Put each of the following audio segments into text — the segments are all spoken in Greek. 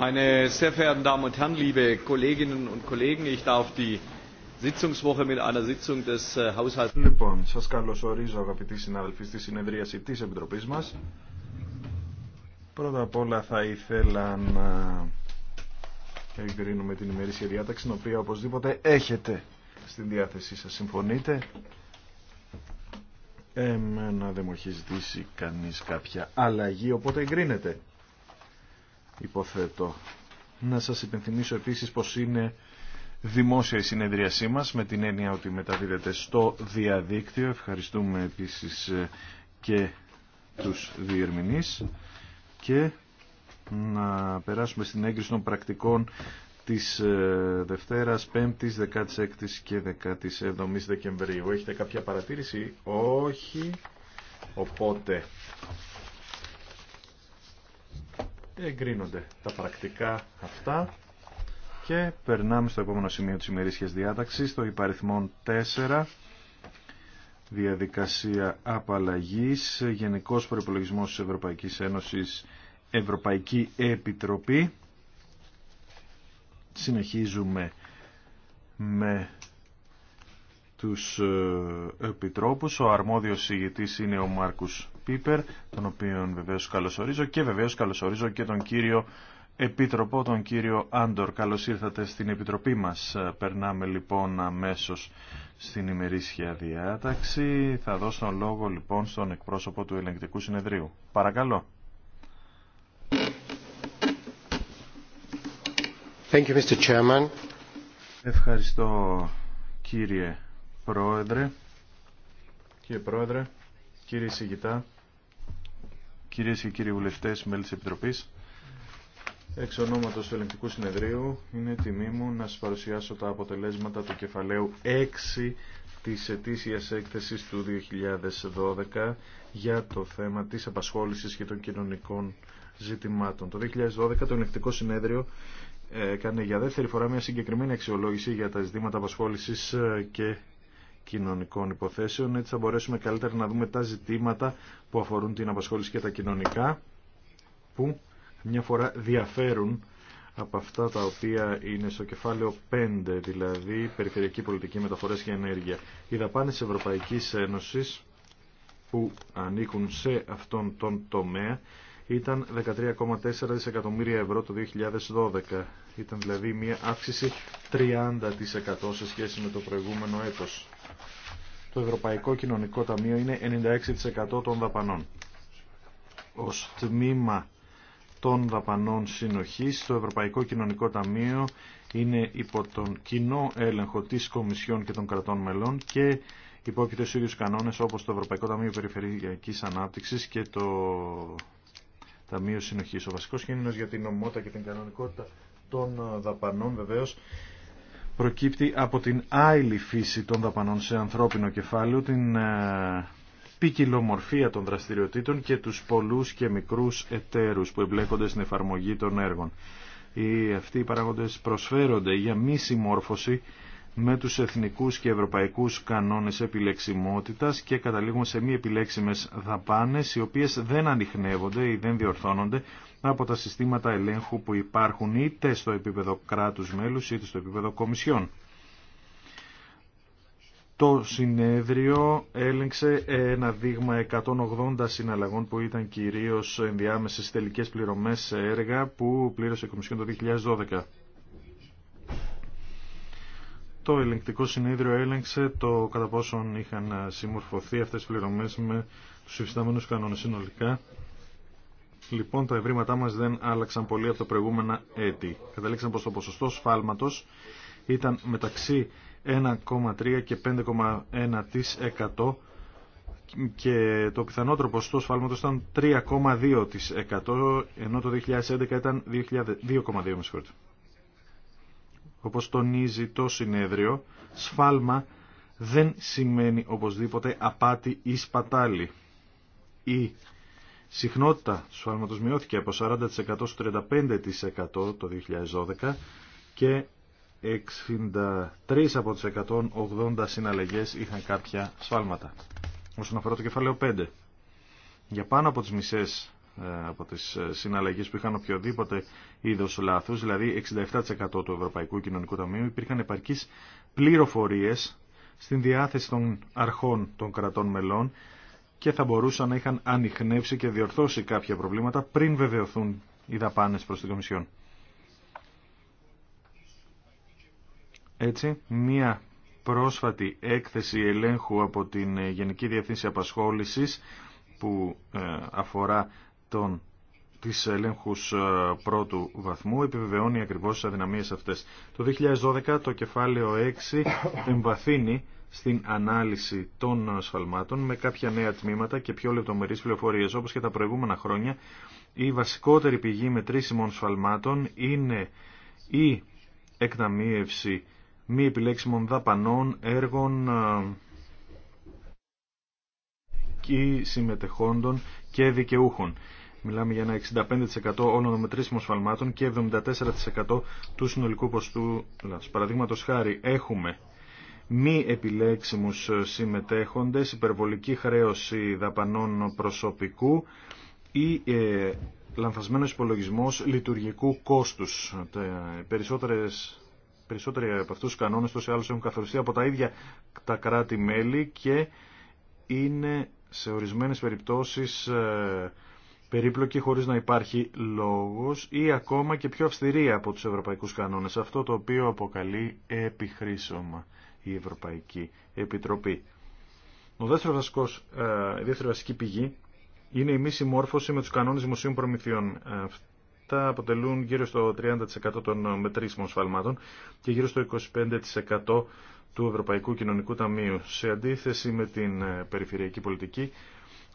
Meine sehr verehrten Damen und Herren, Λοιπόν, σας καλωσορίζω αγαπητοί συνάδελφοι στη συνεδρίαση της Επιτροπής μας. Πρώτα απ' όλα θα ήθελα να εγκρίνουμε την ημερήσια διάταξη, την οποία οπωσδήποτε έχετε στην διάθεσή σας. Συμφωνείτε. Εμένα δεν μου έχει ζητήσει κανείς κάποια αλλαγή, οπότε εγκρίνεται υποθέτω. Να σας υπενθυμίσω επίσης πως είναι δημόσια η συνεδρίασή μας με την έννοια ότι μεταδίδεται στο διαδίκτυο. Ευχαριστούμε επίσης ε, και τους διερμηνείς και να περάσουμε στην έγκριση των πρακτικών της ε, Δευτέρας, 5ης, 16ης και 17ης Δεκεμβρίου. Έχετε κάποια παρατήρηση? Όχι. Οπότε εγκρίνονται τα πρακτικά αυτά και περνάμε στο επόμενο σημείο της ημερήσιας διάταξης, το υπαριθμόν 4 διαδικασία απαλλαγής, Γενικός Προϋπολογισμός της Ευρωπαϊκής Ένωσης, Ευρωπαϊκή Επιτροπή. Συνεχίζουμε με τους ε, επιτρόπους. Ο αρμόδιος ηγητής είναι ο Μάρκους Πίπερ, τον οποίο βεβαίω καλωσορίζω και βεβαίω καλωσορίζω και τον κύριο Επίτροπο, τον κύριο Άντορ. καλώ ήρθατε στην Επιτροπή μα. Περνάμε λοιπόν αμέσω στην ημερήσια διάταξη. Θα δώσω λόγο λοιπόν στον εκπρόσωπο του Ελεγκτικού Συνεδρίου. Παρακαλώ. Thank you, Mr. Chairman. Ευχαριστώ κύριε Πρόεδρε. Κύριε Πρόεδρε, κύριε Σιγητά, Κυρίες και κύριοι βουλευτές, μέλη της Επιτροπής, εξ ονόματος του Ελληνικού Συνεδρίου είναι τιμή μου να σας παρουσιάσω τα αποτελέσματα του κεφαλαίου 6 της ετήσιας έκθεσης του 2012 για το θέμα της απασχόλησης και των κοινωνικών ζητημάτων. Το 2012 το Ελληνικό Συνέδριο ε, έκανε για δεύτερη φορά μια συγκεκριμένη αξιολόγηση για τα ζητήματα απασχόλησης ε, και κοινωνικών υποθέσεων. Έτσι θα μπορέσουμε καλύτερα να δούμε τα ζητήματα που αφορούν την απασχόληση και τα κοινωνικά που μια φορά διαφέρουν από αυτά τα οποία είναι στο κεφάλαιο 5, δηλαδή περιφερειακή πολιτική, μεταφορές και ενέργεια. Οι δαπάνε της Ευρωπαϊκής Ένωσης που ανήκουν σε αυτόν τον τομέα ήταν 13,4 δισεκατομμύρια ευρώ το 2012. Ήταν δηλαδή μια αύξηση 30% σε σχέση με το προηγούμενο έτος. Το Ευρωπαϊκό Κοινωνικό Ταμείο είναι 96% των δαπανών. Ως τμήμα των δαπανών συνοχής, το Ευρωπαϊκό Κοινωνικό Ταμείο είναι υπό τον κοινό έλεγχο της Κομισιόν και των κρατών μελών και υπόκειται στους ίδιους κανόνες όπως το Ευρωπαϊκό Ταμείο Περιφερειακής Ανάπτυξης και το Ταμείο Συνοχής. Ο βασικός κίνδυνος για την ομότητα και την κανονικότητα των ε, δαπανών βεβαίως προκύπτει από την άειλη φύση των δαπανών σε ανθρώπινο κεφάλαιο, την ε, ποικιλομορφία των δραστηριοτήτων και τους πολλούς και μικρούς εταίρους που εμπλέκονται στην εφαρμογή των έργων. Οι αυτοί οι παράγοντες προσφέρονται για μη συμμόρφωση με τους εθνικούς και ευρωπαϊκούς κανόνες επιλεξιμότητας και καταλήγουμε σε μη επιλέξιμες δαπάνες οι οποίες δεν ανοιχνεύονται ή δεν διορθώνονται από τα συστήματα ελέγχου που υπάρχουν είτε στο επίπεδο κράτους μέλους είτε στο επίπεδο κομισιών. Το συνέδριο έλεγξε ένα δείγμα 180 συναλλαγών που ήταν κυρίως ενδιάμεσες τελικές πληρωμές σε έργα που πλήρωσε η Κομισιόν το 2012 το ελεγκτικό συνέδριο έλεγξε το κατά πόσον είχαν ε, συμμορφωθεί αυτές οι πληρωμές με τους υφιστάμενους κανόνες συνολικά. Λοιπόν, τα ευρήματά μας δεν άλλαξαν πολύ από τα προηγούμενα έτη. Καταλήξαμε πως το ποσοστό σφάλματος ήταν μεταξύ 1,3 και 5,1% και το πιθανότερο ποσοστό σφάλματος ήταν 3,2% ενώ το 2011 ήταν 2,2% όπως τονίζει το συνέδριο, σφάλμα δεν σημαίνει οπωσδήποτε απάτη ή σπατάλη. Η συχνότητα σφάλματος μειώθηκε από 40% στο 35% το 2012 και 63 από τις 180 συναλλαγές είχαν κάποια σφάλματα. Όσον αφορά το κεφάλαιο 5, για πάνω από τις μισές ε, από τις ε, συναλλαγές που είχαν οποιοδήποτε είδος λάθους, δηλαδή 67% του Ευρωπαϊκού Κοινωνικού Ταμείου υπήρχαν επαρκείς πληροφορίες στην διάθεση των αρχών των κρατών μελών και θα μπορούσαν να είχαν ανοιχνεύσει και διορθώσει κάποια προβλήματα πριν βεβαιωθούν οι δαπάνες προς την Κομισιόν. Έτσι, μία πρόσφατη έκθεση ελέγχου από την Γενική Διευθύνση Απασχόλησης που ε, αφορά των της ελέγχους ε, πρώτου βαθμού επιβεβαιώνει ακριβώς τις αδυναμίες αυτές. Το 2012 το κεφάλαιο 6 εμβαθύνει στην ανάλυση των σφαλμάτων με κάποια νέα τμήματα και πιο λεπτομερείς πληροφορίες. Όπως και τα προηγούμενα χρόνια, η βασικότερη πηγή μετρήσιμων σφαλμάτων είναι η εκταμείευση μη επιλέξιμων δαπανών, έργων ή ε, συμμετεχόντων και δικαιούχων. Μιλάμε για ένα 65% όλων των μετρήσιμων σφαλμάτων και 74% του συνολικού ποστού λάθος. Παραδείγματο χάρη έχουμε μη επιλέξιμους συμμετέχοντες, υπερβολική χρέωση δαπανών προσωπικού ή ε, λανθασμένος υπολογισμός λειτουργικού κόστους. περισσότερες, περισσότεροι από αυτούς τους κανόνες τόσοι άλλους έχουν καθοριστεί από τα ίδια τα κράτη-μέλη και είναι σε ορισμένες περιπτώσεις ε, περίπλοκη χωρίς να υπάρχει λόγος ή ακόμα και πιο αυστηρή από τους ευρωπαϊκούς κανόνες, αυτό το οποίο αποκαλεί επιχρήσωμα η Ευρωπαϊκή Επιτροπή. Ο δεύτερο βασικός, ε, η δεύτερη βασική πηγή είναι η μη συμμόρφωση με τους κανόνες δημοσίων προμηθειών. Ε, αυτά αποτελούν γύρω στο 30% των μετρήσιμων σφαλμάτων και γύρω στο 25% του Ευρωπαϊκού Κοινωνικού Ταμείου. Σε αντίθεση με την ε, περιφερειακή πολιτική,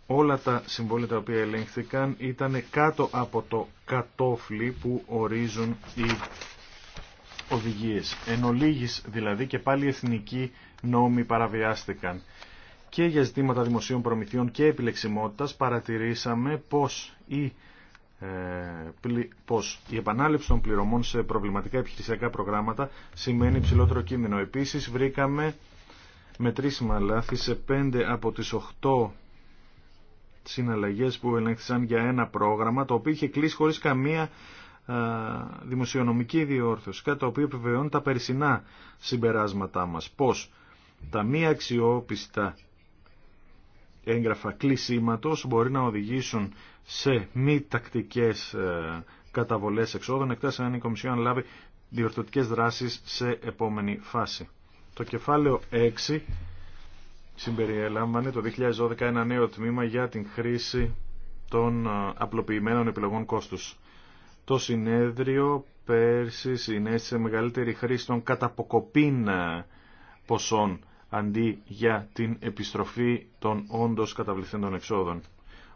όλα τα συμβόλαια τα οποία ελέγχθηκαν ήταν κάτω από το κατόφλι που ορίζουν οι οδηγίες. Εν ολίγης δηλαδή και πάλι εθνικοί νόμοι παραβιάστηκαν. Και για ζητήματα δημοσίων προμηθειών και επιλεξιμότητας παρατηρήσαμε πως οι ε, πως η επανάληψη των πληρωμών σε προβληματικά επιχειρησιακά προγράμματα σημαίνει υψηλότερο κίνδυνο. Επίσης βρήκαμε μετρήσιμα λάθη σε 5 από τις 8 συναλλαγές που ελέγχθησαν για ένα πρόγραμμα το οποίο είχε κλείσει χωρίς καμία δημοσιονομική διόρθωση κάτι το οποίο επιβεβαιώνει τα περσινά συμπεράσματά μας πως τα μη αξιόπιστα έγγραφα κλεισίματος μπορεί να οδηγήσουν σε μη τακτικές ε, καταβολές εξόδων εκτός αν η Κομισιόν λάβει διορθωτικές δράσεις σε επόμενη φάση. Το κεφάλαιο 6 συμπεριέλαμβανε το 2012 ένα νέο τμήμα για την χρήση των ε, απλοποιημένων επιλογών κόστους. Το συνέδριο πέρσι συνέστησε μεγαλύτερη χρήση των καταποκοπήν ε, ποσών αντί για την επιστροφή των όντως καταβληθέντων εξόδων.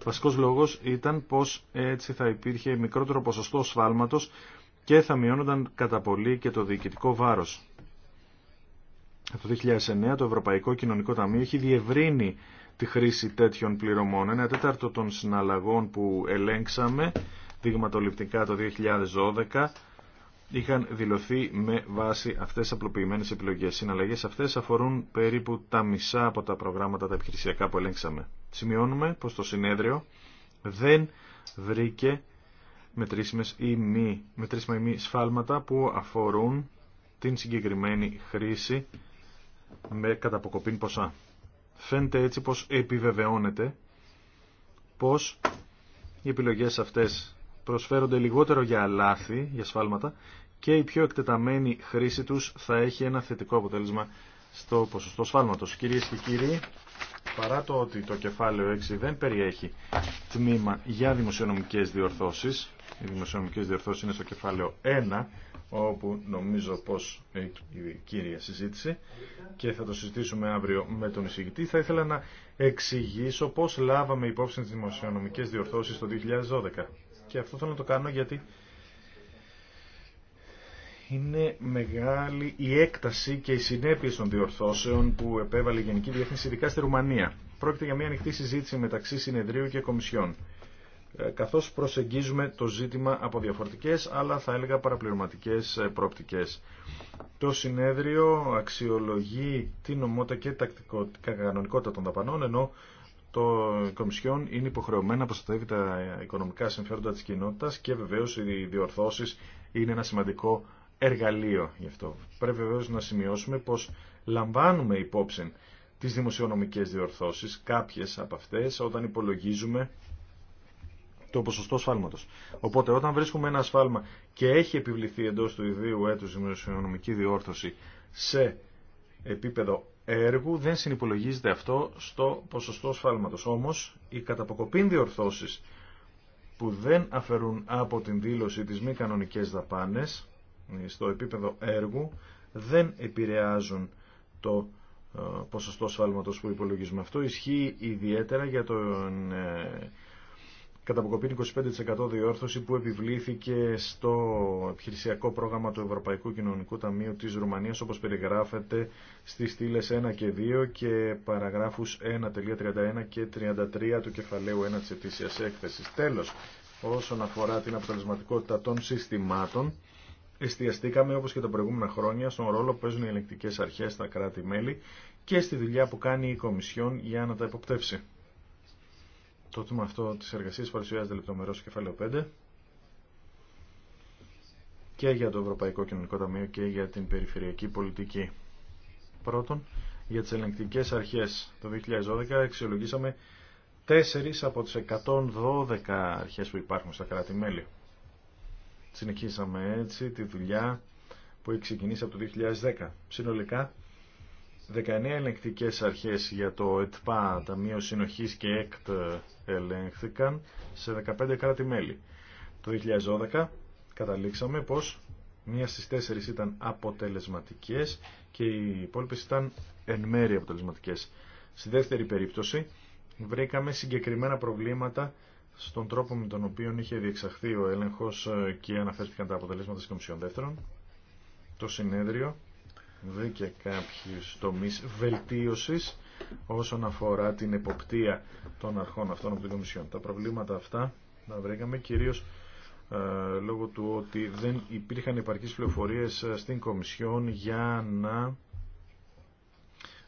βασικός λόγος ήταν πως έτσι θα υπήρχε μικρότερο ποσοστό σφάλματος και θα μειώνονταν κατά πολύ και το διοικητικό βάρος. Από το 2009 το Ευρωπαϊκό Κοινωνικό Ταμείο έχει διευρύνει τη χρήση τέτοιων πληρωμών. Ένα τέταρτο των συναλλαγών που ελέγξαμε δειγματοληπτικά το 2012 είχαν δηλωθεί με βάση αυτές τις απλοποιημένες επιλογές. Συναλλαγές αυτές αφορούν περίπου τα μισά από τα προγράμματα τα επιχειρησιακά που ελέγξαμε. Σημειώνουμε πως το συνέδριο δεν βρήκε μετρήσιμες ή μη, μετρήσιμα ή μη σφάλματα που αφορούν την συγκεκριμένη χρήση με καταποκοπήν ποσά. Φαίνεται έτσι πως επιβεβαιώνεται πως οι επιλογές αυτές προσφέρονται λιγότερο για λάθη, για σφάλματα και η πιο εκτεταμένη χρήση τους θα έχει ένα θετικό αποτέλεσμα στο ποσοστό σφάλματος. Κυρίες και κύριοι, παρά το ότι το κεφάλαιο 6 δεν περιέχει τμήμα για δημοσιονομικές διορθώσεις, οι δημοσιονομικές διορθώσεις είναι στο κεφάλαιο 1, όπου νομίζω πως η κύρια συζήτηση και θα το συζητήσουμε αύριο με τον εισηγητή. Θα ήθελα να εξηγήσω πώς λάβαμε υπόψη τις δημοσιονομικές διορθώσεις το 2012. Και αυτό θέλω να το κάνω γιατί είναι μεγάλη η έκταση και οι συνέπειε των διορθώσεων που επέβαλε η Γενική Διεύθυνση, ειδικά στη Ρουμανία. Πρόκειται για μια ανοιχτή συζήτηση μεταξύ συνεδρίου και κομισιών. Ε, καθώς προσεγγίζουμε το ζήτημα από διαφορετικές, αλλά θα έλεγα παραπληρωματικές ε, πρόπτικες. Το συνέδριο αξιολογεί την ομότητα και τακτικότητα κανονικότητα των δαπανών, ενώ το Κομισιόν είναι υποχρεωμένο να προστατεύει τα οικονομικά συμφέροντα της κοινότητας και βεβαίως οι διορθώσεις είναι ένα σημαντικό εργαλείο γι' αυτό. Πρέπει βεβαίως να σημειώσουμε πως λαμβάνουμε υπόψη τις δημοσιονομικές διορθώσεις, κάποιες από αυτές, όταν υπολογίζουμε το ποσοστό σφάλματος. Οπότε όταν βρίσκουμε ένα σφάλμα και έχει επιβληθεί εντός του ιδίου έτους δημοσιονομική διόρθωση σε επίπεδο έργου δεν συνυπολογίζεται αυτό στο ποσοστό σφάλματος. Όμως, οι καταποκοπήν διορθώσεις που δεν αφαιρούν από την δήλωση τις μη κανονικές δαπάνες στο επίπεδο έργου δεν επηρεάζουν το ε, ποσοστό σφάλματος που υπολογίζουμε. Αυτό ισχύει ιδιαίτερα για τον ε, καταποκοπήν 25% διόρθωση που επιβλήθηκε στο επιχειρησιακό πρόγραμμα του Ευρωπαϊκού Κοινωνικού Ταμείου της Ρουμανίας όπως περιγράφεται στις στήλες 1 και 2 και παραγράφους 1.31 και 33 του κεφαλαίου 1 της ετήσιας έκθεσης. Τέλος, όσον αφορά την αποτελεσματικότητα των συστημάτων, Εστιαστήκαμε όπως και τα προηγούμενα χρόνια στον ρόλο που παίζουν οι ελεκτικές αρχές στα κράτη-μέλη και στη δουλειά που κάνει η Κομισιόν για να τα υποπτεύσει. Το τμήμα αυτό της εργασίας παρουσιάζεται λεπτομερώς στο κεφάλαιο 5 και για το Ευρωπαϊκό Κοινωνικό Ταμείο και για την περιφερειακή πολιτική. Πρώτον, για τις ελεγκτικές αρχές το 2012 αξιολογήσαμε 4 από τις 112 αρχές που υπάρχουν στα κράτη-μέλη. Συνεχίσαμε έτσι τη δουλειά που έχει ξεκινήσει από το 2010. Συνολικά 19 ελεγκτικές αρχές για το ΕΤΠΑ, Ταμείο Συνοχής και ΕΚΤ ελέγχθηκαν σε 15 κράτη-μέλη. Το 2012 καταλήξαμε πως μία στις τέσσερις ήταν αποτελεσματικές και οι υπόλοιπες ήταν εν μέρη αποτελεσματικές. Στη δεύτερη περίπτωση βρήκαμε συγκεκριμένα προβλήματα στον τρόπο με τον οποίο είχε διεξαχθεί ο έλεγχος ε, και αναφέρθηκαν τα αποτελέσματα της Κομισιόν Δεύτερον. Το συνέδριο βρήκε και κάποιους τομείς βελτίωσης όσον αφορά την εποπτεία των αρχών αυτών από την Κομισιόν. Τα προβλήματα αυτά τα βρήκαμε κυρίως ε, λόγω του ότι δεν υπήρχαν επαρκείς πληροφορίες ε, στην Κομισιόν για να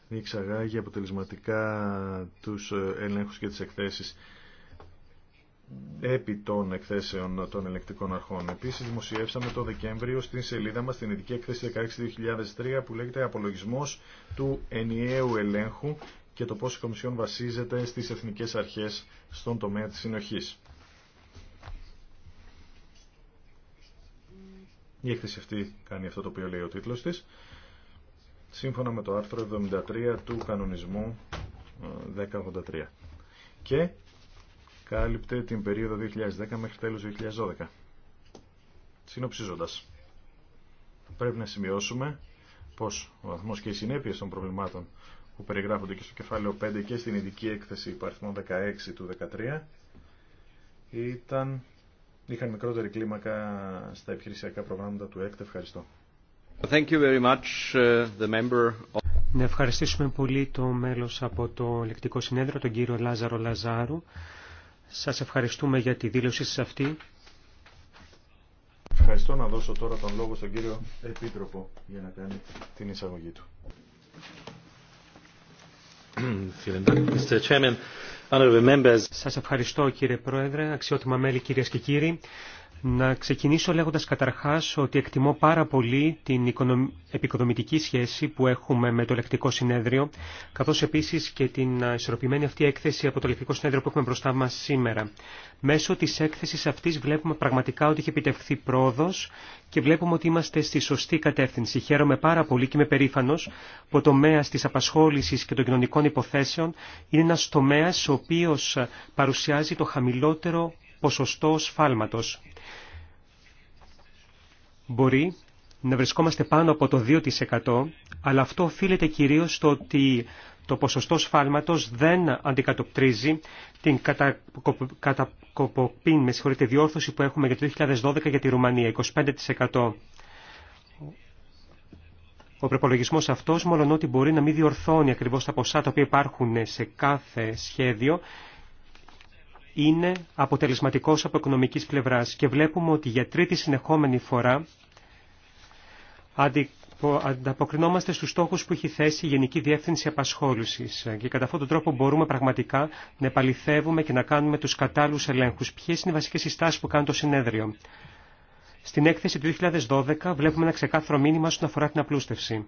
διεξαγάγει αποτελεσματικά τους ε, ελέγχους και τις εκθέσεις επί των εκθέσεων των ελεκτικών αρχών. Επίσης δημοσιεύσαμε το Δεκέμβριο στην σελίδα μας την ειδική εκθέση 16-2003 που λέγεται «Απολογισμός του ενιαίου ελέγχου και το πώς η Κομισιόν βασίζεται στις εθνικές αρχές στον τομέα της συνοχής». Η έκθεση αυτή κάνει αυτό το οποίο λέει ο τίτλος της. Σύμφωνα με το άρθρο 73 του κανονισμού 1083. Ε, και κάλυπτε την περίοδο 2010 μέχρι τέλος 2012. Συνοψίζοντας, πρέπει να σημειώσουμε πως ο βαθμός και οι συνέπειες των προβλημάτων που περιγράφονται και στο κεφάλαιο 5 και στην ειδική έκθεση υπαριθμών 16 του 2013 ήταν, είχαν μικρότερη κλίμακα στα επιχειρησιακά προγράμματα του ΕΚΤ. Ευχαριστώ. Thank you very much, uh, the member of... Να ευχαριστήσουμε πολύ το μέλος από το Λεκτικό Συνέδριο, τον κύριο Λάζαρο Λαζάρου. Σας ευχαριστούμε για τη δήλωσή σας αυτή. Ευχαριστώ να δώσω τώρα τον λόγο στον κύριο Επίτροπο για να κάνει την εισαγωγή του. Σας ευχαριστώ κύριε Πρόεδρε, αξιότιμα μέλη κυρίες και κύριοι. Να ξεκινήσω λέγοντας καταρχάς ότι εκτιμώ πάρα πολύ την επικοδομητική σχέση που έχουμε με το Ελεκτικό Συνέδριο, καθώς επίσης και την ισορροπημένη αυτή έκθεση από το Ελεκτικό Συνέδριο που έχουμε μπροστά μας σήμερα. Μέσω της έκθεσης αυτής βλέπουμε πραγματικά ότι έχει επιτευχθεί πρόοδος και βλέπουμε ότι είμαστε στη σωστή κατεύθυνση. Χαίρομαι πάρα πολύ και είμαι περήφανος που ο τομέας της απασχόλησης και των κοινωνικών υποθέσεων είναι ένας τομέα ο παρουσιάζει το χαμηλότερο ποσοστό σφάλματος. Μπορεί να βρισκόμαστε πάνω από το 2%, αλλά αυτό οφείλεται κυρίως στο ότι το ποσοστό σφάλματος δεν αντικατοπτρίζει την κατακοποπή, με συγχωρείτε, διόρθωση που έχουμε για το 2012 για τη Ρουμανία, 25%. Ο προπολογισμό αυτό, μόλον ότι μπορεί να μην διορθώνει ακριβώ τα ποσά τα οποία υπάρχουν σε κάθε σχέδιο, είναι αποτελεσματικό από οικονομική πλευρά. Και βλέπουμε ότι για τρίτη συνεχόμενη φορά ανταποκρινόμαστε στους στόχους που έχει θέσει η Γενική Διεύθυνση Απασχόλησης και κατά αυτόν τον τρόπο μπορούμε πραγματικά να επαληθεύουμε και να κάνουμε τους κατάλληλους ελέγχους. Ποιες είναι οι βασικές συστάσεις που κάνει το συνέδριο. Στην έκθεση του 2012 βλέπουμε ένα ξεκάθρο μήνυμα όσον αφορά την απλούστευση.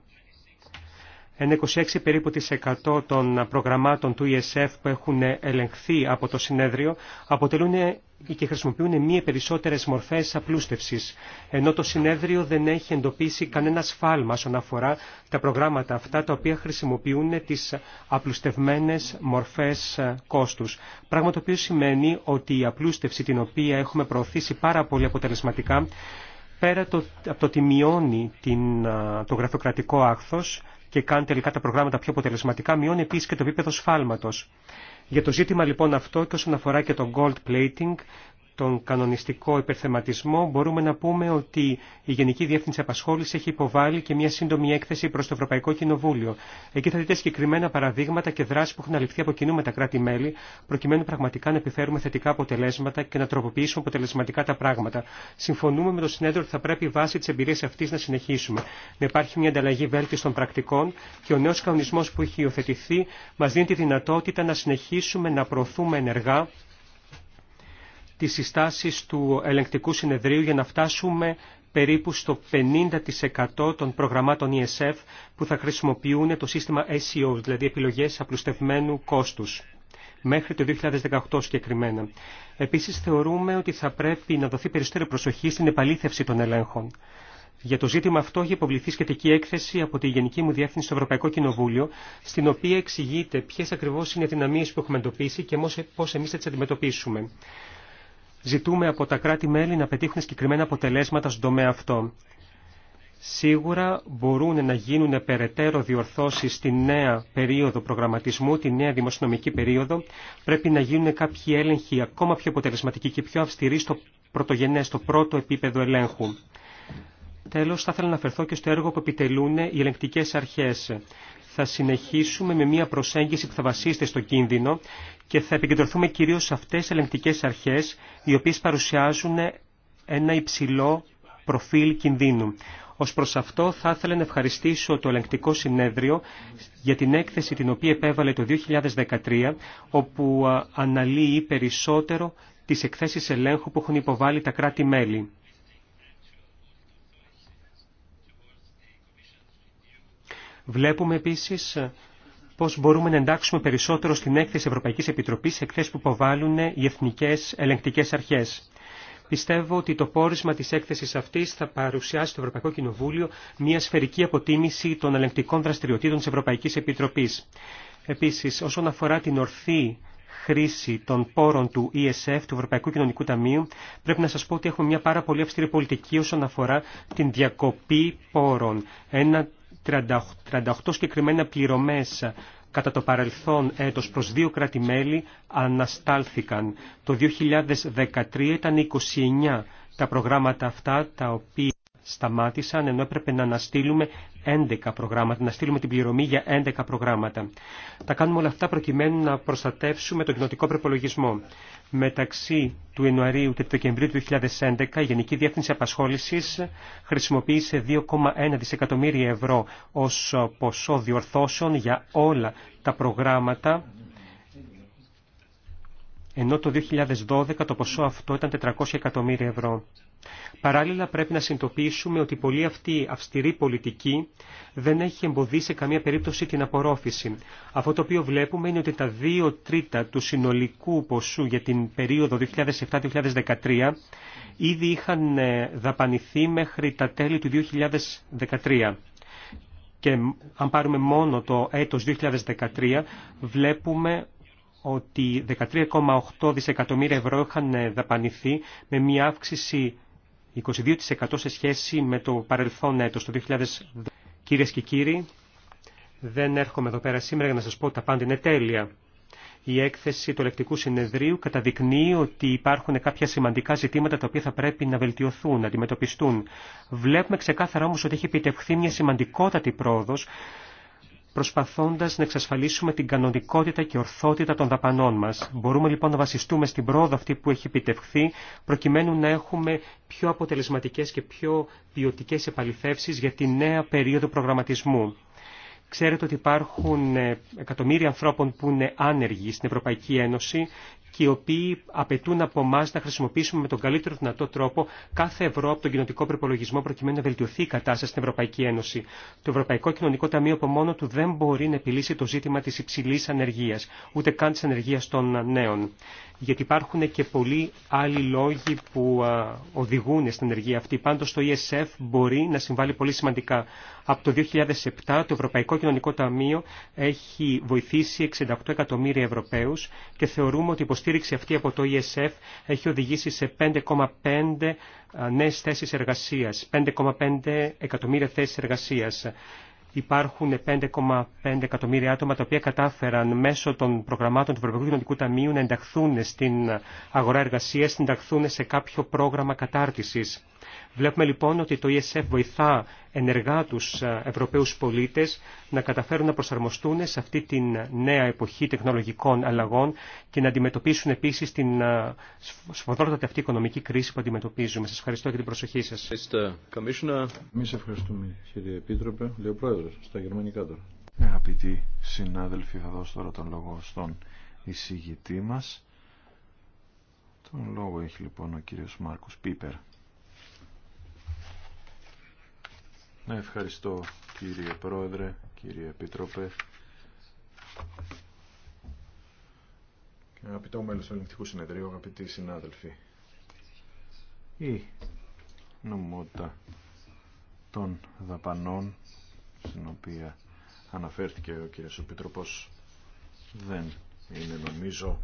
Εν 26 περίπου της 100 των προγραμμάτων του ESF που έχουν ελεγχθεί από το συνέδριο αποτελούν και χρησιμοποιούν μία περισσότερες μορφές απλούστευσης, ενώ το συνέδριο δεν έχει εντοπίσει κανένα σφάλμα όσον αφορά τα προγράμματα αυτά τα οποία χρησιμοποιούν τις απλουστευμένες μορφές κόστους. Πράγμα το οποίο σημαίνει ότι η απλούστευση την οποία έχουμε προωθήσει πάρα πολύ αποτελεσματικά πέρα από το ότι μειώνει την, το γραφειοκρατικό άχθος, και κάνει τελικά τα προγράμματα πιο αποτελεσματικά, μειώνει επίση και το επίπεδο σφάλματο. Για το ζήτημα λοιπόν αυτό και όσον αφορά και το gold plating, τον κανονιστικό υπερθεματισμό, μπορούμε να πούμε ότι η Γενική Διεύθυνση Απασχόληση έχει υποβάλει και μια σύντομη έκθεση προ το Ευρωπαϊκό Κοινοβούλιο. Εκεί θα δείτε συγκεκριμένα παραδείγματα και δράσει που έχουν αληφθεί από κοινού με τα κράτη-μέλη, προκειμένου πραγματικά να επιφέρουμε θετικά αποτελέσματα και να τροποποιήσουμε αποτελεσματικά τα πράγματα. Συμφωνούμε με το συνέδριο ότι θα πρέπει βάσει τη εμπειρία αυτή να συνεχίσουμε. Να υπάρχει μια ανταλλαγή των πρακτικών και ο νέο κανονισμό που έχει υιοθετηθεί μα δίνει τη δυνατότητα να συνεχίσουμε να προωθούμε ενεργά τι συστάσει του ελεγκτικού συνεδρίου για να φτάσουμε περίπου στο 50% των προγραμμάτων ESF που θα χρησιμοποιούν το σύστημα SEO, δηλαδή επιλογές απλουστευμένου κόστους μέχρι το 2018 συγκεκριμένα. Επίσης θεωρούμε ότι θα πρέπει να δοθεί περισσότερη προσοχή στην επαλήθευση των ελέγχων. Για το ζήτημα αυτό έχει υποβληθεί σχετική έκθεση από τη Γενική μου Διεύθυνση στο Ευρωπαϊκό Κοινοβούλιο, στην οποία εξηγείται ποιε ακριβώ είναι οι δυναμίε που έχουμε εντοπίσει και πώ εμεί θα τι αντιμετωπίσουμε ζητούμε από τα κράτη-μέλη να πετύχουν συγκεκριμένα αποτελέσματα στον τομέα αυτό. Σίγουρα μπορούν να γίνουν περαιτέρω διορθώσει στη νέα περίοδο προγραμματισμού, τη νέα δημοσιονομική περίοδο. Πρέπει να γίνουν κάποιοι έλεγχοι ακόμα πιο αποτελεσματικοί και πιο αυστηροί στο πρωτογενέ, στο πρώτο επίπεδο ελέγχου. Τέλο, θα ήθελα να αναφερθώ και στο έργο που επιτελούν οι ελεγκτικές αρχέ. Θα συνεχίσουμε με μια προσέγγιση που θα βασίζεται στο κίνδυνο και θα επικεντρωθούμε κυρίως σε αυτές τις ελεγκτικές αρχές οι οποίες παρουσιάζουν ένα υψηλό προφίλ κινδύνου. Ως προς αυτό θα ήθελα να ευχαριστήσω το ελεγκτικό συνέδριο για την έκθεση την οποία επέβαλε το 2013 όπου αναλύει περισσότερο τις εκθέσεις ελέγχου που έχουν υποβάλει τα κράτη-μέλη. Βλέπουμε επίσης πώς μπορούμε να εντάξουμε περισσότερο στην έκθεση Ευρωπαϊκής Επιτροπής σε εκθέσεις που υποβάλλουν οι εθνικές ελεγκτικές αρχές. Πιστεύω ότι το πόρισμα της έκθεσης αυτής θα παρουσιάσει στο Ευρωπαϊκό Κοινοβούλιο μια σφαιρική αποτίμηση των ελεγκτικών δραστηριοτήτων της Ευρωπαϊκής Επιτροπής. Επίσης, όσον αφορά την ορθή χρήση των πόρων του ESF, του Ευρωπαϊκού Κοινωνικού Ταμείου, πρέπει να σας πω ότι έχουμε μια πάρα πολύ αυστηρή πολιτική όσον αφορά την διακοπή πόρων. Ένα 38 συγκεκριμένα πληρωμές κατά το παρελθόν έτος προς δύο κράτη-μέλη αναστάλθηκαν. Το 2013 ήταν 29 τα προγράμματα αυτά τα οποία σταμάτησαν ενώ έπρεπε να αναστείλουμε 11 προγράμματα, να στείλουμε την πληρωμή για 11 προγράμματα. Τα κάνουμε όλα αυτά προκειμένου να προστατεύσουμε τον κοινοτικό προπολογισμό. Μεταξύ του Ιανουαρίου και του Δεκεμβρίου του 2011 η Γενική Διεύθυνση Απασχόλησης χρησιμοποίησε 2,1 δισεκατομμύρια ευρώ ως ποσό διορθώσεων για όλα τα προγράμματα ενώ το 2012 το ποσό αυτό ήταν 400 εκατομμύρια ευρώ. Παράλληλα πρέπει να συνειδητοποιήσουμε ότι πολύ αυτή αυστηρή πολιτική δεν έχει εμποδίσει σε καμία περίπτωση την απορρόφηση. Αυτό το οποίο βλέπουμε είναι ότι τα δύο τρίτα του συνολικού ποσού για την περίοδο 2007-2013 ήδη είχαν ε, δαπανηθεί μέχρι τα τέλη του 2013 και αν πάρουμε μόνο το έτος 2013 βλέπουμε ότι 13,8 δισεκατομμύρια ευρώ είχαν ε, δαπανηθεί με μια αύξηση 22% σε σχέση με το παρελθόν έτος το 2010. Κυρίες και κύριοι, δεν έρχομαι εδώ πέρα σήμερα για να σας πω ότι τα πάντα είναι τέλεια. Η έκθεση του ελεκτικού συνεδρίου καταδεικνύει ότι υπάρχουν κάποια σημαντικά ζητήματα τα οποία θα πρέπει να βελτιωθούν, να αντιμετωπιστούν. Βλέπουμε ξεκάθαρα όμως ότι έχει επιτευχθεί μια σημαντικότατη πρόοδος προσπαθώντας να εξασφαλίσουμε την κανονικότητα και ορθότητα των δαπανών μας. Μπορούμε λοιπόν να βασιστούμε στην πρόοδο αυτή που έχει επιτευχθεί, προκειμένου να έχουμε πιο αποτελεσματικές και πιο ποιοτικέ επαληθεύσεις για τη νέα περίοδο προγραμματισμού. Ξέρετε ότι υπάρχουν ε, εκατομμύρια ανθρώπων που είναι άνεργοι στην Ευρωπαϊκή Ένωση και οι οποίοι απαιτούν από εμά να χρησιμοποιήσουμε με τον καλύτερο δυνατό τρόπο κάθε ευρώ από τον κοινωνικό προπολογισμό προκειμένου να βελτιωθεί η κατάσταση στην Ευρωπαϊκή Ένωση. Το Ευρωπαϊκό Κοινωνικό Ταμείο από μόνο του δεν μπορεί να επιλύσει το ζήτημα τη υψηλή ανεργία, ούτε καν τη ανεργία των νέων γιατί υπάρχουν και πολλοί άλλοι λόγοι που οδηγούν στην ενεργία αυτή. Πάντως το ESF μπορεί να συμβάλλει πολύ σημαντικά. Από το 2007 το Ευρωπαϊκό Κοινωνικό Ταμείο έχει βοηθήσει 68 εκατομμύρια Ευρωπαίους και θεωρούμε ότι η υποστήριξη αυτή από το ESF έχει οδηγήσει σε 5,5 ε, νέες θέσεις εργασίας, 5,5 εκατομμύρια θέσεις εργασίας υπάρχουν 5,5 εκατομμύρια άτομα τα οποία κατάφεραν μέσω των προγραμμάτων του Ευρωπαϊκού Κοινωνικού Ταμείου να ενταχθούν στην αγορά εργασίας, να ενταχθούν σε κάποιο πρόγραμμα κατάρτισης. Βλέπουμε λοιπόν ότι το ESF βοηθά ενεργά τους ε, Ευρωπαίους πολίτες να καταφέρουν να προσαρμοστούν σε αυτή τη νέα εποχή τεχνολογικών αλλαγών και να αντιμετωπίσουν επίσης την ε, σφοδρότατη αυτή οικονομική κρίση που αντιμετωπίζουμε. Σας ευχαριστώ για την προσοχή σας. Εμείς ευχαριστούμε κύριε Επίτροπε, λέει Πρόεδρος, στα γερμανικά τώρα. Αγαπητοί συνάδελφοι, θα δώσω τώρα τον λόγο στον εισηγητή μας. Τον λόγο έχει λοιπόν ο κύριος Μάρκος Πίπερ. Ναι, ευχαριστώ κύριε Πρόεδρε, κύριε Επίτροπε. Αγαπητό μέλος του Ελληνικού Συνεδρίου, αγαπητοί συνάδελφοι. Η νομότητα των δαπανών, στην οποία αναφέρθηκε ο κύριος Επίτροπος, δεν είναι νομίζω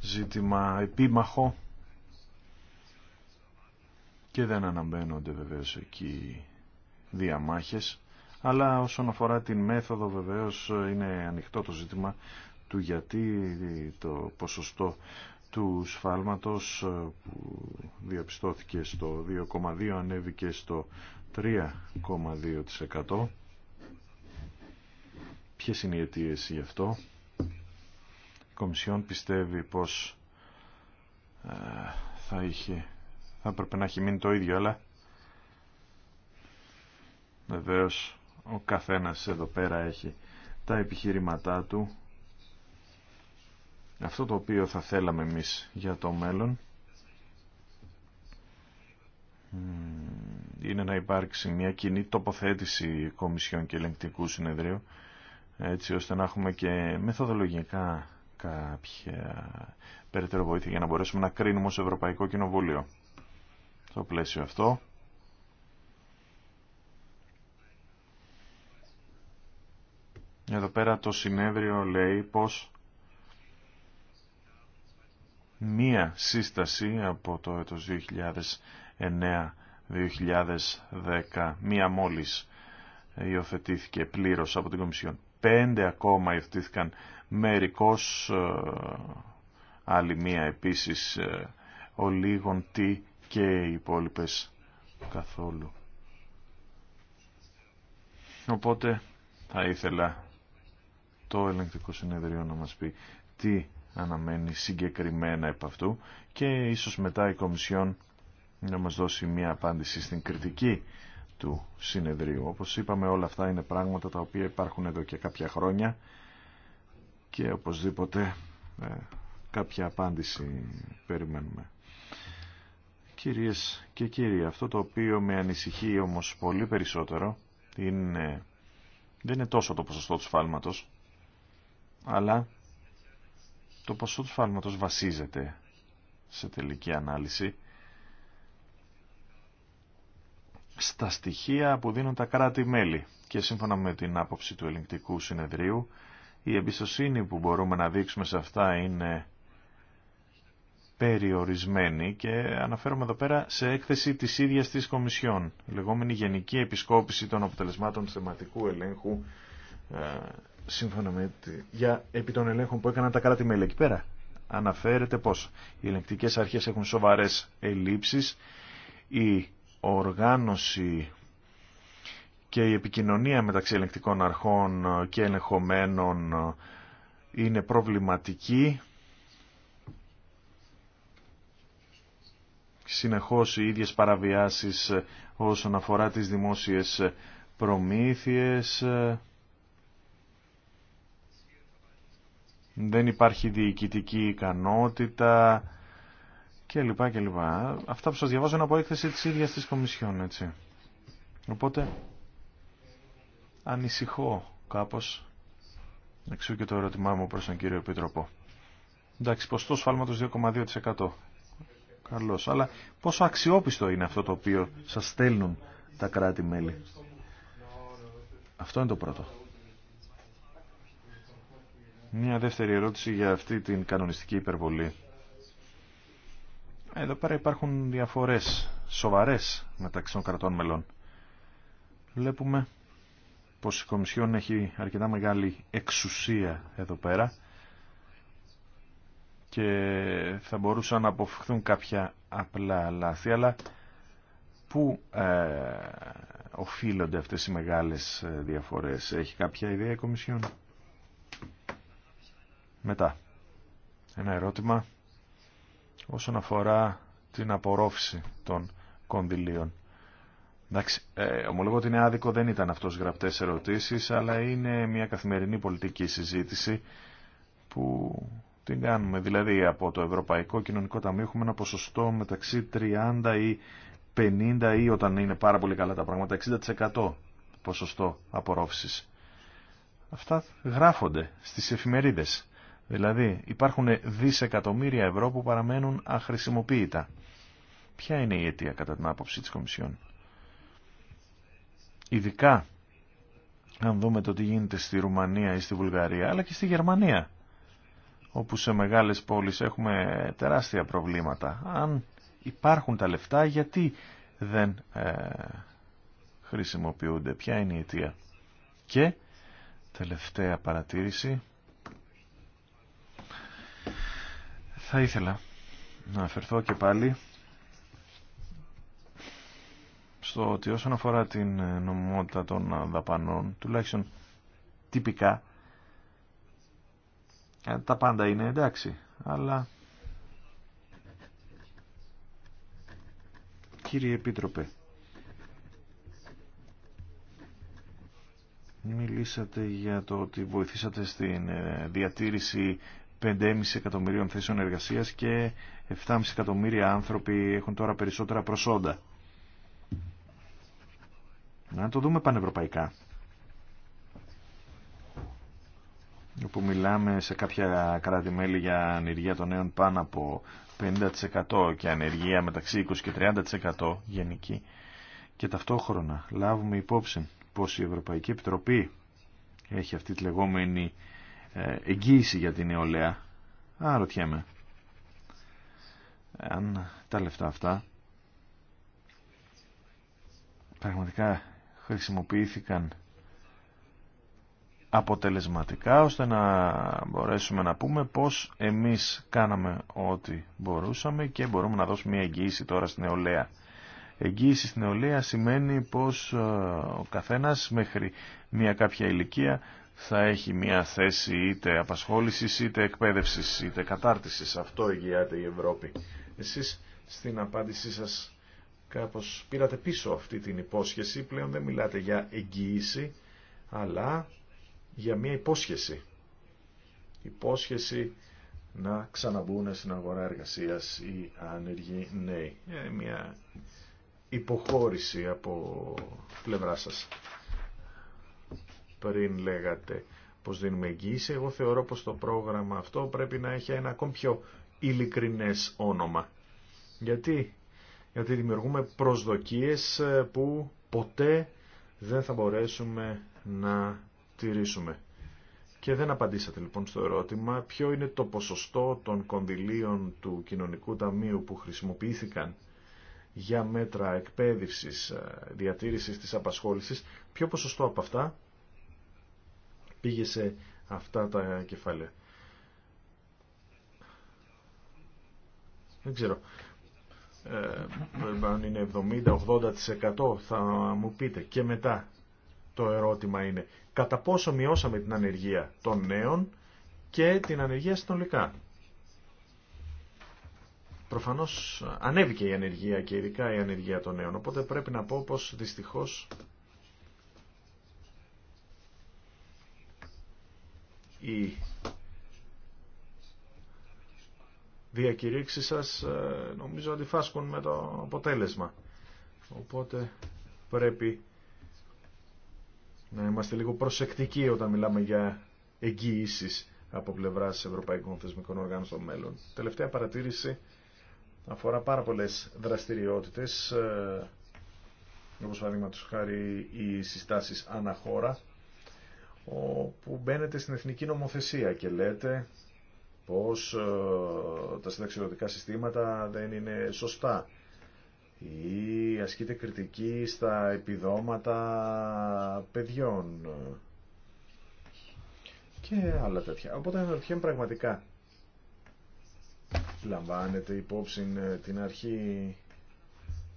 ζήτημα επίμαχο και δεν αναμπαίνονται βεβαίως εκεί διαμάχες, αλλά όσον αφορά την μέθοδο βεβαίως είναι ανοιχτό το ζήτημα του γιατί το ποσοστό του σφάλματος ε, που διαπιστώθηκε στο 2,2 ανέβηκε στο 3,2%. Ποιες είναι οι αιτίε γι' αυτό. Η Κομισιόν πιστεύει πως ε, θα, είχε, θα έπρεπε να έχει μείνει το ίδιο, αλλά Βεβαίως ο καθένας εδώ πέρα έχει τα επιχειρηματά του. Αυτό το οποίο θα θέλαμε εμείς για το μέλλον είναι να υπάρξει μια κοινή τοποθέτηση Κομισιών και Ελεγκτικού Συνεδρίου έτσι ώστε να έχουμε και μεθοδολογικά κάποια περαιτέρω βοήθεια για να μπορέσουμε να κρίνουμε ως Ευρωπαϊκό Κοινοβούλιο. Το πλαίσιο αυτό Εδώ πέρα το συνέδριο λέει πως μία σύσταση από το έτος 2009-2010, μία μόλις υιοθετήθηκε πλήρως από την Κομισιόν. Πέντε ακόμα υιοθετήθηκαν μερικώς, ε, άλλη μία επίσης, ε, ο λίγον τι και οι υπόλοιπες καθόλου. Οπότε θα ήθελα το ελεγκτικό συνεδρίο να μας πει τι αναμένει συγκεκριμένα επ' αυτού και ίσως μετά η Κομισιόν να μας δώσει μια απάντηση στην κριτική του συνεδρίου. Όπως είπαμε όλα αυτά είναι πράγματα τα οποία υπάρχουν εδώ και κάποια χρόνια και οπωσδήποτε ε, κάποια απάντηση περιμένουμε. Κυρίες και κύριοι, αυτό το οποίο με ανησυχεί όμως πολύ περισσότερο είναι... δεν είναι τόσο το ποσοστό του σφάλματος αλλά το ποσό του φάλματος βασίζεται σε τελική ανάλυση στα στοιχεία που δίνουν τα κράτη-μέλη και σύμφωνα με την άποψη του ελεγκτικού συνεδρίου η εμπιστοσύνη που μπορούμε να δείξουμε σε αυτά είναι περιορισμένη και αναφέρομαι εδώ πέρα σε έκθεση της ίδιας της Κομισιόν, λεγόμενη Γενική Επισκόπηση των Αποτελεσμάτων Θεματικού Ελέγχου ε, σύμφωνα με για επί των ελέγχων που έκαναν τα κράτη-μέλη εκεί πέρα. Αναφέρεται πως οι ελεγκτικές αρχές έχουν σοβαρές ελλείψεις, η οργάνωση και η επικοινωνία μεταξύ ελεγκτικών αρχών και ελεγχομένων είναι προβληματική. Συνεχώς οι ίδιες παραβιάσεις όσον αφορά τις δημόσιες προμήθειες δεν υπάρχει διοικητική ικανότητα κλπ. λοιπά. Αυτά που σας διαβάζω είναι από έκθεση της ίδιας της Κομισιόν, έτσι. Οπότε, ανησυχώ κάπως, εξού και το ερώτημά μου προς τον κύριο Επίτροπο. Εντάξει, ποστό σφάλματος 2,2%. Καλώς, αλλά πόσο αξιόπιστο είναι αυτό το οποίο σας στέλνουν τα κράτη-μέλη. Αυτό είναι το πρώτο. Μια δεύτερη ερώτηση για αυτή την κανονιστική υπερβολή. Εδώ πέρα υπάρχουν διαφορές σοβαρές μεταξύ των κρατών μελών. Βλέπουμε πως η Κομισιόν έχει αρκετά μεγάλη εξουσία εδώ πέρα και θα μπορούσαν να αποφευχθούν κάποια απλά λάθη, αλλά πού ε, οφείλονται αυτές οι μεγάλες ε, διαφορές. Έχει κάποια ιδέα η Κομισιόν. Μετά, ένα ερώτημα όσον αφορά την απορρόφηση των κονδυλίων. Εντάξει, ε, ομολογώ ότι είναι άδικο, δεν ήταν αυτός γραπτές ερωτήσεις, αλλά είναι μια καθημερινή πολιτική συζήτηση που την κάνουμε. Δηλαδή από το Ευρωπαϊκό Κοινωνικό Ταμείο έχουμε ένα ποσοστό μεταξύ 30 ή 50 ή όταν είναι πάρα πολύ καλά τα πράγματα 60% ποσοστό απορρόφησης. Αυτά γράφονται στις εφημερίδες. Δηλαδή υπάρχουν δισεκατομμύρια ευρώ που παραμένουν αχρησιμοποίητα. Ποια είναι η αιτία κατά την άποψη της Κομισιόν. Ειδικά αν δούμε το τι γίνεται στη Ρουμανία ή στη Βουλγαρία αλλά και στη Γερμανία όπου σε μεγάλες πόλεις έχουμε τεράστια προβλήματα. Αν υπάρχουν τα λεφτά γιατί δεν ε, χρησιμοποιούνται. Ποια είναι η αιτία. Και τελευταία παρατήρηση Θα ήθελα να αφαιρθώ και πάλι στο ότι όσον αφορά την ε, νομιμότητα των ε, δαπανών, τουλάχιστον τυπικά, ε, τα πάντα είναι εντάξει, αλλά κύριε Επίτροπε, μιλήσατε για το ότι βοηθήσατε στην διατήρηση 5,5 εκατομμυρίων θέσεων εργασίας και 7,5 εκατομμύρια άνθρωποι έχουν τώρα περισσότερα προσόντα. Να το δούμε πανευρωπαϊκά. Όπου μιλάμε σε κάποια κράτη-μέλη για ανεργία των νέων πάνω από 50% και ανεργία μεταξύ 20 και 30% γενική. Και ταυτόχρονα λάβουμε υπόψη πως η Ευρωπαϊκή Επιτροπή έχει αυτή τη λεγόμενη ε, εγγύηση για την νεολαία. Α, ρωτιέμαι. Αν τα λεφτά αυτά πραγματικά χρησιμοποιήθηκαν αποτελεσματικά ώστε να μπορέσουμε να πούμε πως εμείς κάναμε ό,τι μπορούσαμε και μπορούμε να δώσουμε μια εγγύηση τώρα στην νεολαία. Εγγύηση στην νεολαία σημαίνει πως ε, ο καθένας μέχρι μια κάποια ηλικία θα έχει μια θέση είτε απασχόλησης, είτε εκπαίδευσης, είτε κατάρτισης. Αυτό εγγυάται η Ευρώπη. Εσείς στην απάντησή σας κάπως πήρατε πίσω αυτή την υπόσχεση. Πλέον δεν μιλάτε για εγγυήση, αλλά για μια υπόσχεση. Υπόσχεση να ξαναμπούν στην αγορά εργασίας οι άνεργοι νέοι. Ε, μια υποχώρηση από πλευρά σας πριν λέγατε πως δίνουμε εγγύηση. Εγώ θεωρώ πως το πρόγραμμα αυτό πρέπει να έχει ένα ακόμη πιο ειλικρινές όνομα. Γιατί, Γιατί δημιουργούμε προσδοκίες ε, που ποτέ δεν θα μπορέσουμε να τηρήσουμε. Και δεν απαντήσατε λοιπόν στο ερώτημα ποιο είναι το ποσοστό των κονδυλίων του κοινωνικού ταμείου που χρησιμοποιήθηκαν για μέτρα εκπαίδευσης, ε, διατήρησης της απασχόλησης, ποιο ποσοστό από αυτά πήγε σε αυτά τα κεφάλαια. Δεν ξέρω. Ε, αν είναι 70-80% θα μου πείτε. Και μετά το ερώτημα είναι κατά πόσο μειώσαμε την ανεργία των νέων και την ανεργία συνολικά. Προφανώς ανέβηκε η ανεργία και ειδικά η ανεργία των νέων. Οπότε πρέπει να πω πως δυστυχώς η διακηρύξεις σας ε, νομίζω αντιφάσκουν με το αποτέλεσμα. Οπότε πρέπει να είμαστε λίγο προσεκτικοί όταν μιλάμε για εγγυήσει από πλευρά Ευρωπαϊκών Θεσμικών Οργάνων στο μέλλον. Τελευταία παρατήρηση αφορά πάρα πολλές δραστηριότητες, ε, όπως παραδείγματος χάρη οι συστάσεις αναχώρα, όπου μπαίνετε στην εθνική νομοθεσία και λέτε πως ε, τα συνταξιδοτικά συστήματα δεν είναι σωστά ή ασκείτε κριτική στα επιδόματα παιδιών και άλλα τέτοια. Οπότε αναρωτιέμαι πραγματικά λαμβάνετε υπόψη την αρχή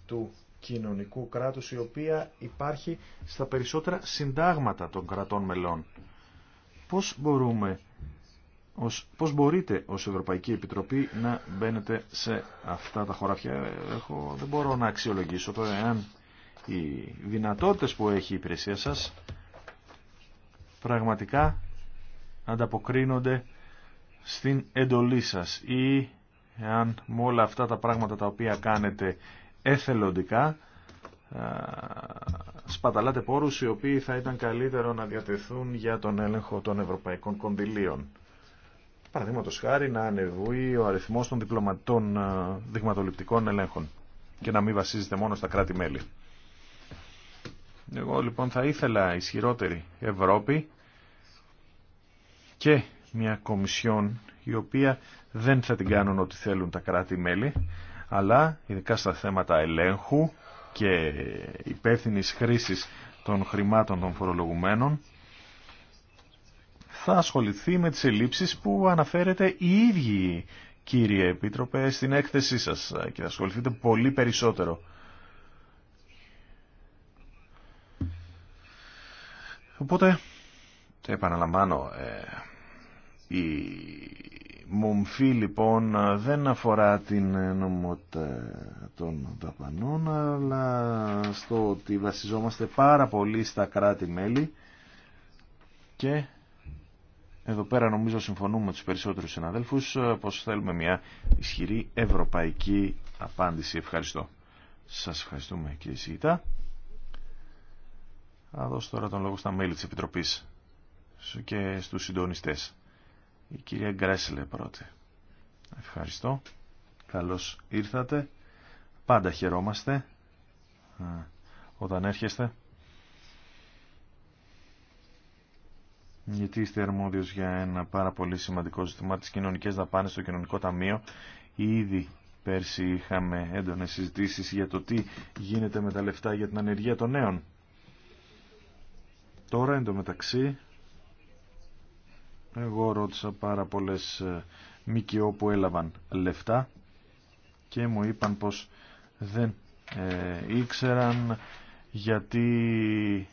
του κοινωνικού κράτους η οποία υπάρχει στα περισσότερα συντάγματα των κρατών μελών. Πώς μπορούμε, ως, πώς μπορείτε ως Ευρωπαϊκή Επιτροπή να μπαίνετε σε αυτά τα χωράφια. Έχω, δεν μπορώ να αξιολογήσω το εάν οι δυνατότητες που έχει η υπηρεσία σας πραγματικά ανταποκρίνονται στην εντολή σας ή εάν με όλα αυτά τα πράγματα τα οποία κάνετε εθελοντικά σπαταλάτε πόρους οι οποίοι θα ήταν καλύτερο να διατεθούν για τον έλεγχο των ευρωπαϊκών κονδυλίων. Παραδείγματο χάρη να ανεβούει ο αριθμός των διπλωματών δειγματοληπτικών ελέγχων και να μην βασίζεται μόνο στα κράτη-μέλη. Εγώ λοιπόν θα ήθελα ισχυρότερη Ευρώπη και μια κομισιόν η οποία δεν θα την κάνουν ό,τι θέλουν τα κράτη-μέλη αλλά ειδικά στα θέματα ελέγχου και υπεύθυνη χρήση των χρημάτων των φορολογουμένων, θα ασχοληθεί με τις ελλείψεις που αναφέρετε οι ίδιοι κύριε Επίτροπε στην έκθεσή σας και θα ασχοληθείτε πολύ περισσότερο. Οπότε, επαναλαμβάνω, ε, η μομφή λοιπόν δεν αφορά την ε, νομότητα των δαπανών αλλά στο ότι βασιζόμαστε πάρα πολύ στα κράτη-μέλη και εδώ πέρα νομίζω συμφωνούμε με τους περισσότερους συναδέλφους ε, πως θέλουμε μια ισχυρή ευρωπαϊκή απάντηση. Ευχαριστώ. Σας ευχαριστούμε και Σιγητά. Θα δώσω τώρα τον λόγο στα μέλη της Επιτροπής και στους συντονιστές. Η κυρία Γκρέσλε πρώτη. Ευχαριστώ. Καλώς ήρθατε. Πάντα χαιρόμαστε ε, όταν έρχεστε. γιατί είστε αρμόδιος για ένα πάρα πολύ σημαντικό ζήτημα, τις κοινωνικές δαπάνες στο κοινωνικό ταμείο. Ήδη πέρσι είχαμε έντονες συζητήσεις για το τι γίνεται με τα λεφτά για την ανεργία των νέων. Τώρα εντωμεταξύ εγώ ρώτησα πάρα πολλές ε, ΜΚΟ που έλαβαν λεφτά και μου είπαν πως δεν ε, ήξεραν γιατί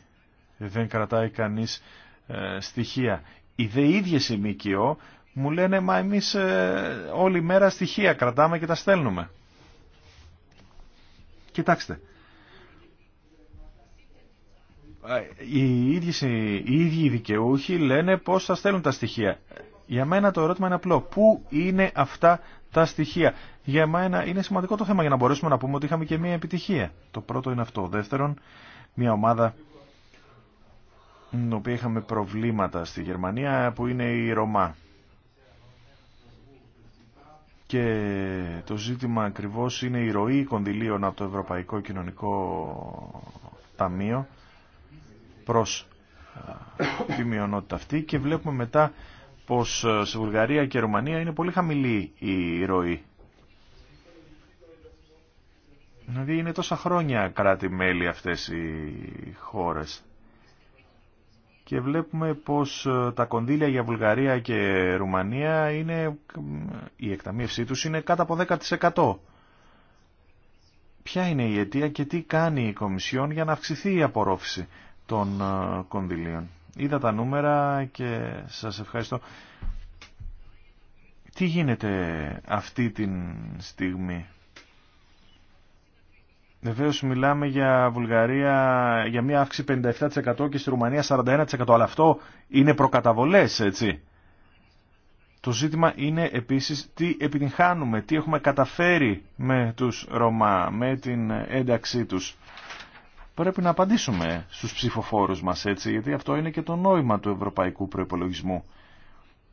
δεν κρατάει κανείς ε, στοιχεία. Οι δε ίδιες οι ΜΚΟ μου λένε «Μα εμείς όλη μέρα στοιχεία κρατάμε και τα στέλνουμε». Κοιτάξτε, οι ίδιοι, οι ίδιοι δικαιούχοι λένε πώς θα στέλνουν τα στοιχεία. Για μένα το ερώτημα είναι απλό. Πού είναι αυτά τα στοιχεία. Για μένα είναι σημαντικό το θέμα για να μπορέσουμε να πούμε ότι είχαμε και μια επιτυχία. Το πρώτο είναι αυτό. Δεύτερον, μια ομάδα την οποία είχαμε προβλήματα στη Γερμανία που είναι η Ρωμά. Και το ζήτημα ακριβώς είναι η ροή κονδυλίων από το Ευρωπαϊκό Κοινωνικό Ταμείο προς τη μειονότητα αυτή και βλέπουμε μετά πως σε Βουλγαρία και Ρουμανία είναι πολύ χαμηλή η ροή. Δηλαδή είναι τόσα χρόνια κράτη-μέλη αυτές οι χώρες. Και βλέπουμε πως τα κονδύλια για Βουλγαρία και Ρουμανία είναι, η εκταμίευσή τους είναι κάτω από 10%. Ποια είναι η αιτία και τι κάνει η Κομισιόν για να αυξηθεί η απορρόφηση των ε, κονδυλίων. Είδα τα νούμερα και σας ευχαριστώ. Τι γίνεται αυτή την στιγμή. Βεβαίω μιλάμε για Βουλγαρία για μια αύξηση 57% και στη Ρουμανία 41%. Αλλά αυτό είναι προκαταβολές, έτσι. Το ζήτημα είναι επίσης τι επιτυγχάνουμε, τι έχουμε καταφέρει με τους Ρωμά, με την ένταξή τους. Πρέπει να απαντήσουμε στους ψηφοφόρους μας έτσι, γιατί αυτό είναι και το νόημα του ευρωπαϊκού προϋπολογισμού.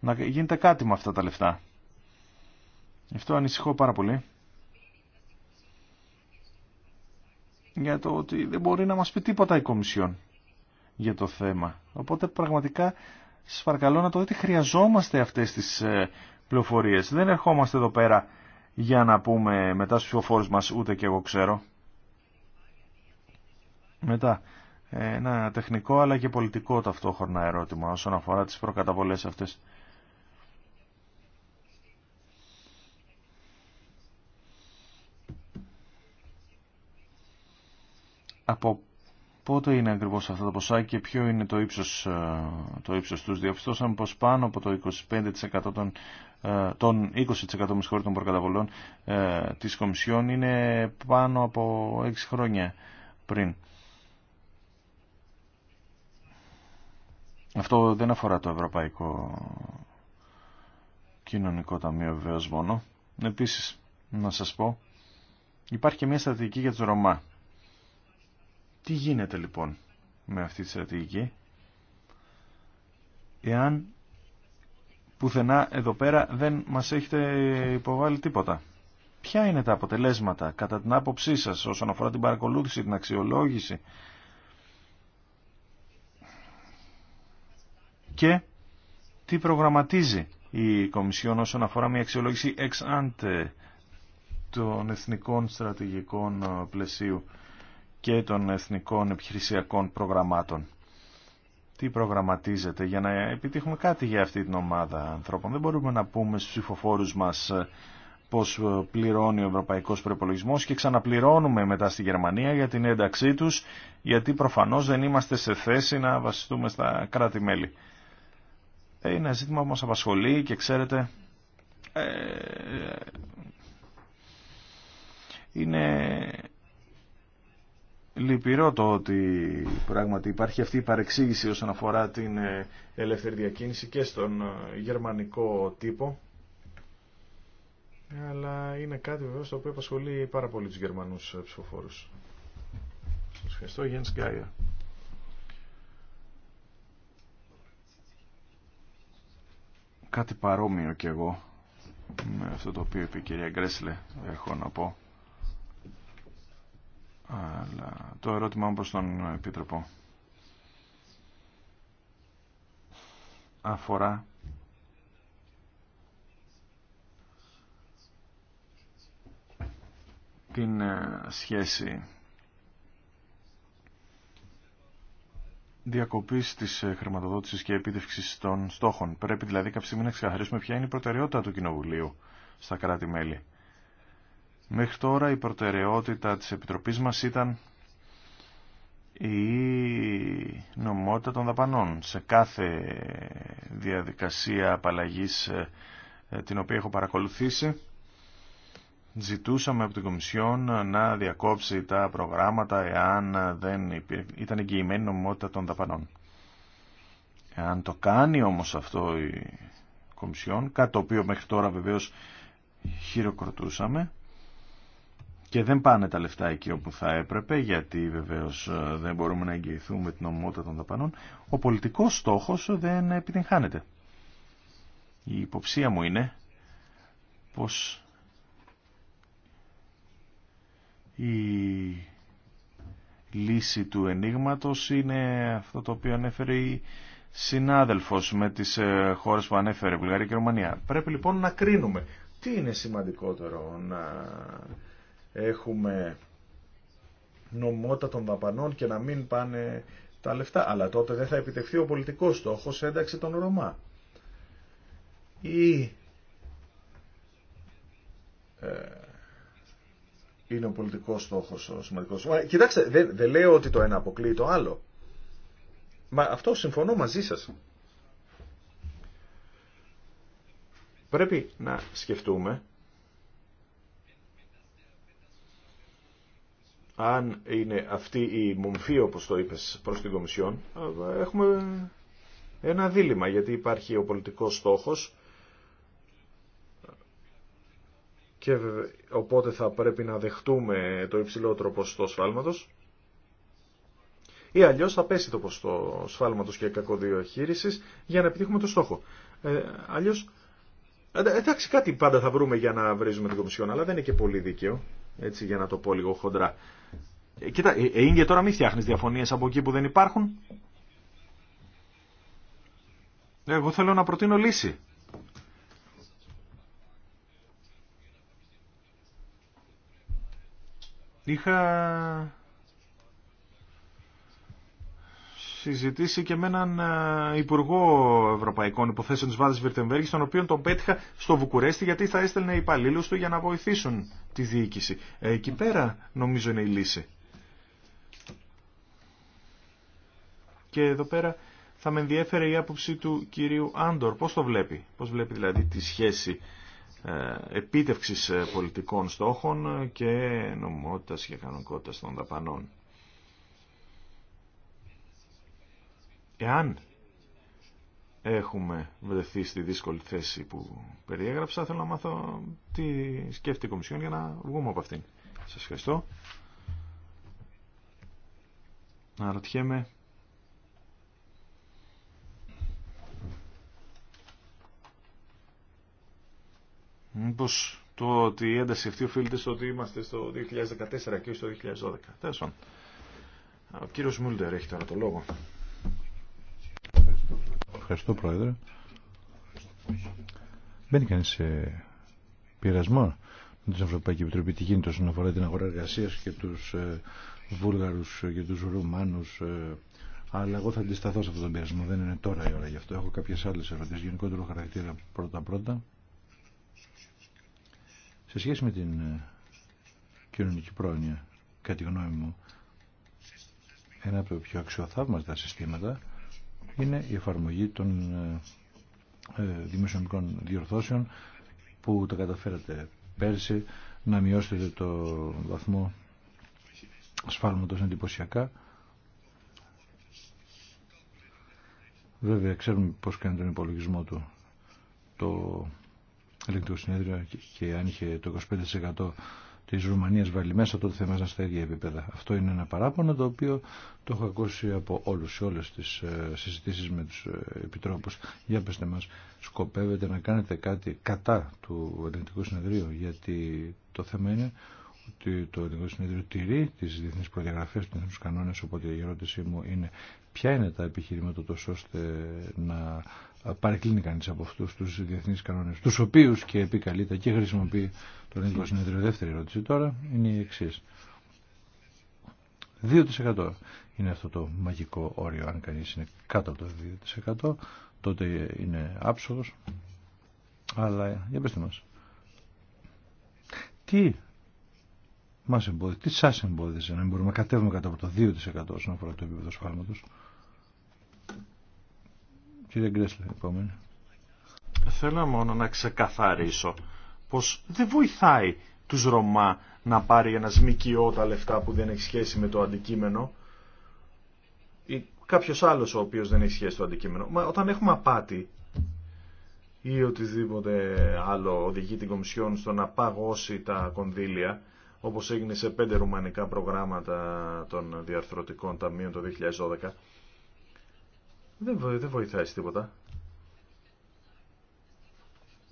Να γίνεται κάτι με αυτά τα λεφτά. Αυτό ανησυχώ πάρα πολύ. Για το ότι δεν μπορεί να μας πει τίποτα η Κομισιόν για το θέμα. Οπότε πραγματικά σας παρακαλώ να το δείτε χρειαζόμαστε αυτές τις ε, πληροφορίες. Δεν ερχόμαστε εδώ πέρα για να πούμε μετά στους ψηφοφόρους μας ούτε και εγώ ξέρω. Μετά, ένα τεχνικό αλλά και πολιτικό ταυτόχρονα ερώτημα όσον αφορά τις προκαταβολές αυτές. Από πότε είναι ακριβώς αυτά τα ποσά και ποιο είναι το ύψος, ε, το ύψος τους. Διαπιστώσαμε πως πάνω από το 25% των, ε, των 20% με των προκαταβολών ε, της Κομισιόν είναι πάνω από 6 χρόνια πριν. Αυτό δεν αφορά το Ευρωπαϊκό Κοινωνικό Ταμείο βεβαίω μόνο. Επίσης, να σας πω, υπάρχει και μια στρατηγική για τους Ρωμά. Τι γίνεται λοιπόν με αυτή τη στρατηγική, εάν πουθενά εδώ πέρα δεν μας έχετε υποβάλει τίποτα. Ποια είναι τα αποτελέσματα κατά την άποψή σας όσον αφορά την παρακολούθηση, την αξιολόγηση και τι προγραμματίζει η Κομισιόν όσον αφορά μια αξιολόγηση ex των εθνικών στρατηγικών ε, πλαισίου και των εθνικών επιχειρησιακών προγραμμάτων. Τι προγραμματίζεται για να επιτύχουμε κάτι για αυτή την ομάδα ανθρώπων. Δεν μπορούμε να πούμε στους ψηφοφόρους μας ε, πως ε, πληρώνει ο ευρωπαϊκός προπολογισμό και ξαναπληρώνουμε μετά στη Γερμανία για την ένταξή τους γιατί προφανώς δεν είμαστε σε θέση να βασιστούμε στα κράτη-μέλη είναι ένα ζήτημα που μας απασχολεί και ξέρετε ε, είναι λυπηρό το ότι πράγματι υπάρχει αυτή η παρεξήγηση όσον αφορά την ε, ελεύθερη διακίνηση και στον ε, γερμανικό τύπο αλλά είναι κάτι βεβαίως το οποίο απασχολεί πάρα πολύ τους Γερμανούς ψηφοφόρους. Σας ευχαριστώ, Γιάννης Γκάια. κάτι παρόμοιο κι εγώ με αυτό το οποίο είπε η κυρία Γκρέσλε έχω να πω αλλά το ερώτημα μου προς τον Επίτροπο αφορά την ε, σχέση Διακοπή της ε, χρηματοδότησης και επίτευξη των στόχων. Πρέπει δηλαδή κάποια στιγμή να ξεκαθαρίσουμε ποια είναι η προτεραιότητα του Κοινοβουλίου στα κράτη-μέλη. Μέχρι τώρα η προτεραιότητα τη Επιτροπής μας ήταν η νομότητα των δαπανών. Σε κάθε διαδικασία απαλλαγής ε, ε, την οποία έχω παρακολουθήσει ζητούσαμε από την Κομισιόν να διακόψει τα προγράμματα εάν δεν ήταν εγγυημένη νομιμότητα των δαπανών. Εάν το κάνει όμως αυτό η Κομισιόν, κάτι το οποίο μέχρι τώρα βεβαίως χειροκροτούσαμε και δεν πάνε τα λεφτά εκεί όπου θα έπρεπε γιατί βεβαίως ε, δεν μπορούμε να εγγυηθούμε την νομιμότητα των δαπανών, ο πολιτικός στόχος δεν επιτυγχάνεται. Η υποψία μου είναι πως η λύση του ενίγματος είναι αυτό το οποίο ανέφερε η συνάδελφος με τις ε, χώρες που ανέφερε, Βουλγαρία και Ρωμανία. Πρέπει λοιπόν να κρίνουμε τι είναι σημαντικότερο να έχουμε νομότα των δαπανών και να μην πάνε τα λεφτά. Αλλά τότε δεν θα επιτευχθεί ο πολιτικός στόχος ένταξη των Ρωμά. Ή ε, είναι ο πολιτικός στόχος, ο σημαντικός στόχος. Κοιτάξτε, δεν, λέω ότι το ένα αποκλείει το άλλο. Μα αυτό συμφωνώ μαζί σας. Πρέπει να σκεφτούμε αν είναι αυτή η μομφή, όπως το είπες, προς την Κομισιόν, έχουμε ένα δίλημα, γιατί υπάρχει ο πολιτικός στόχος και οπότε θα πρέπει να δεχτούμε το υψηλότερο ποσοστό σφάλματος ή αλλιώς θα πέσει το ποσοστό σφάλματος και κακοδιοχείρισης για να επιτύχουμε το στόχο. Ε, αλλιώς, ε, εντάξει κάτι πάντα θα βρούμε για να βρίζουμε την Κομισιόν, αλλά δεν είναι και πολύ δίκαιο, έτσι για να το πω λίγο χοντρά. Ε, κοίτα, ε, ε, τώρα μην φτιάχνει διαφωνίες από εκεί που δεν υπάρχουν. Εγώ θέλω να προτείνω λύση. Είχα συζητήσει και με έναν ε, Υπουργό Ευρωπαϊκών Υποθέσεων της Βάδης Βιρτεμβέργης, τον οποίο τον πέτυχα στο Βουκουρέστι γιατί θα έστελνε υπαλλήλου του για να βοηθήσουν τη διοίκηση. Ε, εκεί πέρα νομίζω είναι η λύση. Και εδώ πέρα θα με ενδιέφερε η άποψη του κυρίου Άντορ. Πώς το βλέπει, πώς βλέπει δηλαδή τη σχέση ε, επίτευξης ε, πολιτικών στόχων και νομιμότητας και κανονικότητας των δαπανών. Εάν έχουμε βρεθεί στη δύσκολη θέση που περιέγραψα, θέλω να μάθω τι σκέφτεται η Κομισιόν για να βγούμε από αυτήν. Σας ευχαριστώ. Να ρωτιέμαι Μήπω το ότι η ένταση αυτή οφείλεται στο ότι είμαστε στο 2014 και όχι στο 2012. Τέλος Ο κύριο Μούλτερ έχει τώρα το λόγο. Ευχαριστώ Πρόεδρε. Μπαίνει κανεί σε πειρασμό με την Ευρωπαϊκή Επιτροπή τι γίνεται όσον αφορά την αγορά εργασία και τους ε, Βούλγαρου και τους Ρουμάνους ε, αλλά εγώ θα αντισταθώ σε αυτόν τον πειρασμό. Δεν είναι τώρα η ώρα γι' αυτό. κάποιε άλλε ερωτήσει, ερωτήσεις γενικότερο χαρακτήρα πρώτα-πρώτα. Σε σχέση με την ε, κοινωνική πρόνοια, κατά τη γνώμη μου, ένα από τα πιο αξιοθαύμαστα συστήματα είναι η εφαρμογή των ε, ε, δημοσιονομικών διορθώσεων που τα καταφέρατε πέρσι να μειώσετε το βαθμό σφάλματος εντυπωσιακά. Βέβαια ξέρουμε πώς κάνει τον υπολογισμό του το ελεκτρικό συνέδριο και αν είχε το 25% της Ρουμανίας βάλει μέσα τότε θα είμαστε στα ίδια επίπεδα. Αυτό είναι ένα παράπονο το οποίο το έχω ακούσει από όλους σε όλες τις ε, συζητήσεις με τους ε, επιτρόπους. Για πετε μας, σκοπεύετε να κάνετε κάτι κατά του ελεκτρικού συνεδρίου γιατί το θέμα είναι ότι το Ελληνικό Συνέδριο τηρεί τι διεθνεί προδιαγραφέ, του διεθνού κανόνε. Οπότε η ερώτησή μου είναι, ποια είναι τα επιχειρήματα τόσο ώστε να παρεκκλίνει κανείς από αυτούς τους διεθνείς κανόνες, τους οποίους και επικαλείται και χρησιμοποιεί το ίδιο Συνέδριο. Δεύτερη ερώτηση τώρα είναι η εξή. 2% είναι αυτό το μαγικό όριο. Αν κανείς είναι κάτω από το 2% τότε είναι άψογος. Αλλά για πέστε μας. Τι μας εμπόδιζε, τι σας εμπόδιζε να μην μπορούμε να κατέβουμε κάτω από το 2% όσον αφορά το επίπεδο σφάλματος. Κύριε Γκρέσλε, επόμενο. Θέλω μόνο να ξεκαθαρίσω πως δεν βοηθάει τους Ρωμά να πάρει ένα ΜΚΟ τα λεφτά που δεν έχει σχέση με το αντικείμενο ή κάποιος άλλος ο οποίο δεν έχει σχέση με το αντικείμενο. Μα όταν έχουμε απάτη ή οτιδήποτε άλλο οδηγεί την Κομισιόν στο να παγώσει τα κονδύλια όπως έγινε σε πέντε ρουμανικά προγράμματα των διαρθρωτικών ταμείων το 2012 δεν, δεν βοηθάει τίποτα.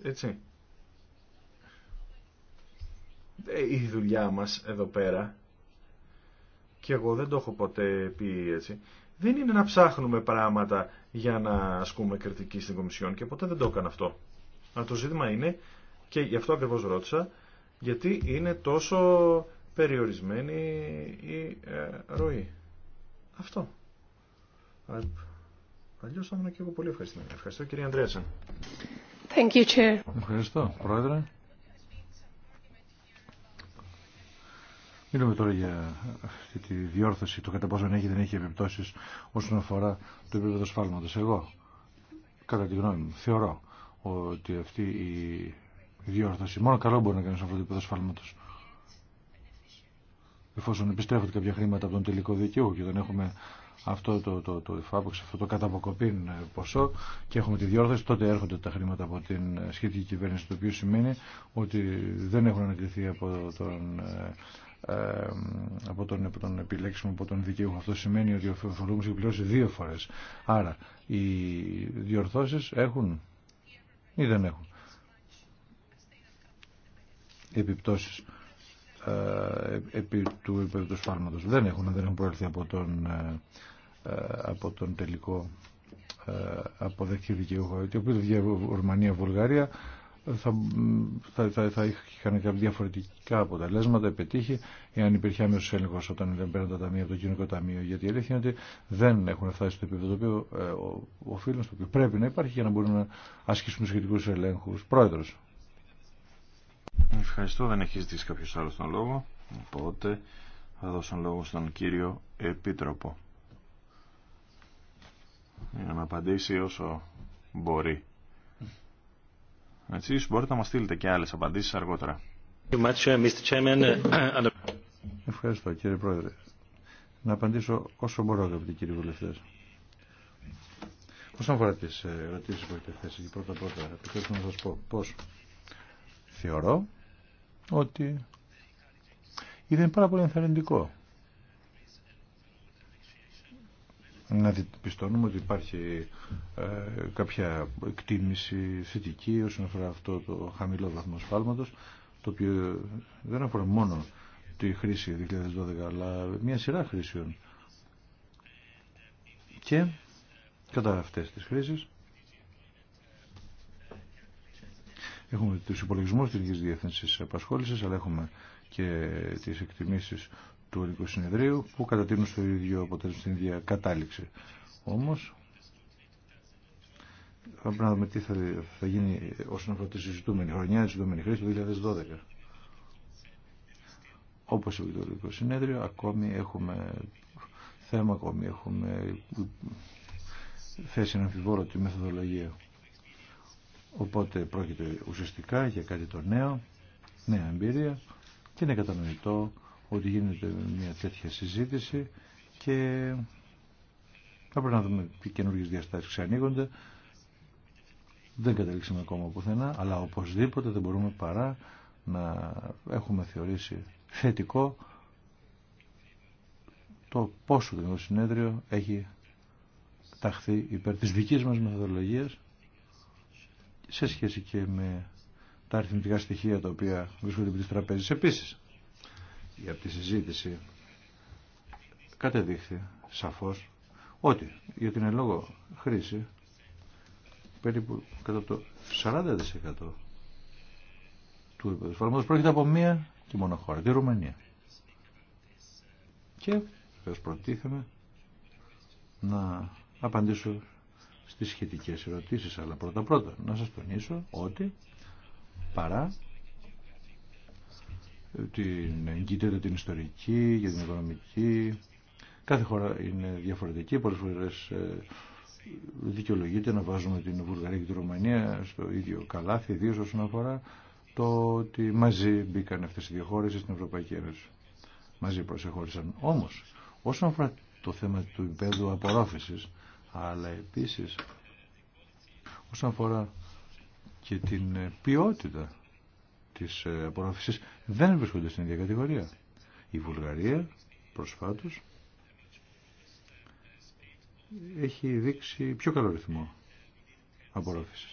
Έτσι. Ε, η δουλειά μας εδώ πέρα, και εγώ δεν το έχω ποτέ πει έτσι, δεν είναι να ψάχνουμε πράγματα για να ασκούμε κριτική στην Κομισιόν και ποτέ δεν το έκανα αυτό. Αλλά το ζήτημα είναι, και γι' αυτό ακριβώς ρώτησα, γιατί είναι τόσο περιορισμένη η ε, ροή. Αυτό. Αλλιώς θα ήμουν και εγώ πολύ ευχαριστημένη. Ευχαριστώ κύριε Αντρέα. Ευχαριστώ, Πρόεδρε. Μιλούμε τώρα για αυτή τη διόρθωση, το κατά πόσο έχει δεν έχει επιπτώσεις όσον αφορά το επίπεδο σφάλματος. Εγώ, κατά τη γνώμη μου, θεωρώ ότι αυτή η διόρθωση μόνο καλό μπορεί να κάνει σε αυτό το επίπεδο σφάλματος. Εφόσον επιστρέφονται κάποια χρήματα από τον τελικό δικαίου και όταν έχουμε αυτό το, το, το αυτό το καταποκοπήν ε, ποσό και έχουμε τη διόρθωση, τότε έρχονται τα χρήματα από την ε, σχετική κυβέρνηση, το οποίο σημαίνει ότι δεν έχουν ανακριθεί από τον ε, από τον, από τον επιλέξιμο, από τον δικαίου. Αυτό σημαίνει ότι ο φορολογούμενος έχει πληρώσει δύο φορές. Άρα οι διορθώσεις έχουν ή δεν έχουν επιπτώσεις ε, επί του, επιπέδου φάρματος. Δεν έχουν, δεν έχουν προέλθει από τον ε, από τον τελικό ε, αποδεκτή δικαιούχο. Και οποίο για Ορμανία, Βουλγαρία θα, θα, θα, θα είχαν κάποια διαφορετικά αποτελέσματα επιτύχει εάν υπήρχε άμεσο έλεγχο όταν δεν παίρνουν τα ταμεία από το κοινωνικό ταμείο. Γιατί η αλήθεια είναι ότι δεν έχουν φτάσει στο επίπεδο το οποίο ε, οφείλουν, στο οποίο πρέπει να υπάρχει για να μπορούμε να ασκήσουν σχετικού ελέγχου. Πρόεδρο. Ευχαριστώ. Δεν έχει ζητήσει κάποιο άλλο τον λόγο. Οπότε θα δώσω λόγο στον κύριο Επίτροπο για να απαντήσει όσο μπορεί. Έτσι, μπορείτε να μας στείλετε και άλλες απαντήσεις αργότερα. Ευχαριστώ κύριε Πρόεδρε. Να απαντήσω όσο μπορώ αγαπητοί κύριοι βουλευτές. Όσον αφορά τις ε, ερωτήσεις που έχετε θέσει, και πρώτα πρώτα, επιτρέψτε να σας πω πώς θεωρώ ότι ήταν πάρα πολύ ενθαρρυντικό να πιστώνουμε ότι υπάρχει ε, κάποια εκτίμηση θετική όσον αφορά αυτό το χαμηλό βαθμό σφάλματος, το οποίο δεν αφορά μόνο τη χρήση 2012, αλλά μια σειρά χρήσεων. Και κατά αυτές τις χρήσεις έχουμε τους υπολογισμούς της Διεθνής επασχόλησης αλλά έχουμε και τις εκτιμήσεις του Ελληνικού Συνεδρίου που κατατείνουν στο ίδιο αποτέλεσμα στην ίδια κατάληξη. όμω. θα πρέπει να δούμε τι θα, θα γίνει όσον αφορά τη συζητούμενη χρονιά, τη συζητούμενη χρήση του 2012. Όπω είπε το Ελληνικό Συνέδριο, ακόμη έχουμε θέμα, ακόμη έχουμε θέση να αμφιβόλω τη μεθοδολογία. Οπότε πρόκειται ουσιαστικά για κάτι το νέο, νέα εμπειρία και είναι κατανοητό ότι γίνεται μια τέτοια συζήτηση και θα πρέπει να δούμε τι καινούργιες διαστάσεις ξανοίγονται. Δεν καταλήξαμε ακόμα πουθενά, αλλά οπωσδήποτε δεν μπορούμε παρά να έχουμε θεωρήσει θετικό το πόσο το συνέδριο έχει ταχθεί υπέρ της δικής μας μεθοδολογίας σε σχέση και με τα αριθμητικά στοιχεία τα οποία βρίσκονται από τις τραπέζης επίσης από τη συζήτηση κατεδείχθη σαφώς ότι για την ελόγω χρήση περίπου κατά το 40% του εφαρμόζου πρόκειται από μία και μόνο χώρα, τη Ρουμανία. Και βεβαίως προτίθεμαι να απαντήσω στις σχετικές ερωτήσεις, αλλά πρώτα πρώτα να σας τονίσω ότι παρά την εγκύτερη, την ιστορική, για την οικονομική. Κάθε χώρα είναι διαφορετική, πολλές φορές ε, δικαιολογείται να βάζουμε την Βουλγαρία και την Ρουμανία στο ίδιο καλάθι, ιδίως όσον αφορά το ότι μαζί μπήκαν αυτές οι δύο χώρες στην Ευρωπαϊκή Ένωση. Μαζί προσεχώρησαν. Όμως, όσον αφορά το θέμα του υπέδου απορρόφησης, αλλά επίσης όσον αφορά και την ποιότητα της ε, απορρόφησης δεν βρίσκονται στην ίδια κατηγορία. Η Βουλγαρία προσφάτως έχει δείξει πιο καλό ρυθμό απορρόφησης.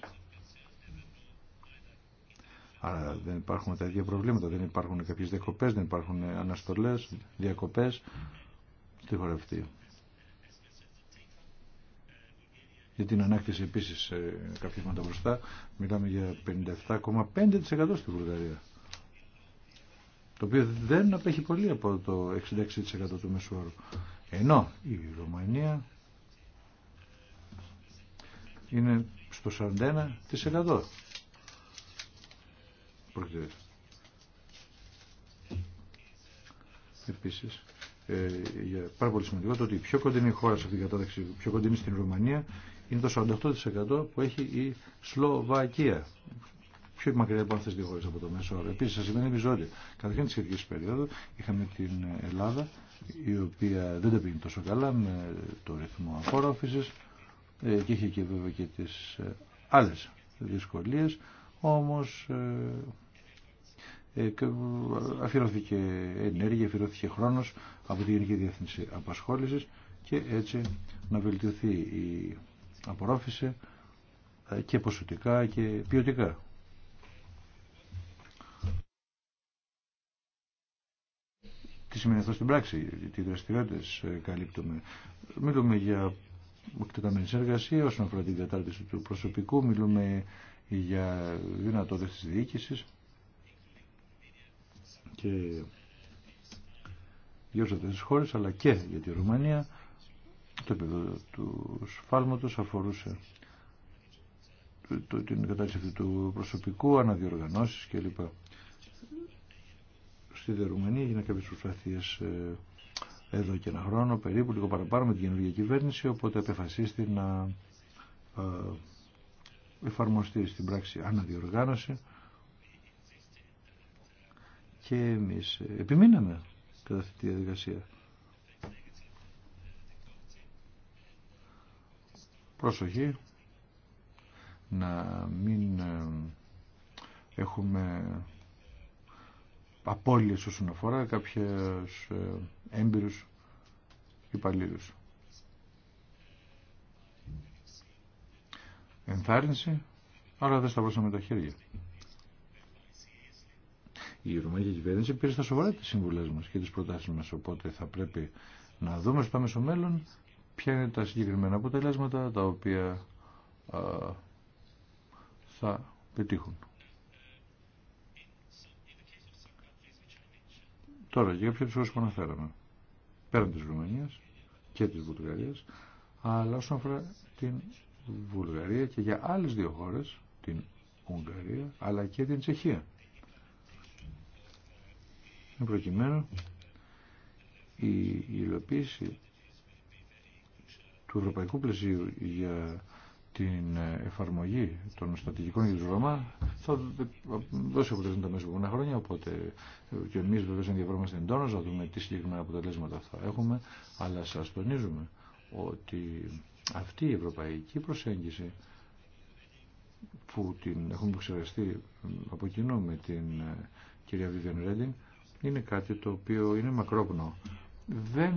Άρα δεν υπάρχουν τα ίδια προβλήματα, δεν υπάρχουν κάποιες διακοπές, δεν υπάρχουν αναστολές, διακοπές στη χώρα αυτή. για την ανάκτηση επίσης ε, καυκίσματα μπροστά. Μιλάμε για 57,5% στη Βουλγαρία. Το οποίο δεν απέχει πολύ από το 66% του μέσου Ενώ η Ρωμανία είναι στο 41%. Επίση Επίσης, ε, για πάρα πολύ σημαντικό το ότι η πιο κοντινή χώρα σε αυτήν την κατάταξη, πιο κοντινή στην Ρουμανία, είναι το 48% που έχει η Σλοβακία. Πιο μακριά από λοιπόν αυτέ τι χώρε από το μέσο όρο. Επίση, σα σημαίνει επιζώτη. Καταρχήν τη σχετική περίοδο είχαμε την Ελλάδα, η οποία δεν τα πήγε τόσο καλά με το ρυθμό απορρόφηση ε, και είχε και βέβαια και τι ε, άλλε δυσκολίε. Όμω ε, αφιερώθηκε ενέργεια, αφιερώθηκε χρόνο από τη Γενική Διεύθυνση απασχόληση και έτσι να βελτιωθεί η απορρόφησε ε, και ποσοτικά και ποιοτικά. Τι σημαίνει αυτό στην πράξη, τι δραστηριότητε ε, καλύπτουμε. Μιλούμε για εκτεταμένη συνεργασία όσον αφορά την κατάρτιση του προσωπικού, μιλούμε για δυνατότητε τη διοίκηση και για όλε αυτέ τι χώρε αλλά και για τη Ρουμανία το επίπεδο του σφάλματος αφορούσε την κατάσταση του προσωπικού, αναδιοργανώσεις κλπ. Στη Δερούμενη έγιναν κάποιες προσπαθίες ε, εδώ και ένα χρόνο περίπου, λίγο παραπάνω με την καινούργια κυβέρνηση, οπότε απεφασίστη να ε, εφαρμοστεί στην πράξη αναδιοργάνωση και εμείς ε, επιμείναμε κατά αυτή τη διαδικασία. Προσοχή να μην ε, έχουμε απώλειες όσον αφορά κάποιους ε, έμπειρους υπαλλήλους. Ενθάρρυνση, αλλά δεν σταυρώσαμε τα χέρια. Η Ρουμανική κυβέρνηση πήρε στα σοβαρά τις συμβουλές μας και τις προτάσεις μας, οπότε θα πρέπει να δούμε στο άμεσο μέλλον ποια είναι τα συγκεκριμένα αποτελέσματα τα οποία θα πετύχουν. Τώρα, για ποιες χώρες που αναφέραμε, πέραν της Ρουμανίας και της Βουλγαρίας, αλλά όσον αφορά την Βουλγαρία και για άλλες δύο χώρες, την Ουγγαρία, αλλά και την Τσεχία. Εν προκειμένου, η υλοποίηση του ευρωπαϊκού πλαισίου για την εφαρμογή των στρατηγικών για του Ρώμα θα δώσει αποτελέσματα μέσα από επόμενα χρόνια. Οπότε και εμεί βεβαίω ενδιαφέρομαστε εντόνως, να δούμε τι συγκεκριμένα αποτελέσματα θα έχουμε. Αλλά σας τονίζουμε ότι αυτή η ευρωπαϊκή προσέγγιση που την έχουμε εξεργαστεί από κοινό με την ε, κυρία Βίβιαν Ρέντιν είναι κάτι το οποίο είναι μακρόπνο. Δεν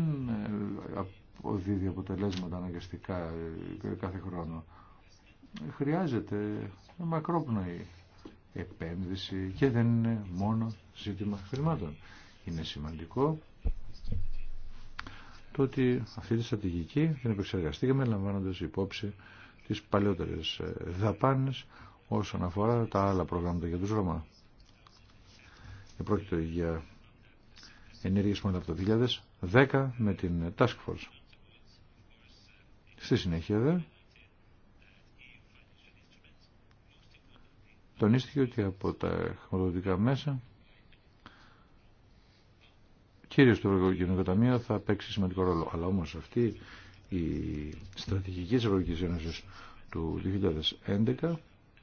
ε, οδίδει αποτελέσματα αναγκαστικά ε, κάθε χρόνο. Χρειάζεται μακρόπνοη επένδυση και δεν είναι μόνο ζήτημα χρημάτων. Είναι σημαντικό το ότι αυτή τη στρατηγική την επεξεργαστήκαμε λαμβάνοντας υπόψη τις παλαιότερες ε, δαπάνες όσον αφορά τα άλλα προγράμματα για τους Ρωμά. Επρόκειτο για ενέργειες μόνο από το 2010 με την Task Force. Στη συνέχεια δε, τονίστηκε ότι από τα χρηματοδοτικά μέσα κύριος του Ευρωπαϊκού Ταμείου θα παίξει σημαντικό ρόλο. Αλλά όμως αυτή η στρατηγική της Ευρωπαϊκής Ένωσης του 2011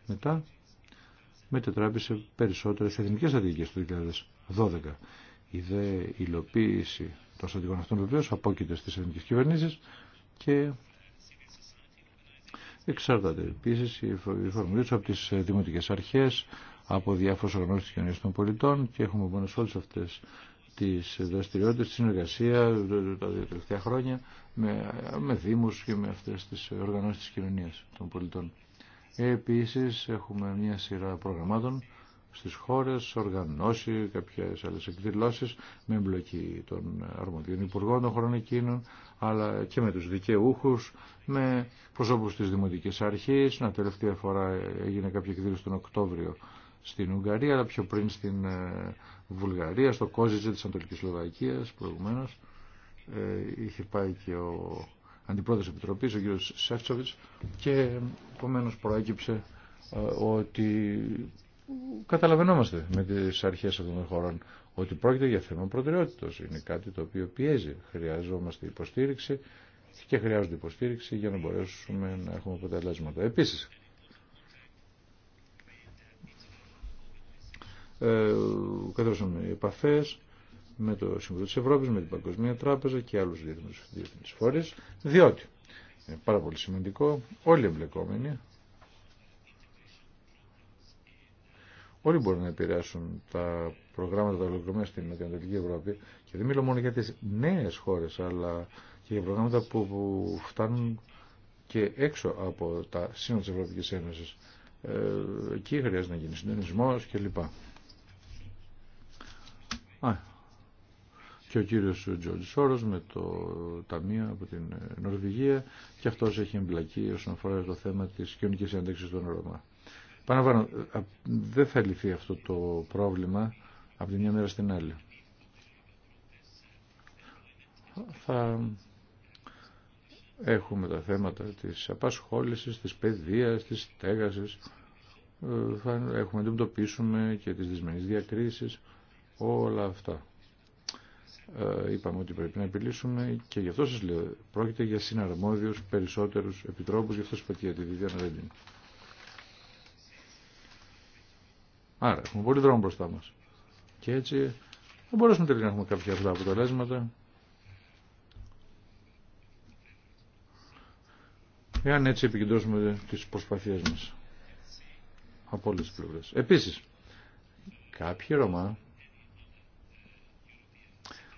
μετά μετετράπησε περισσότερες εθνικές στρατηγικές του 2012. Η δε υλοποίηση των στρατηγικών αυτών βεβαίως απόκειται στις εθνικές κυβερνήσεις και Εξαρτάται επίση η εφαρμογή του από τι ε, δημοτικέ αρχέ, από διάφορε οργανώσει τη κοινωνία των πολιτών και έχουμε μόνο όλε αυτέ τι δραστηριότητε, τη συνεργασία ε, ε, τα τελευταία χρόνια με, με Δήμου και με αυτέ τι οργανώσει τη κοινωνία των πολιτών. Επίση έχουμε μια σειρά προγραμμάτων στις χώρες, οργανώσει κάποιες άλλες εκδηλώσεις με εμπλοκή των αρμοδίων υπουργών των χρόνων εκείνων, αλλά και με τους δικαιούχους, με προσώπους της Δημοτικής Αρχής. Να τελευταία φορά έγινε κάποια εκδήλωση τον Οκτώβριο στην Ουγγαρία, αλλά πιο πριν στην ε, Βουλγαρία, στο Κόζιτζε της Ανατολικής Σλοβακίας προηγουμένως. Ε, είχε πάει και ο αντιπρόεδρος Επιτροπής, ο κ. Σεφτσοβιτς, και επομένως προέκυψε ε, ότι καταλαβαίνόμαστε με τις αρχές αυτών των χωρών ότι πρόκειται για θέμα προτεραιότητας. Είναι κάτι το οποίο πιέζει. Χρειαζόμαστε υποστήριξη και χρειάζονται υποστήριξη για να μπορέσουμε να έχουμε αποτελέσματα. Επίσης, ε, οι επαφές με το Συμβουλίο της Ευρώπης, με την Παγκοσμία Τράπεζα και άλλους διεθνείς φορείς, διότι είναι πάρα πολύ σημαντικό όλοι εμπλεκόμενοι Όλοι μπορούν να επηρεάσουν τα προγράμματα τα ολοκληρωμένα στην Ανατολική Ευρώπη και δεν μιλώ μόνο για τις νέες χώρες αλλά και για προγράμματα που φτάνουν και έξω από τα σύνορα της Ευρωπαϊκής Ένωσης. Ε, εκεί χρειάζεται να γίνει συντονισμός κλπ. και ο κύριος Τζορτζ Σόρος με το Ταμείο από την Νορβηγία και αυτός έχει εμπλακεί όσον αφορά το θέμα της κοινωνικής ένταξης των Ρωμά. Πάνω δεν θα λυθεί αυτό το πρόβλημα από τη μια μέρα στην άλλη. Θα έχουμε τα θέματα της απασχόλησης, της παιδείας, της στέγασης. Ε, θα έχουμε αντιμετωπίσουμε και τις δυσμενείς διακρίσεις, όλα αυτά. Ε, είπαμε ότι πρέπει να επιλύσουμε και γι' αυτό σας λέω, πρόκειται για συναρμόδιους περισσότερους επιτρόπους, γι' αυτό σας πω και για τη Άρα έχουμε πολύ δρόμο μπροστά μα Και έτσι δεν μπορέσουμε τελικά να έχουμε κάποια αυτά αποτελέσματα. Εάν έτσι επικεντρώσουμε τις προσπαθίες μας. Από όλε τι πλευρές. Επίσης, κάποιοι Ρωμά,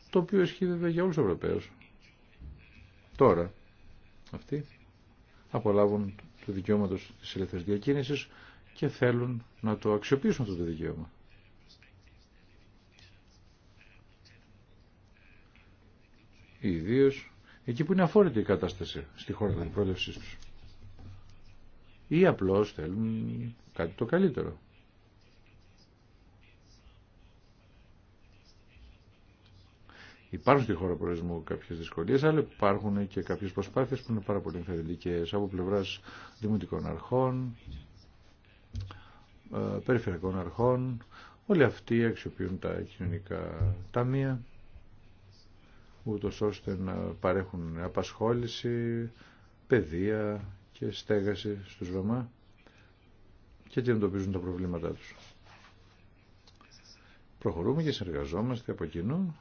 το οποίο ισχύει βέβαια για όλους τους Ευρωπαίους, τώρα αυτοί απολάβουν το δικαιώματο της ελευθερίας διακίνηση και θέλουν να το αξιοποιήσουν αυτό το δικαίωμα. Ιδίω εκεί που είναι αφόρητη η κατάσταση στη χώρα της πρόλευσής τους. Ή απλώς θέλουν κάτι το καλύτερο. Υπάρχουν στη χώρα προορισμού κάποιε δυσκολίε, αλλά υπάρχουν και κάποιε προσπάθειε που είναι πάρα πολύ ενθαρρυντικέ από πλευρά δημοτικών αρχών, ε, περιφερειακών αρχών, όλοι αυτοί αξιοποιούν τα κοινωνικά ταμεία, ούτως ώστε να παρέχουν απασχόληση, παιδεία και στέγαση στους Ρωμά και τι εντοπίζουν τα προβλήματά τους. Προχωρούμε και συνεργαζόμαστε από κοινού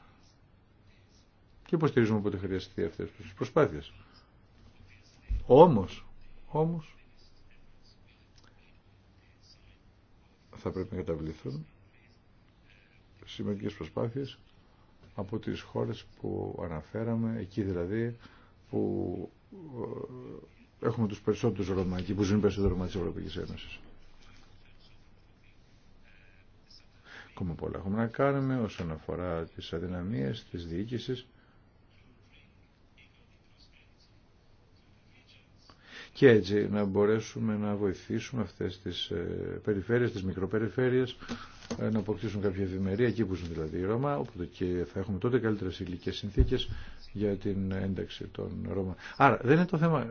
και υποστηρίζουμε όποτε χρειαστεί αυτές τις προσπάθειες. Όμως, όμως, θα πρέπει να καταβληθούν σημαντικές προσπάθειες από τις χώρες που αναφέραμε, εκεί δηλαδή που ε, έχουμε τους περισσότερους Ρωμά, εκεί που ζουν περισσότερο Ρωμά της Ευρωπαϊκής Ένωσης. Ακόμα πολλά έχουμε να κάνουμε όσον αφορά τις αδυναμίες της διοίκησης και έτσι να μπορέσουμε να βοηθήσουμε αυτές τις ε, περιφέρειες, τις μικροπεριφέρειες ε, να αποκτήσουν κάποια ευημερία εκεί που ζουν δηλαδή οι Ρώμα οπότε και θα έχουμε τότε καλύτερες υλικές συνθήκες για την ένταξη των Ρώμα. Άρα δεν είναι το θέμα ε,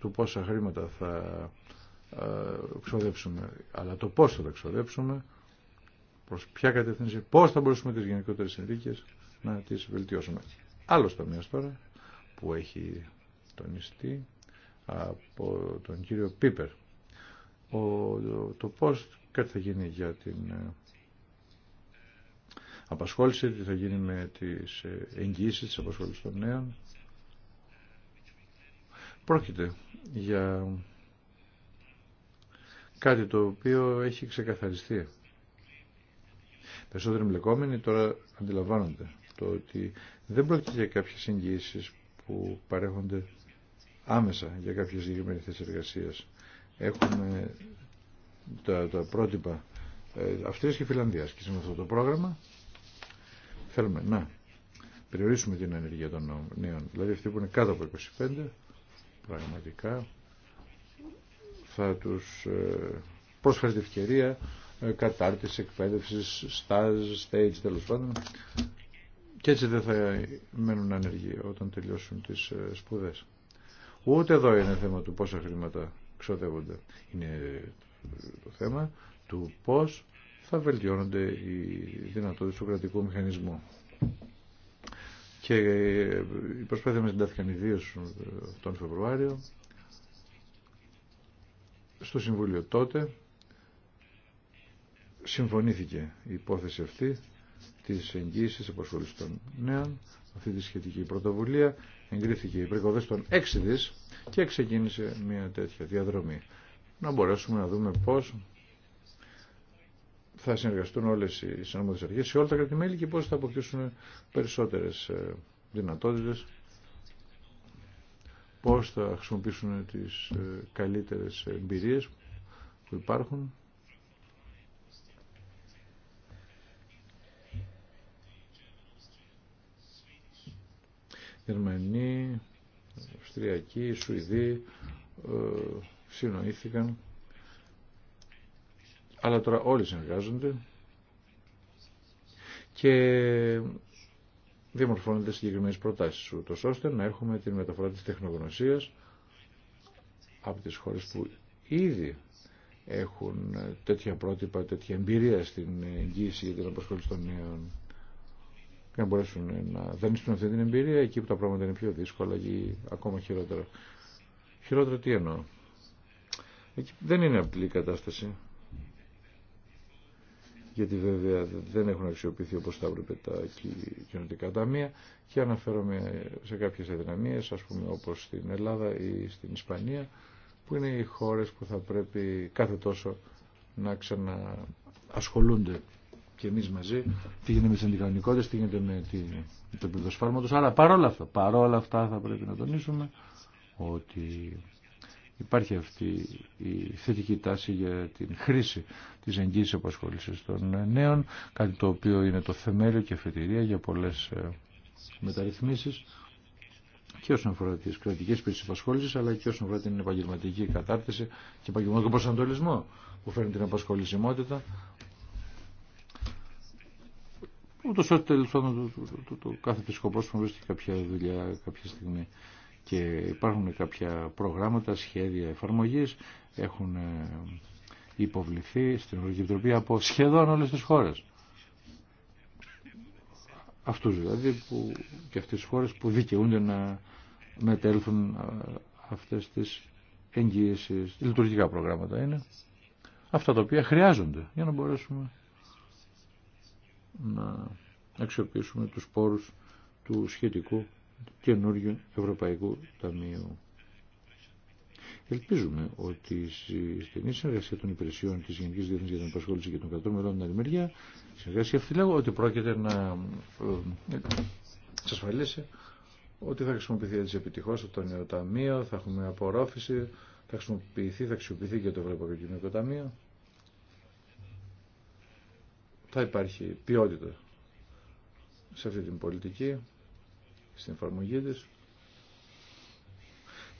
του πόσα χρήματα θα ξοδέψουμε αλλά το πώς θα τα ξοδέψουμε προς ποια κατεύθυνση, πώς θα μπορούσουμε τις γενικότερες συνθήκες να τις βελτιώσουμε. Άλλος τομέας τώρα που έχει τονιστεί από τον κύριο Πίπερ ο, το, το πώς κάτι θα γίνει για την ε, απασχόληση, τι θα γίνει με τις ε, εγγύσεις της απασχόλησης των νέων. Πρόκειται για κάτι το οποίο έχει ξεκαθαριστεί. Περισσότεροι εμπλεκόμενοι τώρα αντιλαμβάνονται το ότι δεν πρόκειται για κάποιες εγγύσεις που παρέχονται άμεσα για κάποιες συγκεκριμένες θέσεις Έχουμε τα, τα πρότυπα ε, Αυστρίας και Φιλανδίας και με αυτό το πρόγραμμα θέλουμε να περιορίσουμε την ανεργία των νέων. Δηλαδή αυτοί που είναι κάτω από 25 πραγματικά θα τους ε, πρόσφερε την ευκαιρία ε, κατάρτιση, εκπαίδευση, στάζ, stage τέλο πάντων. Και έτσι δεν θα μένουν ανεργοί όταν τελειώσουν τις σπουδές. Ούτε εδώ είναι θέμα του πόσα χρήματα ξοδεύονται. Είναι το θέμα του πώς θα βελτιώνονται οι δυνατότητες του κρατικού μηχανισμού. Και η προσπάθεια μας εντάθηκαν ιδίως τον Φεβρουάριο στο Συμβούλιο τότε συμφωνήθηκε η υπόθεση αυτή της εγγύησης απασχολής των νέων, αυτή τη σχετική πρωτοβουλία εγκρίθηκε η πρικοδέ των 6 δις και ξεκίνησε μια τέτοια διαδρομή. Να μπορέσουμε να δούμε πώς θα συνεργαστούν όλες οι συνόμοδες αρχές σε όλα τα κρατημέλη και πώς θα αποκτήσουν περισσότερες ε, δυνατότητες, πώς θα χρησιμοποιήσουν τις ε, καλύτερες εμπειρίες που υπάρχουν Γερμανοί, Αυστριακοί, Σουηδοί ε, συνοήθηκαν. Αλλά τώρα όλοι συνεργάζονται και διαμορφώνονται συγκεκριμένε προτάσει, ούτω ώστε να έχουμε τη μεταφορά τη τεχνογνωσία από τι χώρε που ήδη έχουν τέτοια πρότυπα, τέτοια εμπειρία στην εγγύηση για την αποσχόληση των νέων για να μπορέσουν να δανειστούν αυτή την εμπειρία εκεί που τα πράγματα είναι πιο δύσκολα η ακόμα χειρότερα. Χειρότερα τι εννοώ. Εκεί δεν είναι απλή η κατάσταση. Γιατί βέβαια δεν έχουν αξιοποιηθεί όπως θα έπρεπε τα κοινωτικά ταμεία και αναφέρομαι σε κάποιες αδυναμίες, ας πούμε όπως στην Ελλάδα ή στην Ισπανία, που είναι οι χώρες που θα πρέπει κάθε τόσο να ξαναασχολούνται και εμείς μαζί, τι γίνεται με τις αντικανονικότητες, τι γίνεται με το επίπεδο σφάλματος. Αλλά παρόλα αυτά, παρόλα αυτά θα πρέπει να τονίσουμε ότι υπάρχει αυτή η θετική τάση για την χρήση της εγγύης απασχόλησης των νέων, κάτι το οποίο είναι το θεμέλιο και αφετηρία για πολλές ε, μεταρρυθμίσεις και όσον αφορά τι κρατικέ πίσει απασχόληση, αλλά και όσον αφορά την επαγγελματική κατάρτιση και επαγγελματικό προσανατολισμό που φέρνει την απασχολησιμότητα ούτω άλλω τέλο πάντων το, κάθε φυσικό πρόσωπο, βρίσκεται κάποια δουλειά κάποια στιγμή. Και υπάρχουν κάποια προγράμματα, σχέδια εφαρμογή, έχουν ε, υποβληθεί στην Ευρωπαϊκή Επιτροπή από σχεδόν όλε τι χώρε. Αυτού δηλαδή που, και αυτέ τι χώρε που δικαιούνται να μετέλθουν ε, αυτέ τι εγγύησει. Λειτουργικά προγράμματα είναι αυτά τα οποία χρειάζονται για να μπορέσουμε να αξιοποιήσουμε τους πόρους του σχετικού καινούριου Ευρωπαϊκού Ταμείου. Ελπίζουμε ότι η στενή συνεργασία των υπηρεσιών της Γενικής Διεθνής για την Επασχόληση και των Κρατών Μελών την άλλη μεριά, συνεργασία αυτή λέγω ότι πρόκειται να ε, ε, ασφαλίσει ότι θα χρησιμοποιηθεί έτσι επιτυχώ το νέο ταμείο, θα έχουμε απορρόφηση, θα χρησιμοποιηθεί, θα αξιοποιηθεί και το Ευρωπαϊκό Κοινωνικό Ταμείο θα υπάρχει ποιότητα σε αυτή την πολιτική, στην εφαρμογή της.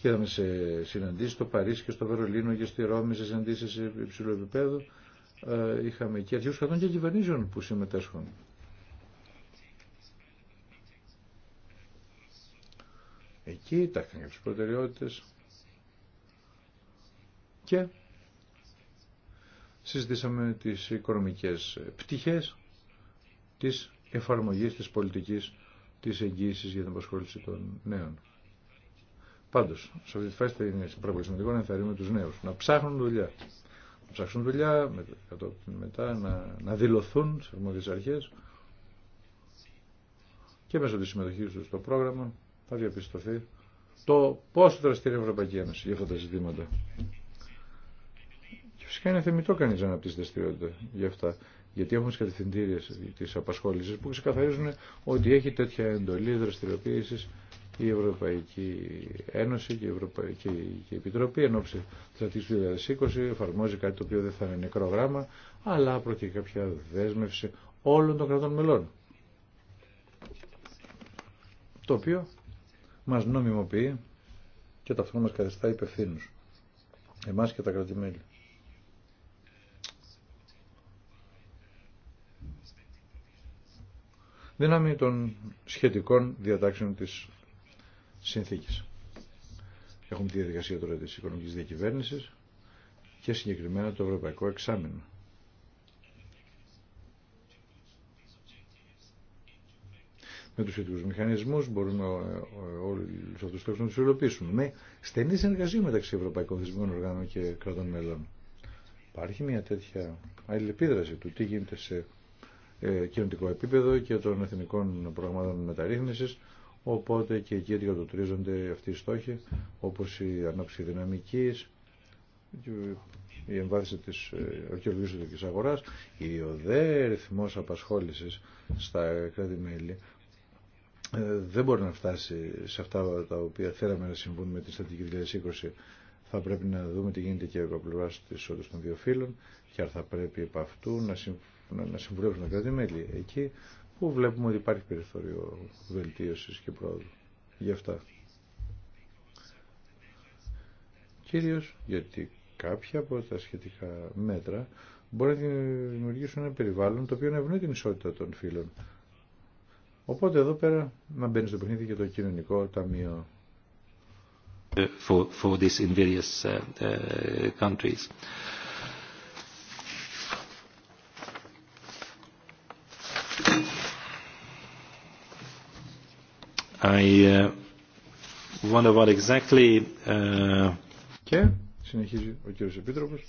Και είδαμε σε συναντήσεις στο Παρίσι και στο Βερολίνο και στη Ρώμη, σε συναντήσεις σε υψηλό επίπεδο. Ε, είχαμε και αρχείους κρατών και κυβερνήσεων που συμμετέσχουν. Εκεί τα έκανε τις προτεραιότητες και συζητήσαμε τις οικονομικές πτυχές της εφαρμογής της πολιτικής της εγγύησης για την απασχόληση των νέων. Πάντως, σε αυτή τη φάση είναι πάρα πολύ σημαντικό να ενθαρρύνουμε τους νέους, να ψάχνουν δουλειά. Να ψάχνουν δουλειά, μετά να, να δηλωθούν σε αρμόδιες αρχές και μέσω της συμμετοχής του στο πρόγραμμα θα διαπιστωθεί το πόσο δραστηρεί η Ευρωπαϊκή Ένωση για αυτά τα ζητήματα. Φυσικά είναι θεμητό κανεί να αναπτύσσει δραστηριότητα για αυτά. Γιατί έχουμε τι κατευθυντήριε τη απασχόληση που ξεκαθαρίζουν ότι έχει τέτοια εντολή δραστηριοποίηση η Ευρωπαϊκή Ένωση και η Ευρωπαϊκή Επιτροπή εν ώψη τη του 2020 εφαρμόζει κάτι το οποίο δεν θα είναι νεκρό γράμμα, αλλά προκύπτει κάποια δέσμευση όλων των κρατών μελών. Το οποίο μας νομιμοποιεί και ταυτόχρονα μα καθιστά υπευθύνου. Εμάς και τα κρατημέλη. δύναμη των σχετικών διατάξεων της συνθήκης. Έχουμε τη διαδικασία τώρα της οικονομικής διακυβέρνησης και συγκεκριμένα το ευρωπαϊκό εξάμεινο. με τους σχετικούς μηχανισμούς μπορούμε όλοι αυτούς τους να τους υλοποιήσουμε. Με στενή συνεργασία μεταξύ Ευρωπαϊκών Θεσμικών Οργάνων και Κρατών Μέλων. Υπάρχει μια τέτοια αλληλεπίδραση του τι γίνεται σε ε, κοινωνικό επίπεδο και των εθνικών προγραμμάτων μεταρρύθμισης οπότε και εκεί διαδοτρίζονται αυτοί οι στόχοι όπως η ανάπτυξη δυναμικής η εμβάθυνση της ε, ορκιολογικής οδικής αγοράς η οδέ ρυθμός απασχόλησης στα κράτη-μέλη ε, δεν μπορεί να φτάσει σε αυτά τα οποία θέλαμε να συμβούν με τη στρατηγική 2020 θα πρέπει να δούμε τι γίνεται και από πλευρά τη όντω των δύο φύλων και αν θα πρέπει επ' αυτού να να συμβουλεύσουν τα κράτη-μέλη εκεί που βλέπουμε ότι υπάρχει περιθώριο βελτίωσης και πρόοδου για αυτά. Κυρίως γιατί κάποια από τα σχετικά μέτρα μπορεί να δημιουργήσουν ένα περιβάλλον το οποίο να ευνοεί την ισότητα των φύλων. Οπότε εδώ πέρα να μπαίνει στο παιχνίδι και το κοινωνικό ταμείο. Ε, ε, I uh, wonder what exactly... Uh, και συνεχίζει ο κύριος Επίτροπος.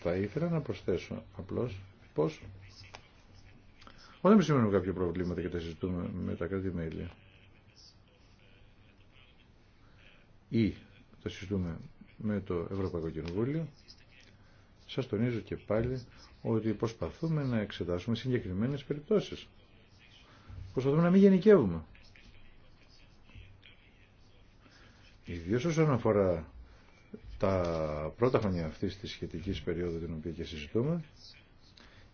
Θα ήθελα να προσθέσω απλώς πώς... όταν εμείς σημαίνουμε κάποια προβλήματα και τα συζητούμε με τα κράτη-μέλη. Ή τα συζητούμε με το Ευρωπαϊκό Κοινοβούλιο. Σας τονίζω και πάλι ότι προσπαθούμε να εξετάσουμε συγκεκριμένες περιπτώσεις. Προσπαθούμε να μην γενικεύουμε. Ιδίως όσον αφορά τα πρώτα χρόνια αυτής της σχετικής περίοδου την οποία και συζητούμε,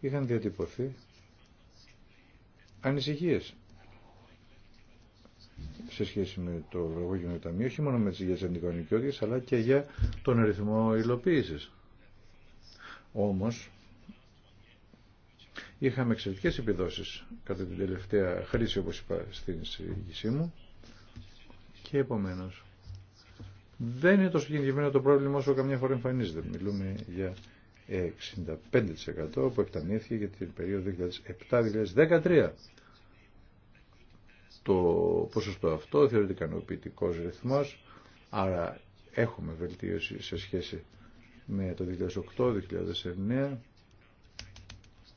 είχαν διατυπωθεί ανησυχίες σε σχέση με το Ευρωπαϊκό Ταμείο, όχι μόνο με τις υγείας αλλά και για τον αριθμό υλοποίησης. Όμως, Είχαμε εξαιρετικέ επιδόσεις κατά την τελευταία χρήση, όπως είπα στην εισηγησή μου. Και επομένως, δεν είναι τόσο γενικευμένο το πρόβλημα όσο καμιά φορά εμφανίζεται. Μιλούμε για 65% που εκτανήθηκε για την περίοδο 2007-2013. Το ποσοστό αυτό θεωρείται ικανοποιητικό ρυθμός, άρα έχουμε βελτίωση σε σχέση με το 2008-2009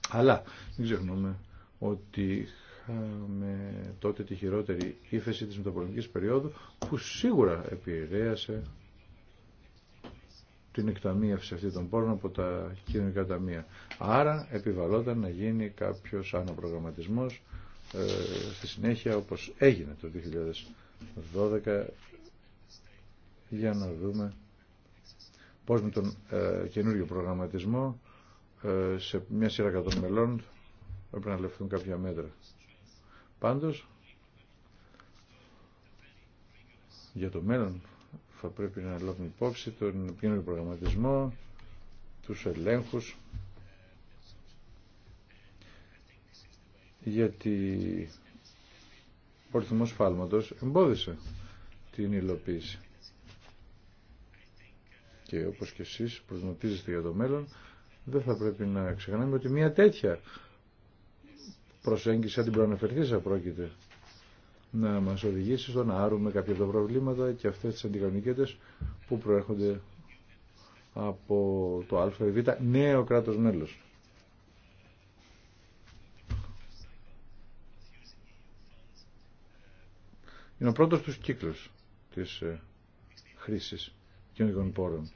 αλλά μην ξεχνούμε ότι είχαμε τότε τη χειρότερη ύφεση της μεταπολεμικής περίοδου που σίγουρα επηρέασε την εκταμείευση αυτή των πόρων από τα κοινωνικά ταμεία. Άρα επιβαλόταν να γίνει κάποιος αναπρογραμματισμός ε, στη συνέχεια όπως έγινε το 2012 για να δούμε πώς με τον ε, καινούριο προγραμματισμό ε, σε μια σειρά κατών μελών πρέπει να λεφθούν κάποια μέτρα. Πάντως, για το μέλλον θα πρέπει να λάβουμε υπόψη τον κοινωνικό προγραμματισμό, τους ελέγχους, γιατί ο ρυθμός φάλματος εμπόδισε την υλοποίηση. Και όπως και εσείς προγραμματίζεστε για το μέλλον, δεν θα πρέπει να ξεχνάμε ότι μια τέτοια προσέγγιση, αν την προαναφερθήσα πρόκειται, να μας οδηγήσει στο να άρουμε κάποια από τα προβλήματα και αυτές τις αντικανονικέτες που προέρχονται από το α ή β νέο κράτος μέλος. Είναι ο πρώτος τους κύκλους της ε, χρήσης κοινωνικών πόρων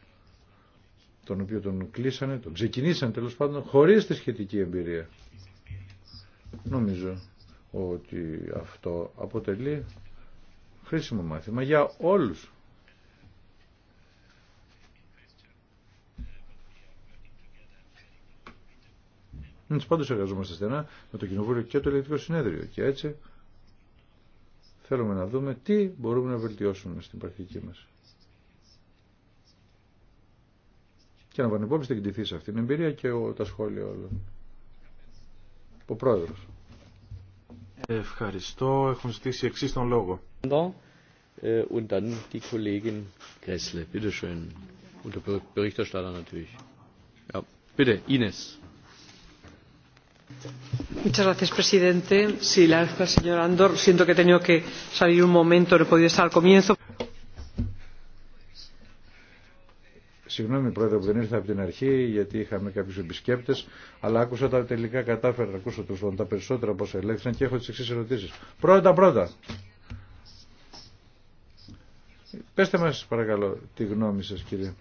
τον οποίο τον κλείσανε, τον ξεκινήσαν τέλος πάντων, χωρίς τη σχετική εμπειρία. Νομίζω ότι αυτό αποτελεί χρήσιμο μάθημα για όλους. Έτσι πάντως εργαζόμαστε στενά με το Κοινοβούλιο και το Ελληνικό Συνέδριο και έτσι θέλουμε να δούμε τι μπορούμε να βελτιώσουμε στην πρακτική μας. και να βάλουν υπόψη την κτηθή σε αυτήν την εμπειρία και τα σχόλια όλων. Ο πρόεδρος. Ευχαριστώ. Έχουν ζητήσει εξή τον λόγο. Und dann die Kollegin Gressle, bitte schön. Und der Berichterstatter natürlich. Ja, bitte, Ines. Muchas gracias, presidente. Sí, la señora Andor, siento que he tenido que salir un momento, no he podido estar al comienzo. Συγγνώμη πρόεδρε που δεν ήρθα από την αρχή γιατί είχαμε κάποιους επισκέπτες αλλά άκουσα τα τελικά κατάφερα, ακούσω τους τα περισσότερα πώς ελέγξαν και έχω τις εξής ερωτήσεις. Πρώτα πρώτα. Πέστε μας παρακαλώ τη γνώμη σας κύριε.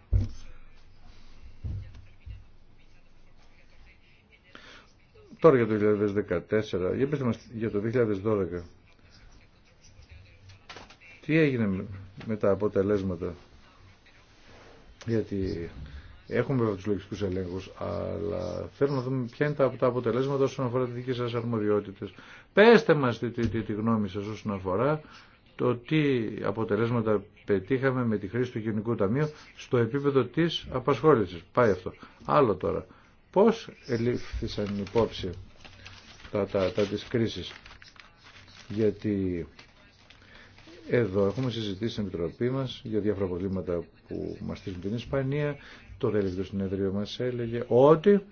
Τώρα για το 2014, για μας για το 2012. Τι έγινε με τα αποτελέσματα γιατί έχουμε βέβαια τους λογιστικού ελέγχους, αλλά θέλω να δούμε ποια είναι τα, αποτελέσματα όσον αφορά τι δικέ σα αρμοδιότητες. Πέστε μας τη, τη, τη γνώμη σας όσον αφορά το τι αποτελέσματα πετύχαμε με τη χρήση του Γενικού Ταμείου στο επίπεδο της απασχόλησης. Πάει αυτό. Άλλο τώρα. Πώς ελήφθησαν υπόψη τα, τα, τα Γιατί εδώ έχουμε συζητήσει στην Επιτροπή μας για διάφορα προβλήματα που μας στείλουν την Ισπανία. Το τελευταίο συνέδριο μα έλεγε ότι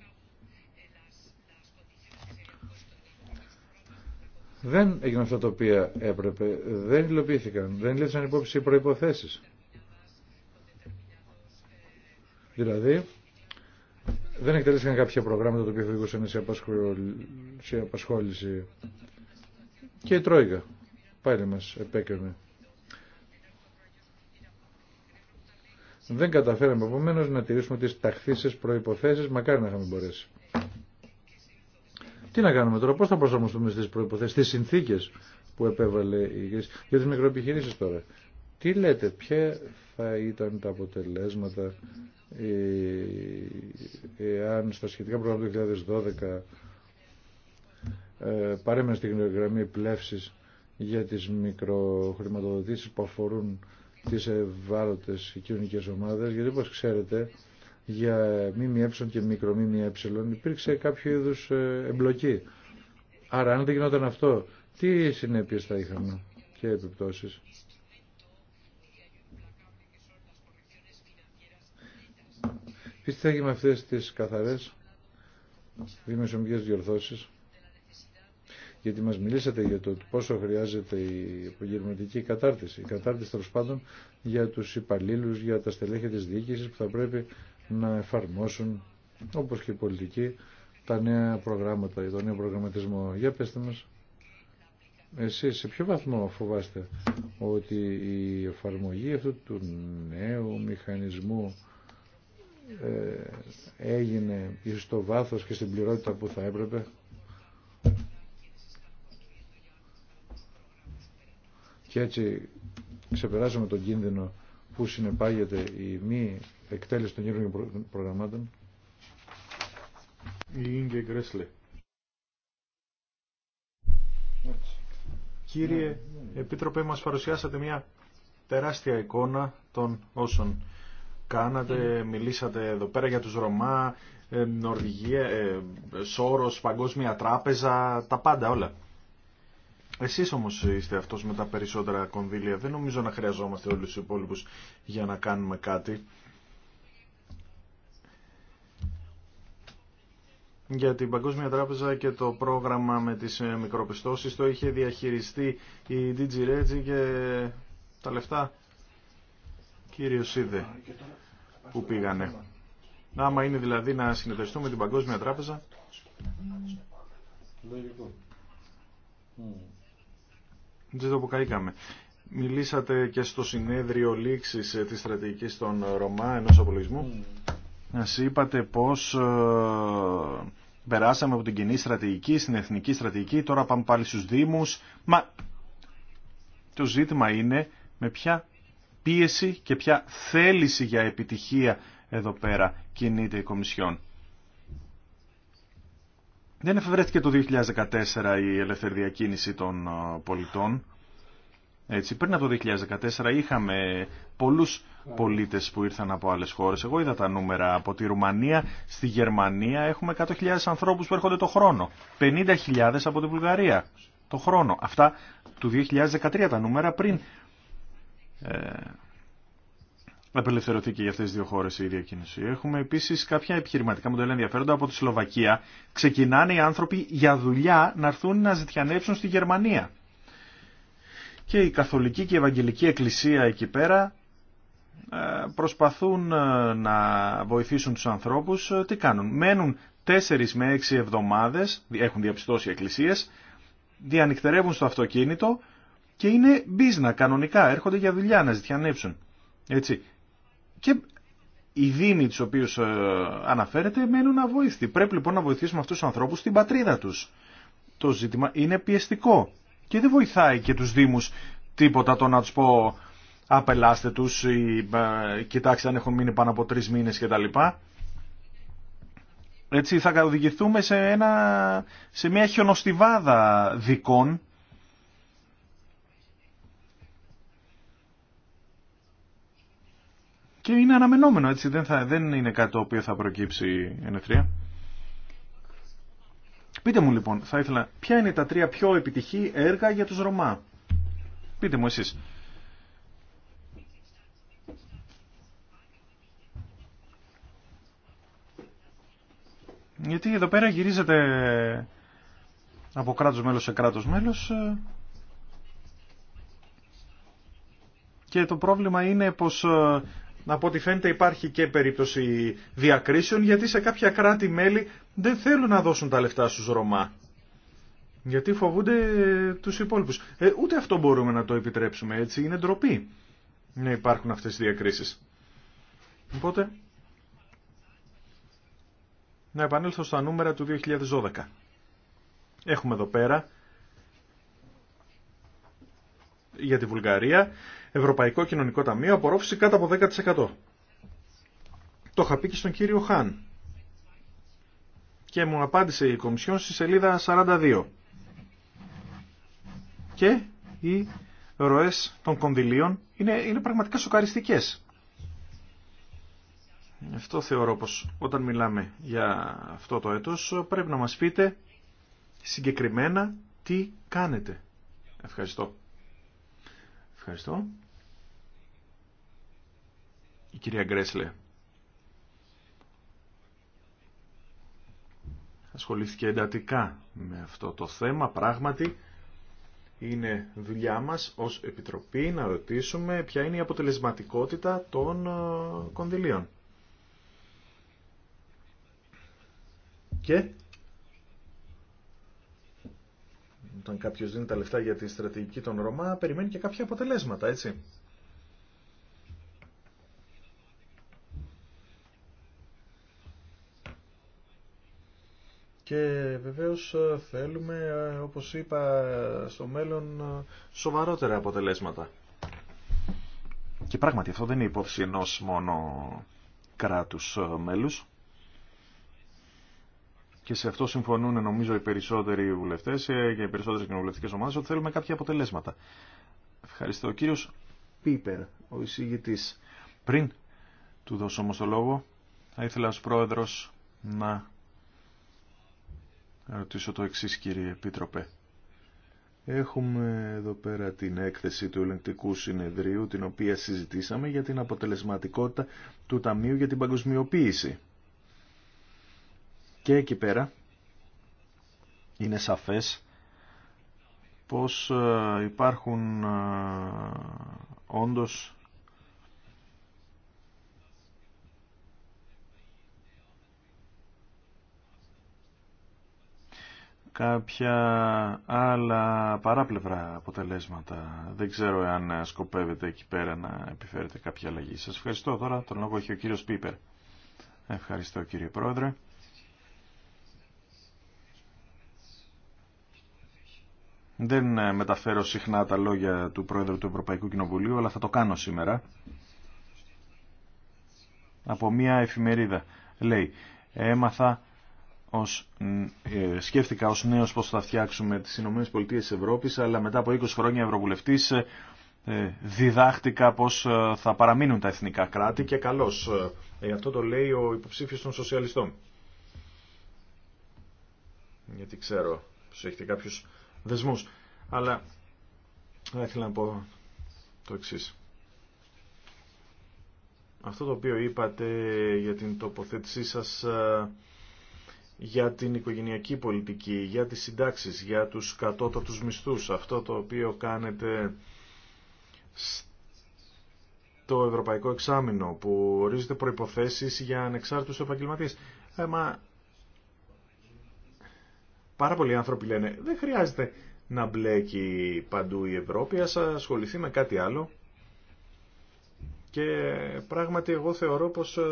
δεν έγιναν αυτά τα οποία έπρεπε, δεν υλοποιήθηκαν, δεν λήθησαν υπόψη οι προϋποθέσεις. Δηλαδή, δεν εκτελέστηκαν κάποια προγράμματα τα οποία οδηγούσαν σε απασχόληση. Και η Τρόικα πάλι μας επέκρινε. Δεν καταφέραμε επομένω να τηρήσουμε τις ταχθήσεις προϋποθέσεις, μακάρι να είχαμε μπορέσει. Τι να κάνουμε τώρα, πώς θα προσαρμοστούμε στις προϋποθέσεις, στις συνθήκες που επέβαλε η κρίση. Για τις μικροεπιχειρήσεις τώρα. Τι λέτε, ποια θα ήταν τα αποτελέσματα ε, εάν στα σχετικά προγράμματα του 2012 ε, παρέμενε στην γραμμή πλεύσης για τις μικροχρηματοδοτήσεις που αφορούν τις ευάλωτες κοινωνικές ομάδες, γιατί όπως ξέρετε για ΜΜΕ και μικρο ΜΜΕ υπήρξε κάποιο είδους ε, εμπλοκή. Άρα αν δεν γινόταν αυτό, τι συνέπειες θα είχαμε και επιπτώσεις. Πίστη θα με αυτές τις καθαρές δημοσιομικές διορθώσεις γιατί μας μιλήσατε για το πόσο χρειάζεται η επαγγελματική κατάρτιση. Η κατάρτιση τέλο πάντων για τους υπαλλήλου, για τα στελέχη της διοίκησης που θα πρέπει να εφαρμόσουν όπως και οι πολιτικοί τα νέα προγράμματα, τον νέο προγραμματισμό. Για πέστε μας. Εσείς σε ποιο βαθμό φοβάστε ότι η εφαρμογή αυτού του νέου μηχανισμού ε, έγινε στο βάθος και στην πληρότητα που θα έπρεπε. Και έτσι ξεπεράσαμε τον κίνδυνο που συνεπάγεται η μη εκτέλεση των γύρω προγραμμάτων. Η Γκρέσλε. Κύριε ναι, ναι. Επίτροπε, μας παρουσιάσατε μια τεράστια εικόνα των όσων κάνατε, μιλήσατε εδώ πέρα για τους Ρωμά, ε, Νορβηγία, ε, Σόρος, Παγκόσμια Τράπεζα, τα πάντα όλα. Εσεί όμως είστε αυτός με τα περισσότερα κονδύλια. Δεν νομίζω να χρειαζόμαστε όλους τους υπόλοιπου για να κάνουμε κάτι. Για την Παγκόσμια Τράπεζα και το πρόγραμμα με τις ε, μικροπιστώσεις το είχε διαχειριστεί η DG Reggie και τα λεφτά κύριο Σίδε που πήγανε. Άμα είναι δηλαδή να συνεταιριστούμε την Παγκόσμια Τράπεζα. Mm. Δεν το αποκαρήκαμε. Μιλήσατε και στο συνέδριο λήξη ε, τη στρατηγική των Ρωμά, ενός απολογισμού. Ναι. Ας είπατε πως ε, περάσαμε από την κοινή στρατηγική στην εθνική στρατηγική, τώρα πάμε πάλι στου Δήμου, Μα το ζήτημα είναι με ποια πίεση και ποια θέληση για επιτυχία εδώ πέρα κινείται η Κομισιόν. Δεν εφευρέθηκε το 2014 η ελεύθερη διακίνηση των πολιτών. Έτσι, πριν από το 2014 είχαμε πολλούς πολίτες που ήρθαν από άλλες χώρες. Εγώ είδα τα νούμερα από τη Ρουμανία, στη Γερμανία έχουμε 100.000 ανθρώπους που έρχονται το χρόνο. 50.000 από τη Βουλγαρία το χρόνο. Αυτά του 2013 τα νούμερα πριν ε, απελευθερωθεί και για αυτές τις δύο χώρες η διακίνηση. Έχουμε επίσης κάποια επιχειρηματικά μοντέλα ενδιαφέροντα από τη Σλοβακία. Ξεκινάνε οι άνθρωποι για δουλειά να έρθουν να ζητιανέψουν στη Γερμανία. Και η Καθολική και η Ευαγγελική Εκκλησία εκεί πέρα ε, προσπαθούν ε, να βοηθήσουν τους ανθρώπους. Ε, τι κάνουν. Μένουν 4 με έξι εβδομάδες, έχουν διαπιστώσει οι εκκλησίες, διανυκτερεύουν στο αυτοκίνητο και είναι μπίζνα κανονικά, έρχονται για δουλειά να ζητιανεύσουν. Έτσι. Και οι δήμοι τους οποίους ε, αναφέρεται μένουν αβοήθητοι. Πρέπει λοιπόν να βοηθήσουμε αυτού του ανθρώπου στην πατρίδα τους. Το ζήτημα είναι πιεστικό και δεν βοηθάει και τους δήμους τίποτα το να του πω απελάστε τους ή ε, κοιτάξτε αν έχουν μείνει πάνω από τρει μήνε κτλ. Έτσι θα οδηγηθούμε σε, ένα, σε μια χιονοστιβάδα δικών Και είναι αναμενόμενο, έτσι. Δεν, θα, δεν είναι κάτι το οποίο θα προκύψει ενεθρία. Πείτε μου λοιπόν, θα ήθελα, ποια είναι τα τρία πιο επιτυχή έργα για τους Ρωμά. Πείτε μου εσείς. Γιατί εδώ πέρα γυρίζετε από κράτος μέλος σε κράτος μέλος ε, και το πρόβλημα είναι πως ε, από ό,τι φαίνεται υπάρχει και περίπτωση διακρίσεων γιατί σε κάποια κράτη-μέλη δεν θέλουν να δώσουν τα λεφτά στους Ρωμά. Γιατί φοβούνται τους υπόλοιπους. Ε, ούτε αυτό μπορούμε να το επιτρέψουμε έτσι. Είναι ντροπή να υπάρχουν αυτές οι διακρίσεις. Οπότε, να επανέλθω στα νούμερα του 2012. Έχουμε εδώ πέρα για τη Βουλγαρία Ευρωπαϊκό Κοινωνικό Ταμείο απορρόφηση κάτω από 10%. Το είχα πει και στον κύριο Χάν. Και μου απάντησε η Κομισιόν στη σελίδα 42. Και οι ροές των κονδυλίων είναι, είναι πραγματικά σοκαριστικές. Αυτό θεωρώ πως όταν μιλάμε για αυτό το έτος πρέπει να μας πείτε συγκεκριμένα τι κάνετε. Ευχαριστώ. Ευχαριστώ. Η κυρία Γκρέσλε. Ασχολήθηκε εντατικά με αυτό το θέμα. Πράγματι, είναι δουλειά μας ως Επιτροπή να ρωτήσουμε ποια είναι η αποτελεσματικότητα των ε, κονδυλίων. Και όταν κάποιος δίνει τα λεφτά για τη στρατηγική των Ρωμά, περιμένει και κάποια αποτελέσματα, έτσι. Και βεβαίως ε, θέλουμε, ε, όπως είπα, στο μέλλον ε, σοβαρότερα αποτελέσματα. Και πράγματι αυτό δεν είναι υπόθεση ενός μόνο κράτους μέλους και σε αυτό συμφωνούν νομίζω οι περισσότεροι βουλευτέ ε, και οι περισσότερε κοινοβουλευτικέ ομάδε ότι θέλουμε κάποια αποτελέσματα. Ευχαριστώ. Ο κύριο Πίπερ, ο εισηγητή. Πριν του δώσω όμω το λόγο, θα ήθελα ω πρόεδρο να ρωτήσω το εξή, κύριε Επίτροπε. Έχουμε εδώ πέρα την έκθεση του ελεγκτικού συνεδρίου, την οποία συζητήσαμε για την αποτελεσματικότητα του Ταμείου για την Παγκοσμιοποίηση. Και εκεί πέρα είναι σαφές πως ε, υπάρχουν ε, όντως κάποια άλλα παράπλευρα αποτελέσματα. Δεν ξέρω αν σκοπεύετε εκεί πέρα να επιφέρετε κάποια αλλαγή. Σας ευχαριστώ τώρα. Τον λόγο έχει ο κύριος Πίπερ. Ευχαριστώ κύριε Πρόεδρε. Δεν ε, μεταφέρω συχνά τα λόγια του Πρόεδρου του Ευρωπαϊκού Κοινοβουλίου, αλλά θα το κάνω σήμερα. Από μία εφημερίδα. Λέει, έμαθα, ως, ε, σκέφτηκα ως νέος πώς θα φτιάξουμε τις Ηνωμένες Πολιτείες Ευρώπης, αλλά μετά από 20 χρόνια ευρωβουλευτής ε, ε διδάχτηκα πώς θα παραμείνουν τα εθνικά κράτη και καλώς. Ε, αυτό το λέει ο υποψήφιος των σοσιαλιστών. Γιατί ξέρω, πως θα φτιαξουμε τις ηνωμενες πολιτειες ευρωπης αλλα μετα απο 20 χρονια ευρωβουλευτης διδαχτηκα πως θα παραμεινουν τα κάποιους δεσμούς. Αλλά θα ήθελα να πω το εξή. Αυτό το οποίο είπατε για την τοποθέτησή σας ε, για την οικογενειακή πολιτική, για τις συντάξεις, για τους κατώτατους μισθούς, αυτό το οποίο κάνετε το Ευρωπαϊκό Εξάμεινο που ορίζεται προϋποθέσεις για ανεξάρτητους επαγγελματίες. Ε, πάρα πολλοί άνθρωποι λένε δεν χρειάζεται να μπλέκει παντού η Ευρώπη, ας ασχοληθεί με κάτι άλλο. Και πράγματι εγώ θεωρώ πως ε,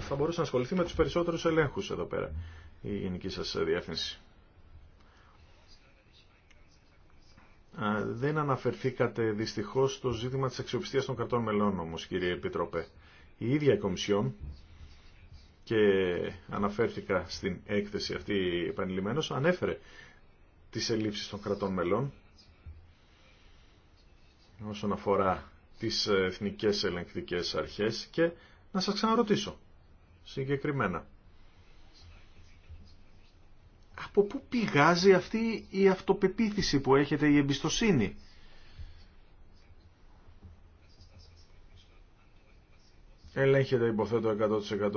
θα μπορούσε να ασχοληθεί με τους περισσότερους ελέγχους εδώ πέρα η γενική σας διεύθυνση. Δεν αναφερθήκατε δυστυχώς στο ζήτημα της αξιοπιστίας των κρατών μελών όμως κύριε Επιτροπέ. Η ίδια η Κομισιόν και αναφέρθηκα στην έκθεση αυτή επανειλημμένως, ανέφερε τις ελλείψεις των κρατών μελών όσον αφορά τις εθνικές ελεγκτικές αρχές και να σας ξαναρωτήσω συγκεκριμένα. Από πού πηγάζει αυτή η αυτοπεποίθηση που έχετε η εμπιστοσύνη ελέγχετε υποθέτω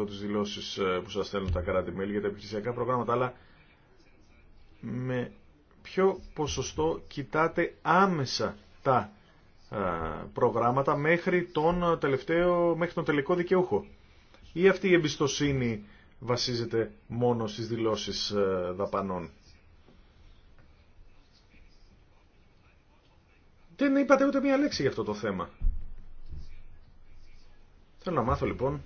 100% τις δηλώσεις ε, που σας στέλνουν τα κράτη-μέλη για τα επιχειρησιακά προγράμματα, αλλά με ποιο ποσοστό κοιτάτε άμεσα τα ε, προγράμματα μέχρι τον, τελευταίο, μέχρι τον τελικό δικαιούχο. Ή αυτή η εμπιστοσύνη βασίζεται μόνο στις δηλώσεις ε, δαπανών. Δεν είπατε ούτε μία λέξη για αυτό το θέμα. Θέλω να μάθω λοιπόν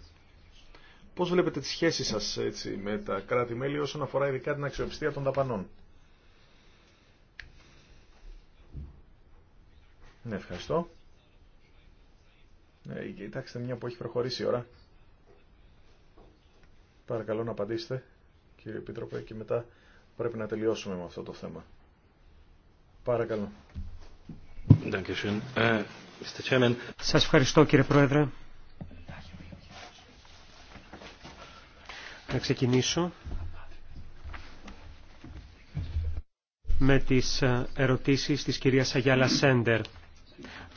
πώς βλέπετε τις σχέσεις σας έτσι, με τα κράτη-μέλη όσον αφορά ειδικά την αξιοπιστία των δαπανών. Ναι, ευχαριστώ. Ναι, κοιτάξτε μια που έχει προχωρήσει η ώρα. Παρακαλώ να απαντήσετε, κύριε Επίτροπε, και μετά πρέπει να τελειώσουμε με αυτό το θέμα. Παρακαλώ. Ε, σας ευχαριστώ κύριε Πρόεδρε. να ξεκινήσω με τις ε, ερωτήσεις της κυρίας Αγιάλα Σέντερ.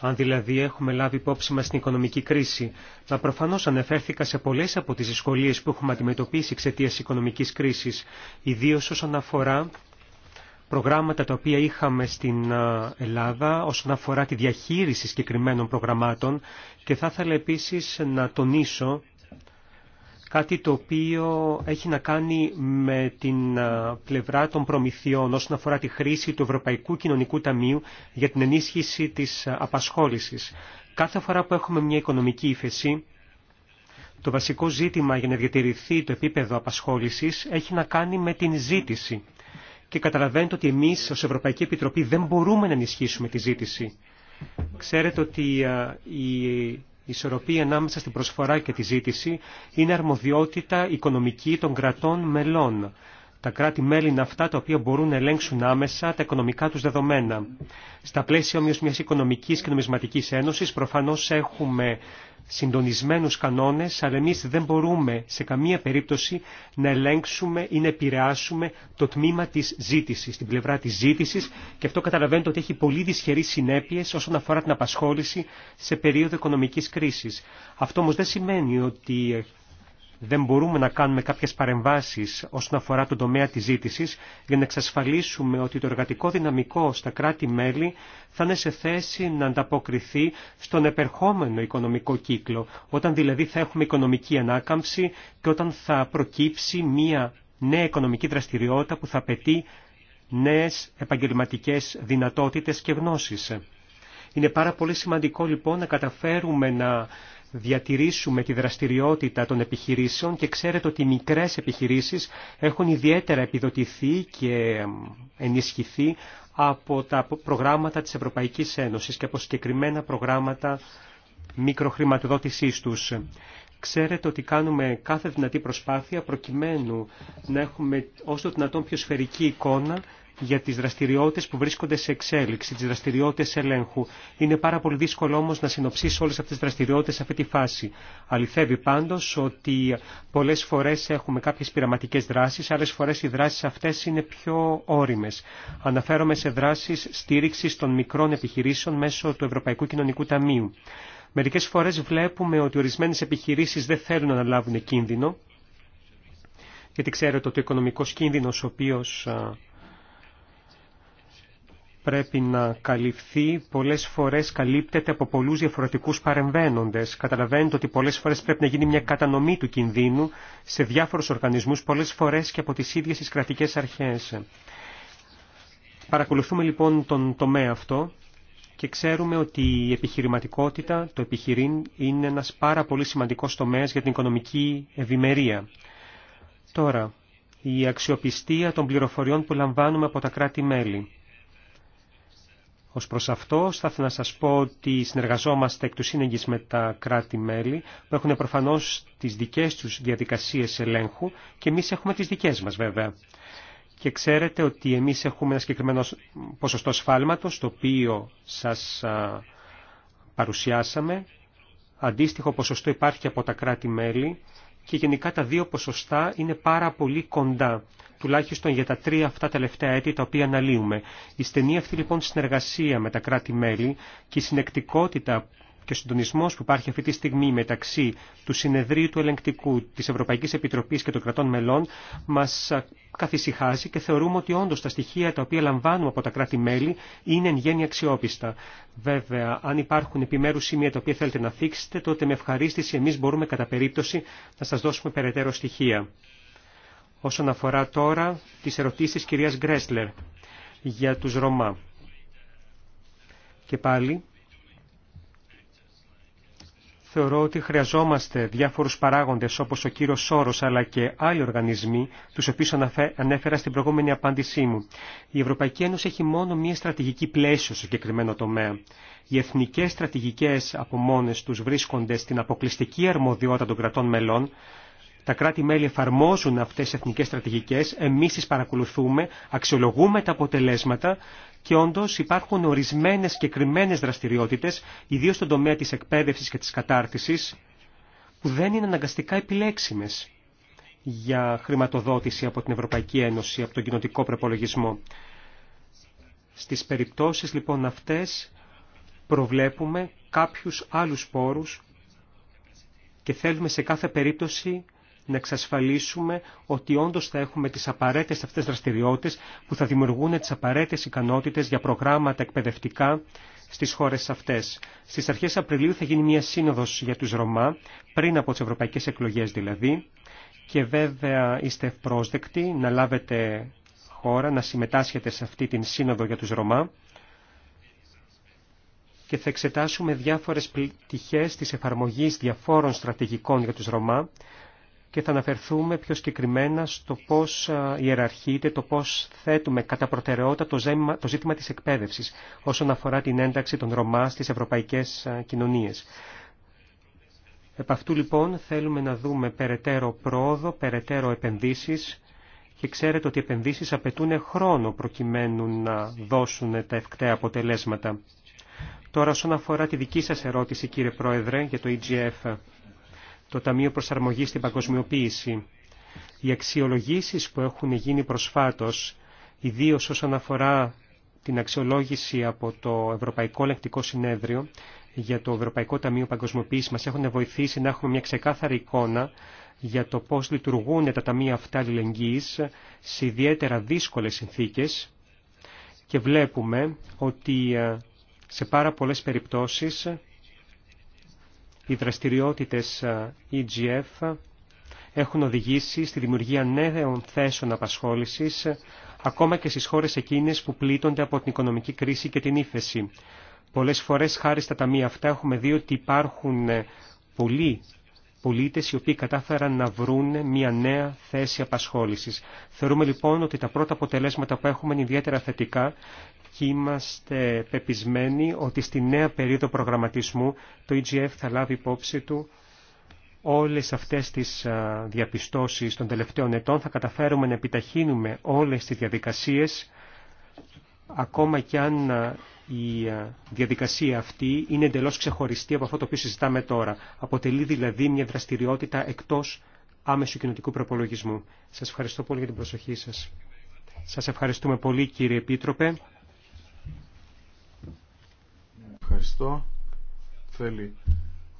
Αν δηλαδή έχουμε λάβει υπόψη μας την οικονομική κρίση, να προφανώς ανεφέρθηκα σε πολλές από τις δυσκολίες που έχουμε αντιμετωπίσει εξαιτία οικονομικής κρίσης, ιδίως όσον αφορά προγράμματα τα οποία είχαμε στην ε, Ελλάδα όσον αφορά τη διαχείριση συγκεκριμένων προγραμμάτων και θα ήθελα επίσης να τονίσω κάτι το οποίο έχει να κάνει με την ε, πλευρά των προμηθειών όσον αφορά τη χρήση του Ευρωπαϊκού Κοινωνικού Ταμείου για την ενίσχυση της ε, απασχόλησης. Κάθε φορά που έχουμε μια οικονομική ύφεση, το βασικό ζήτημα για να διατηρηθεί το επίπεδο απασχόλησης έχει να κάνει με την ζήτηση. Και καταλαβαίνετε ότι εμείς ως Ευρωπαϊκή Επιτροπή δεν μπορούμε να ενισχύσουμε τη ζήτηση. Ξέρετε ότι ε, η η ισορροπία ανάμεσα στην προσφορά και τη ζήτηση είναι αρμοδιότητα οικονομική των κρατών μελών. Τα κράτη-μέλη είναι αυτά τα οποία μπορούν να ελέγξουν άμεσα τα οικονομικά τους δεδομένα. Στα πλαίσια όμως μιας οικονομικής και νομισματικής ένωσης προφανώς έχουμε συντονισμένους κανόνες, αλλά εμείς δεν μπορούμε σε καμία περίπτωση να ελέγξουμε ή να επηρεάσουμε το τμήμα της ζήτησης, την πλευρά της ζήτησης και αυτό καταλαβαίνετε ότι έχει πολύ δυσχερή συνέπειες όσον αφορά την απασχόληση σε περίοδο οικονομικής κρίσης. Αυτό όμως δεν σημαίνει ότι δεν μπορούμε να κάνουμε κάποιες παρεμβάσεις όσον αφορά τον τομέα της ζήτησης για να εξασφαλίσουμε ότι το εργατικό δυναμικό στα κράτη-μέλη θα είναι σε θέση να ανταποκριθεί στον επερχόμενο οικονομικό κύκλο, όταν δηλαδή θα έχουμε οικονομική ανάκαμψη και όταν θα προκύψει μια νέα οικονομική δραστηριότητα που θα απαιτεί νέες επαγγελματικές δυνατότητες και γνώσεις. Είναι πάρα πολύ σημαντικό λοιπόν να καταφέρουμε να διατηρήσουμε τη δραστηριότητα των επιχειρήσεων και ξέρετε ότι οι μικρές επιχειρήσεις έχουν ιδιαίτερα επιδοτηθεί και ενισχυθεί από τα προγράμματα της Ευρωπαϊκής Ένωσης και από συγκεκριμένα προγράμματα μικροχρηματοδότησής τους. Ξέρετε ότι κάνουμε κάθε δυνατή προσπάθεια προκειμένου να έχουμε όσο δυνατόν πιο σφαιρική εικόνα για τις δραστηριότητες που βρίσκονται σε εξέλιξη, τις δραστηριότητες ελέγχου. Είναι πάρα πολύ δύσκολο όμως να συνοψίσει όλες αυτές τις δραστηριότητες σε αυτή τη φάση. Αληθεύει πάντως ότι πολλές φορές έχουμε κάποιες πειραματικές δράσεις, άλλες φορές οι δράσεις αυτές είναι πιο όριμες. Αναφέρομαι σε δράσεις στήριξης των μικρών επιχειρήσεων μέσω του Ευρωπαϊκού Κοινωνικού Ταμείου. Μερικές φορές βλέπουμε ότι ορισμένες επιχειρήσεις δεν θέλουν να λάβουν κίνδυνο, γιατί ξέρετε ότι ο οικονομικός κίνδυνος ο οποίος πρέπει να καλυφθεί πολλές φορές καλύπτεται από πολλούς διαφορετικούς παρεμβαίνοντες. Καταλαβαίνετε ότι πολλές φορές πρέπει να γίνει μια κατανομή του κινδύνου σε διάφορους οργανισμούς, πολλές φορές και από τις ίδιες τις κρατικές αρχές. Παρακολουθούμε λοιπόν τον τομέα αυτό και ξέρουμε ότι η επιχειρηματικότητα, το επιχειρήν, είναι ένας πάρα πολύ σημαντικός τομέας για την οικονομική ευημερία. Τώρα, η αξιοπιστία των πληροφοριών που λαμβάνουμε από τα κράτη-μέλη. Ως προς αυτό, θα ήθελα να σας πω ότι συνεργαζόμαστε εκ του σύνεγγις με τα κράτη-μέλη που έχουν προφανώς τις δικές τους διαδικασίες ελέγχου και εμείς έχουμε τις δικές μας βέβαια. Και ξέρετε ότι εμείς έχουμε ένα συγκεκριμένο ποσοστό σφάλματος το οποίο σας παρουσιάσαμε. Αντίστοιχο ποσοστό υπάρχει από τα κράτη-μέλη και γενικά τα δύο ποσοστά είναι πάρα πολύ κοντά, τουλάχιστον για τα τρία αυτά τελευταία έτη τα οποία αναλύουμε. Η στενή αυτή λοιπόν συνεργασία με τα κράτη-μέλη και η συνεκτικότητα και ο συντονισμό που υπάρχει αυτή τη στιγμή μεταξύ του συνεδρίου του ελεγκτικού, τη Ευρωπαϊκή Επιτροπή και των κρατών μελών μα καθησυχάζει και θεωρούμε ότι όντω τα στοιχεία τα οποία λαμβάνουμε από τα κράτη-μέλη είναι εν γέννη αξιόπιστα. Βέβαια, αν υπάρχουν επιμέρου σημεία τα οποία θέλετε να θίξετε, τότε με ευχαρίστηση εμεί μπορούμε κατά περίπτωση να σα δώσουμε περαιτέρω στοιχεία. Όσον αφορά τώρα τις ερωτήσεις κυρίας Γκρέσλερ για τους Ρωμά. Και πάλι Θεωρώ ότι χρειαζόμαστε διάφορους παράγοντες όπως ο κύριος Σόρος αλλά και άλλοι οργανισμοί, τους οποίους ανέφερα στην προηγούμενη απάντησή μου. Η Ευρωπαϊκή Ένωση έχει μόνο μία στρατηγική πλαίσιο σε συγκεκριμένο τομέα. Οι εθνικές στρατηγικές από μόνες τους βρίσκονται στην αποκλειστική αρμοδιότητα των κρατών μελών, τα κράτη-μέλη εφαρμόζουν αυτές τις εθνικές στρατηγικές, εμείς τις παρακολουθούμε, αξιολογούμε τα αποτελέσματα και όντω υπάρχουν ορισμένε συγκεκριμένε δραστηριότητε, ιδίω στον τομέα τη εκπαίδευση και τη κατάρτιση, που δεν είναι αναγκαστικά επιλέξιμε για χρηματοδότηση από την Ευρωπαϊκή Ένωση, από τον κοινοτικό προπολογισμό. Στις περιπτώσεις λοιπόν αυτές προβλέπουμε κάποιους άλλους πόρους και θέλουμε σε κάθε περίπτωση να εξασφαλίσουμε ότι όντως θα έχουμε τις απαραίτητες αυτές δραστηριότητες που θα δημιουργούν τις απαραίτητες ικανότητες για προγράμματα εκπαιδευτικά στις χώρες αυτές. Στις αρχές Απριλίου θα γίνει μια σύνοδος για τους Ρωμά, πριν από τις ευρωπαϊκές εκλογές δηλαδή, και βέβαια είστε ευπρόσδεκτοι να λάβετε χώρα, να συμμετάσχετε σε αυτή την σύνοδο για τους Ρωμά και θα εξετάσουμε διάφορες πτυχές της εφαρμογής διαφόρων στρατηγικών για τους Ρωμά, και θα αναφερθούμε πιο συγκεκριμένα στο πώς ιεραρχείται, το πώς θέτουμε κατά προτεραιότητα το ζήτημα της εκπαίδευσης όσον αφορά την ένταξη των Ρωμά στις ευρωπαϊκές κοινωνίες. Επ' αυτού λοιπόν θέλουμε να δούμε περαιτέρω πρόοδο, περαιτέρω επενδύσεις και ξέρετε ότι οι επενδύσεις απαιτούν χρόνο προκειμένου να δώσουν τα ευκταία αποτελέσματα. Τώρα όσον αφορά τη δική σας ερώτηση κύριε Πρόεδρε για το EGF, το Ταμείο Προσαρμογής στην Παγκοσμιοποίηση. Οι αξιολογήσεις που έχουν γίνει προσφάτως, ιδίως όσον αφορά την αξιολόγηση από το Ευρωπαϊκό Λεκτικό Συνέδριο για το Ευρωπαϊκό Ταμείο Παγκοσμιοποίηση μας έχουν βοηθήσει να έχουμε μια ξεκάθαρη εικόνα για το πώς λειτουργούν τα ταμεία αυτά αλληλεγγύης σε ιδιαίτερα δύσκολες συνθήκες και βλέπουμε ότι ε, σε πάρα πολλές περιπτώσεις οι δραστηριότητες ε, EGF έχουν οδηγήσει στη δημιουργία νέων θέσεων απασχόλησης, ακόμα και στις χώρες εκείνες που πλήττονται από την οικονομική κρίση και την ύφεση. Πολλές φορές χάρη στα ταμεία αυτά έχουμε δει ότι υπάρχουν ε, πολλοί πολίτες οι οποίοι κατάφεραν να βρουν μια νέα θέση απασχόλησης. Θεωρούμε λοιπόν ότι τα πρώτα αποτελέσματα που έχουμε είναι ιδιαίτερα θετικά είμαστε πεπισμένοι ότι στη νέα περίοδο προγραμματισμού το EGF θα λάβει υπόψη του όλες αυτές τις διαπιστώσεις των τελευταίων ετών. Θα καταφέρουμε να επιταχύνουμε όλες τις διαδικασίες ακόμα και αν η διαδικασία αυτή είναι εντελώς ξεχωριστή από αυτό το οποίο συζητάμε τώρα. Αποτελεί δηλαδή μια δραστηριότητα εκτός άμεσου κοινωτικού προπολογισμού. Σας ευχαριστώ πολύ για την προσοχή σας. Σας ευχαριστούμε πολύ κύριε Επίτροπε. Ευχαριστώ. Θέλει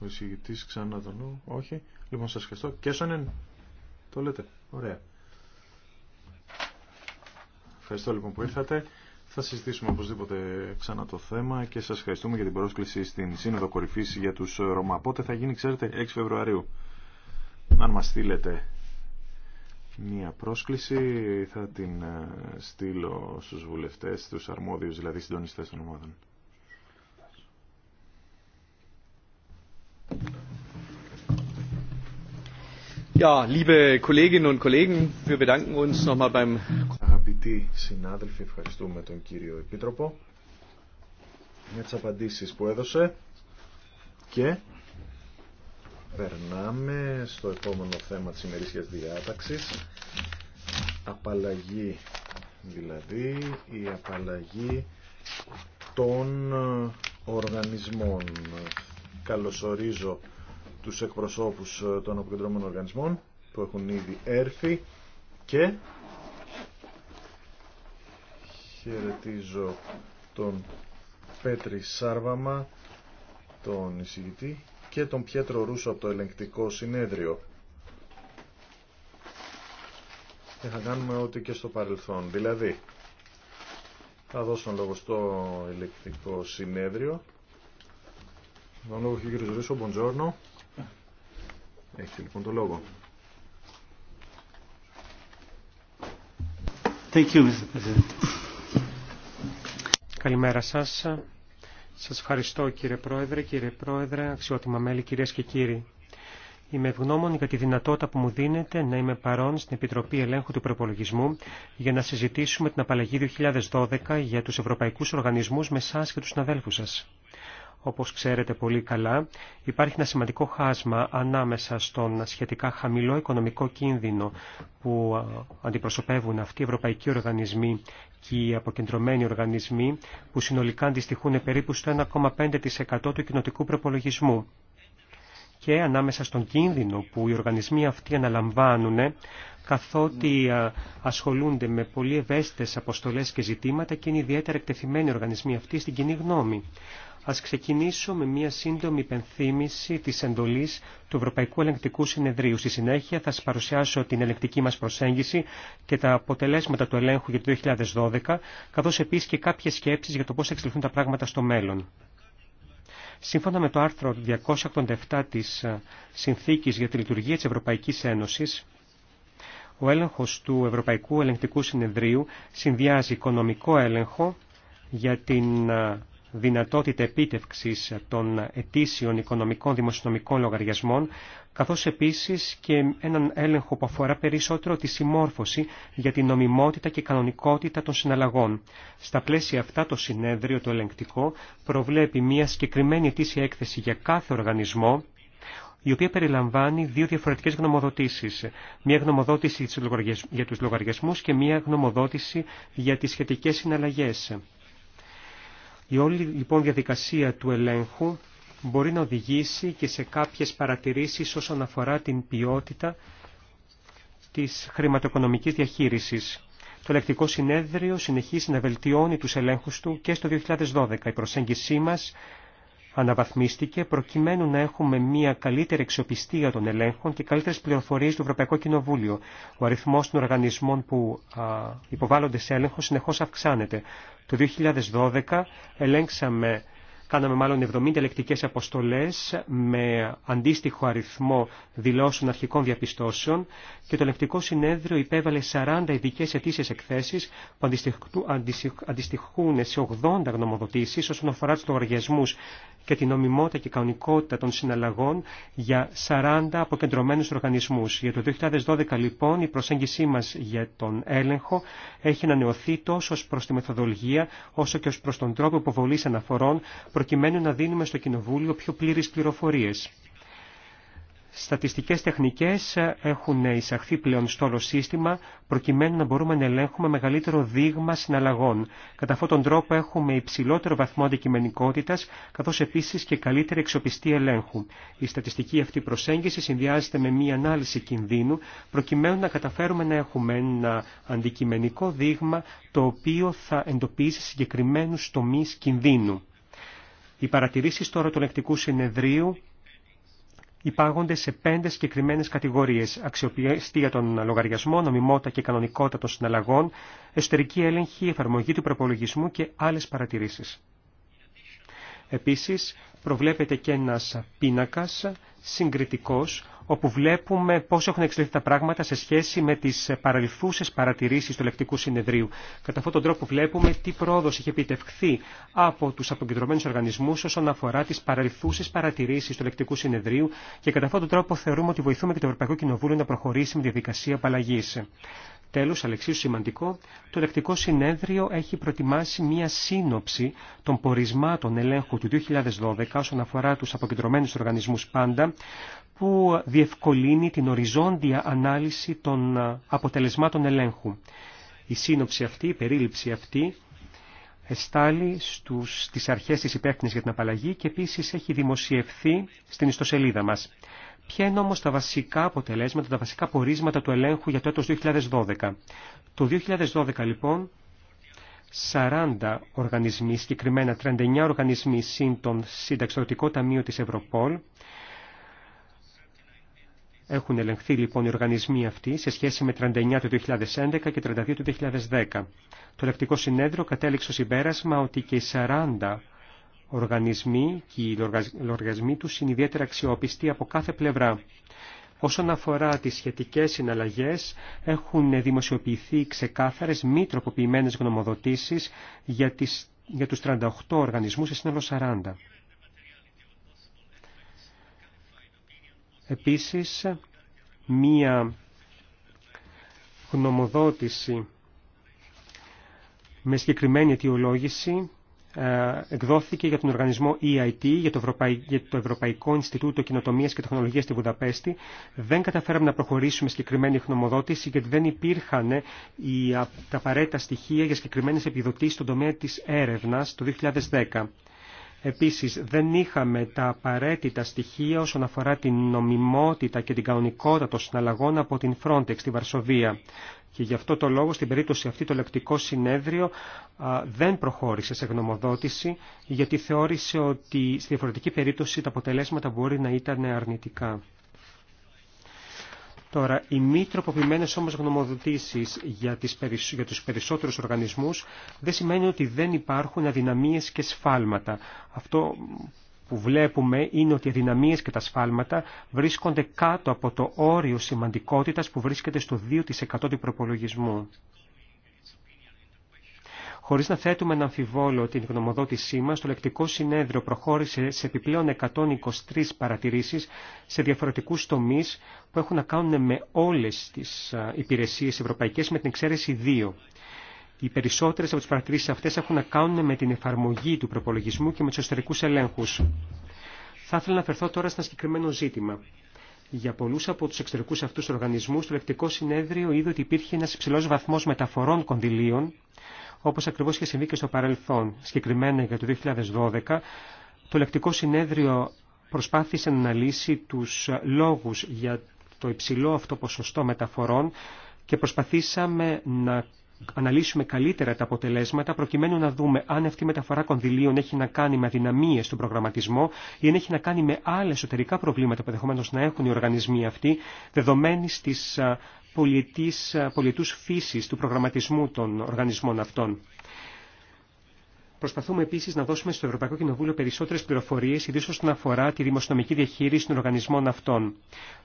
ο εισηγητή ξανά τον νου. Όχι. Λοιπόν, σα ευχαριστώ. Κέσονεν, Το λέτε. Ωραία. Ευχαριστώ λοιπόν που ήρθατε. Θα συζητήσουμε οπωσδήποτε ξανά το θέμα και σας ευχαριστούμε για την πρόσκληση στην Σύνοδο Κορυφή για τους Ρωμά. Πότε θα γίνει, ξέρετε, 6 Φεβρουαρίου. Αν μας στείλετε μία πρόσκληση θα την ε, στείλω στου βουλευτέ, στους αρμόδιους, δηλαδή συντονιστέ των ομάδων. Αγαπητοί συνάδελφοι, ευχαριστούμε τον κύριο Επίτροπο για τι απαντήσει που έδωσε και περνάμε στο επόμενο θέμα της ημερήσιας διάταξη. απαλλαγή δηλαδή η απαλλαγή των οργανισμών καλωσορίζω τους εκπροσώπους ε, των αποκεντρωμένων οργανισμών που έχουν ήδη έρθει και χαιρετίζω τον Πέτρη Σάρβαμα, τον εισηγητή και τον Πιέτρο Ρούσο από το ελεγκτικό συνέδριο. Και θα κάνουμε ό,τι και στο παρελθόν. Δηλαδή, θα δώσω τον λόγο στο ελεγκτικό συνέδριο. Τον λόγο έχει Έχετε λοιπόν το λόγο. Thank you, Καλημέρα σας. Σας ευχαριστώ κύριε Πρόεδρε, κύριε Πρόεδρε, αξιότιμα μέλη, κυρίες και κύριοι. Είμαι ευγνώμων για τη δυνατότητα που μου δίνεται να είμαι παρόν στην Επιτροπή Ελέγχου του Προπολογισμού για να συζητήσουμε την απαλλαγή 2012 για τους ευρωπαϊκούς οργανισμούς με εσά και τους συναδέλφους σας όπως ξέρετε πολύ καλά, υπάρχει ένα σημαντικό χάσμα ανάμεσα στον σχετικά χαμηλό οικονομικό κίνδυνο που αντιπροσωπεύουν αυτοί οι ευρωπαϊκοί οργανισμοί και οι αποκεντρωμένοι οργανισμοί που συνολικά αντιστοιχούν περίπου στο 1,5% του κοινοτικού προπολογισμού και ανάμεσα στον κίνδυνο που οι οργανισμοί αυτοί αναλαμβάνουν καθότι ασχολούνται με πολύ ευαίσθητες αποστολές και ζητήματα και είναι ιδιαίτερα εκτεθειμένοι οργανισμοί αυτοί στην κοινή γνώμη. Ας ξεκινήσω με μια σύντομη υπενθύμηση της εντολής του Ευρωπαϊκού Ελεγκτικού Συνεδρίου. Στη συνέχεια θα σας παρουσιάσω την ελεγκτική μας προσέγγιση και τα αποτελέσματα του ελέγχου για το 2012, καθώς επίσης και κάποιες σκέψεις για το πώς θα εξελιχθούν τα πράγματα στο μέλλον. Σύμφωνα με το άρθρο 287 της Συνθήκης για τη Λειτουργία της Ευρωπαϊκής Ένωσης, ο έλεγχος του Ευρωπαϊκού Ελεγκτικού Συνεδρίου συνδυάζει οικονομικό έλεγχο για την δυνατότητα επίτευξης των ετήσιων οικονομικών δημοσιονομικών λογαριασμών, καθώς επίσης και έναν έλεγχο που αφορά περισσότερο τη συμμόρφωση για την νομιμότητα και κανονικότητα των συναλλαγών. Στα πλαίσια αυτά το συνέδριο, το ελεγκτικό, προβλέπει μια συγκεκριμένη ετήσια έκθεση για κάθε οργανισμό, η οποία περιλαμβάνει δύο διαφορετικές γνωμοδοτήσεις. Μία γνωμοδότηση για τους λογαριασμούς και μία γνωμοδότηση για τις σχετικές συναλλαγές. Η όλη λοιπόν διαδικασία του ελέγχου μπορεί να οδηγήσει και σε κάποιες παρατηρήσεις όσον αφορά την ποιότητα της χρηματοοικονομικής διαχείρισης. Το ελεκτικό συνέδριο συνεχίζει να βελτιώνει τους ελέγχους του και στο 2012. Η προσέγγισή μας αναβαθμίστηκε προκειμένου να έχουμε μια καλύτερη εξοπιστία των ελέγχων και καλύτερε πληροφορίε του Ευρωπαϊκό Κοινοβούλιο. Ο αριθμό των οργανισμών που υποβάλλονται σε έλεγχο συνεχώ αυξάνεται. Το 2012 ελέγξαμε Κάναμε μάλλον 70 ελεκτικέ αποστολέ με αντίστοιχο αριθμό δηλώσεων αρχικών διαπιστώσεων και το ελεκτικό συνέδριο υπέβαλε 40 ειδικέ αιτήσει εκθέσει που αντιστοιχούν σε 80 γνωμοδοτήσει όσον αφορά του λογαριασμού και την νομιμότητα και κανονικότητα των συναλλαγών για 40 αποκεντρωμένους οργανισμούς. Για το 2012 λοιπόν η προσέγγισή μας για τον έλεγχο έχει ανανεωθεί τόσο ως προς τη μεθοδολογία όσο και ως προς τον τρόπο υποβολής αναφορών προκειμένου να δίνουμε στο Κοινοβούλιο πιο πλήρες πληροφορίες. Στατιστικές τεχνικές έχουν εισαχθεί πλέον στο όλο σύστημα προκειμένου να μπορούμε να ελέγχουμε μεγαλύτερο δείγμα συναλλαγών. Κατά αυτόν τον τρόπο έχουμε υψηλότερο βαθμό αντικειμενικότητας καθώς επίσης και καλύτερη εξοπιστή ελέγχου. Η στατιστική αυτή προσέγγιση συνδυάζεται με μία ανάλυση κινδύνου προκειμένου να καταφέρουμε να έχουμε ένα αντικειμενικό δείγμα το οποίο θα εντοπίσει συγκεκριμένους τομείς κινδύνου. Οι παρατηρήσει τώρα του λεκτικού συνεδρίου υπάγονται σε πέντε συγκεκριμένε κατηγορίε. Αξιοπιστία των λογαριασμών, νομιμότητα και κανονικότητα των συναλλαγών, εσωτερική έλεγχη, εφαρμογή του προπολογισμού και άλλε παρατηρήσει. Επίση, προβλέπεται και ένα πίνακα συγκριτικό, όπου βλέπουμε πώς έχουν εξελιχθεί τα πράγματα σε σχέση με τις παρελθούσες παρατηρήσεις του Ελεκτικού Συνεδρίου. Κατά αυτόν τον τρόπο βλέπουμε τι πρόοδος είχε επιτευχθεί από τους αποκεντρωμένους οργανισμούς όσον αφορά τις παρελθούσε παρατηρήσεις του Ελεκτικού Συνεδρίου και κατά αυτόν τον τρόπο θεωρούμε ότι βοηθούμε και το Ευρωπαϊκό Κοινοβούλιο να προχωρήσει με τη διαδικασία απαλλαγή. Τέλος, αλεξίου σημαντικό, το ελεκτικό συνέδριο έχει προτιμάσει μία σύνοψη των πορισμάτων ελέγχου του 2012 όσον αφορά τους αποκεντρωμένους οργανισμούς πάντα, που διευκολύνει την οριζόντια ανάλυση των ε, αποτελεσμάτων ελέγχου. Η σύνοψη αυτή, η περίληψη αυτή, εστάλει στους, στις αρχές της για την απαλλαγή και επίσης έχει δημοσιευθεί στην ιστοσελίδα μας. Ποια είναι όμως τα βασικά αποτελέσματα, τα βασικά πορίσματα του ελέγχου για το έτος 2012. Το 2012 λοιπόν 40 οργανισμοί, συγκεκριμένα 39 οργανισμοί σύν τον Συνταξιδοτικό Ταμείο της Ευρωπόλ, έχουν ελεγχθεί λοιπόν οι οργανισμοί αυτοί σε σχέση με 39 του 2011 και 32 του 2010. Το Ελεκτικό Συνέδριο κατέληξε στο συμπέρασμα ότι και οι 40 οργανισμοί και οι λογαριασμοί τους είναι ιδιαίτερα αξιόπιστοι από κάθε πλευρά. Όσον αφορά τις σχετικές συναλλαγές, έχουν δημοσιοποιηθεί ξεκάθαρες μη τροποποιημένες γνωμοδοτήσεις για, τις, για τους 38 οργανισμούς σε σύνολο 40. Επίσης, μία γνωμοδότηση με συγκεκριμένη αιτιολόγηση ε, εκδόθηκε για τον οργανισμό EIT, για το, Ευρωπαϊ... για το Ευρωπαϊκό Ινστιτούτο Κοινοτομίας και Τεχνολογίας στη Βουδαπέστη. Δεν καταφέραμε να προχωρήσουμε συγκεκριμένη χνομοδότηση γιατί δεν υπήρχαν ε, οι... τα απαραίτητα στοιχεία για συγκεκριμένες επιδοτήσεις στον τομέα της έρευνας το 2010. Επίσης, δεν είχαμε τα απαραίτητα στοιχεία όσον αφορά την νομιμότητα και την κανονικότητα των συναλλαγών από την Frontex στη Βαρσοβία. Και γι' αυτό το λόγο στην περίπτωση αυτή το λεκτικό συνέδριο δεν προχώρησε σε γνωμοδότηση γιατί θεώρησε ότι στη διαφορετική περίπτωση τα αποτελέσματα μπορεί να ήταν αρνητικά. Τώρα, οι μη τροποποιημένε όμως γνωμοδοτήσει για, τις, για του περισσότερου οργανισμού δεν σημαίνει ότι δεν υπάρχουν αδυναμίες και σφάλματα. Αυτό που βλέπουμε είναι ότι οι δυναμίες και τα σφάλματα βρίσκονται κάτω από το όριο σημαντικότητας που βρίσκεται στο 2% του προπολογισμού. Χωρίς να θέτουμε να αμφιβόλο την γνωμοδότησή μας, το λεκτικό συνέδριο προχώρησε σε επιπλέον 123 παρατηρήσεις σε διαφορετικούς τομείς που έχουν να κάνουν με όλες τις υπηρεσίες ευρωπαϊκέ, με την εξαίρεση 2. Οι περισσότερες από τις παρατηρήσεις αυτές έχουν να κάνουν με την εφαρμογή του προπολογισμού και με τους εσωτερικούς ελέγχους. Θα ήθελα να αφαιρθώ τώρα σε ένα συγκεκριμένο ζήτημα. Για πολλούς από τους εξωτερικούς αυτούς οργανισμούς, το Λεπτικό Συνέδριο είδε ότι υπήρχε ένας υψηλός βαθμός μεταφορών κονδυλίων, όπως ακριβώς είχε συμβεί και στο παρελθόν, συγκεκριμένα για το 2012, το Λεπτικό Συνέδριο προσπάθησε να αναλύσει τους λόγους για το υψηλό αυτό ποσοστό μεταφορών και προσπαθήσαμε να αναλύσουμε καλύτερα τα αποτελέσματα προκειμένου να δούμε αν αυτή η μεταφορά κονδυλίων έχει να κάνει με αδυναμίες στον προγραμματισμό ή αν έχει να κάνει με άλλα εσωτερικά προβλήματα που ενδεχομένω να έχουν οι οργανισμοί αυτοί δεδομένης της πολιτούς φύσης του προγραμματισμού των οργανισμών αυτών. Προσπαθούμε επίση να δώσουμε στο Ευρωπαϊκό Κοινοβούλιο περισσότερε πληροφορίε, ιδίω όσον αφορά τη δημοσιονομική διαχείριση των οργανισμών αυτών.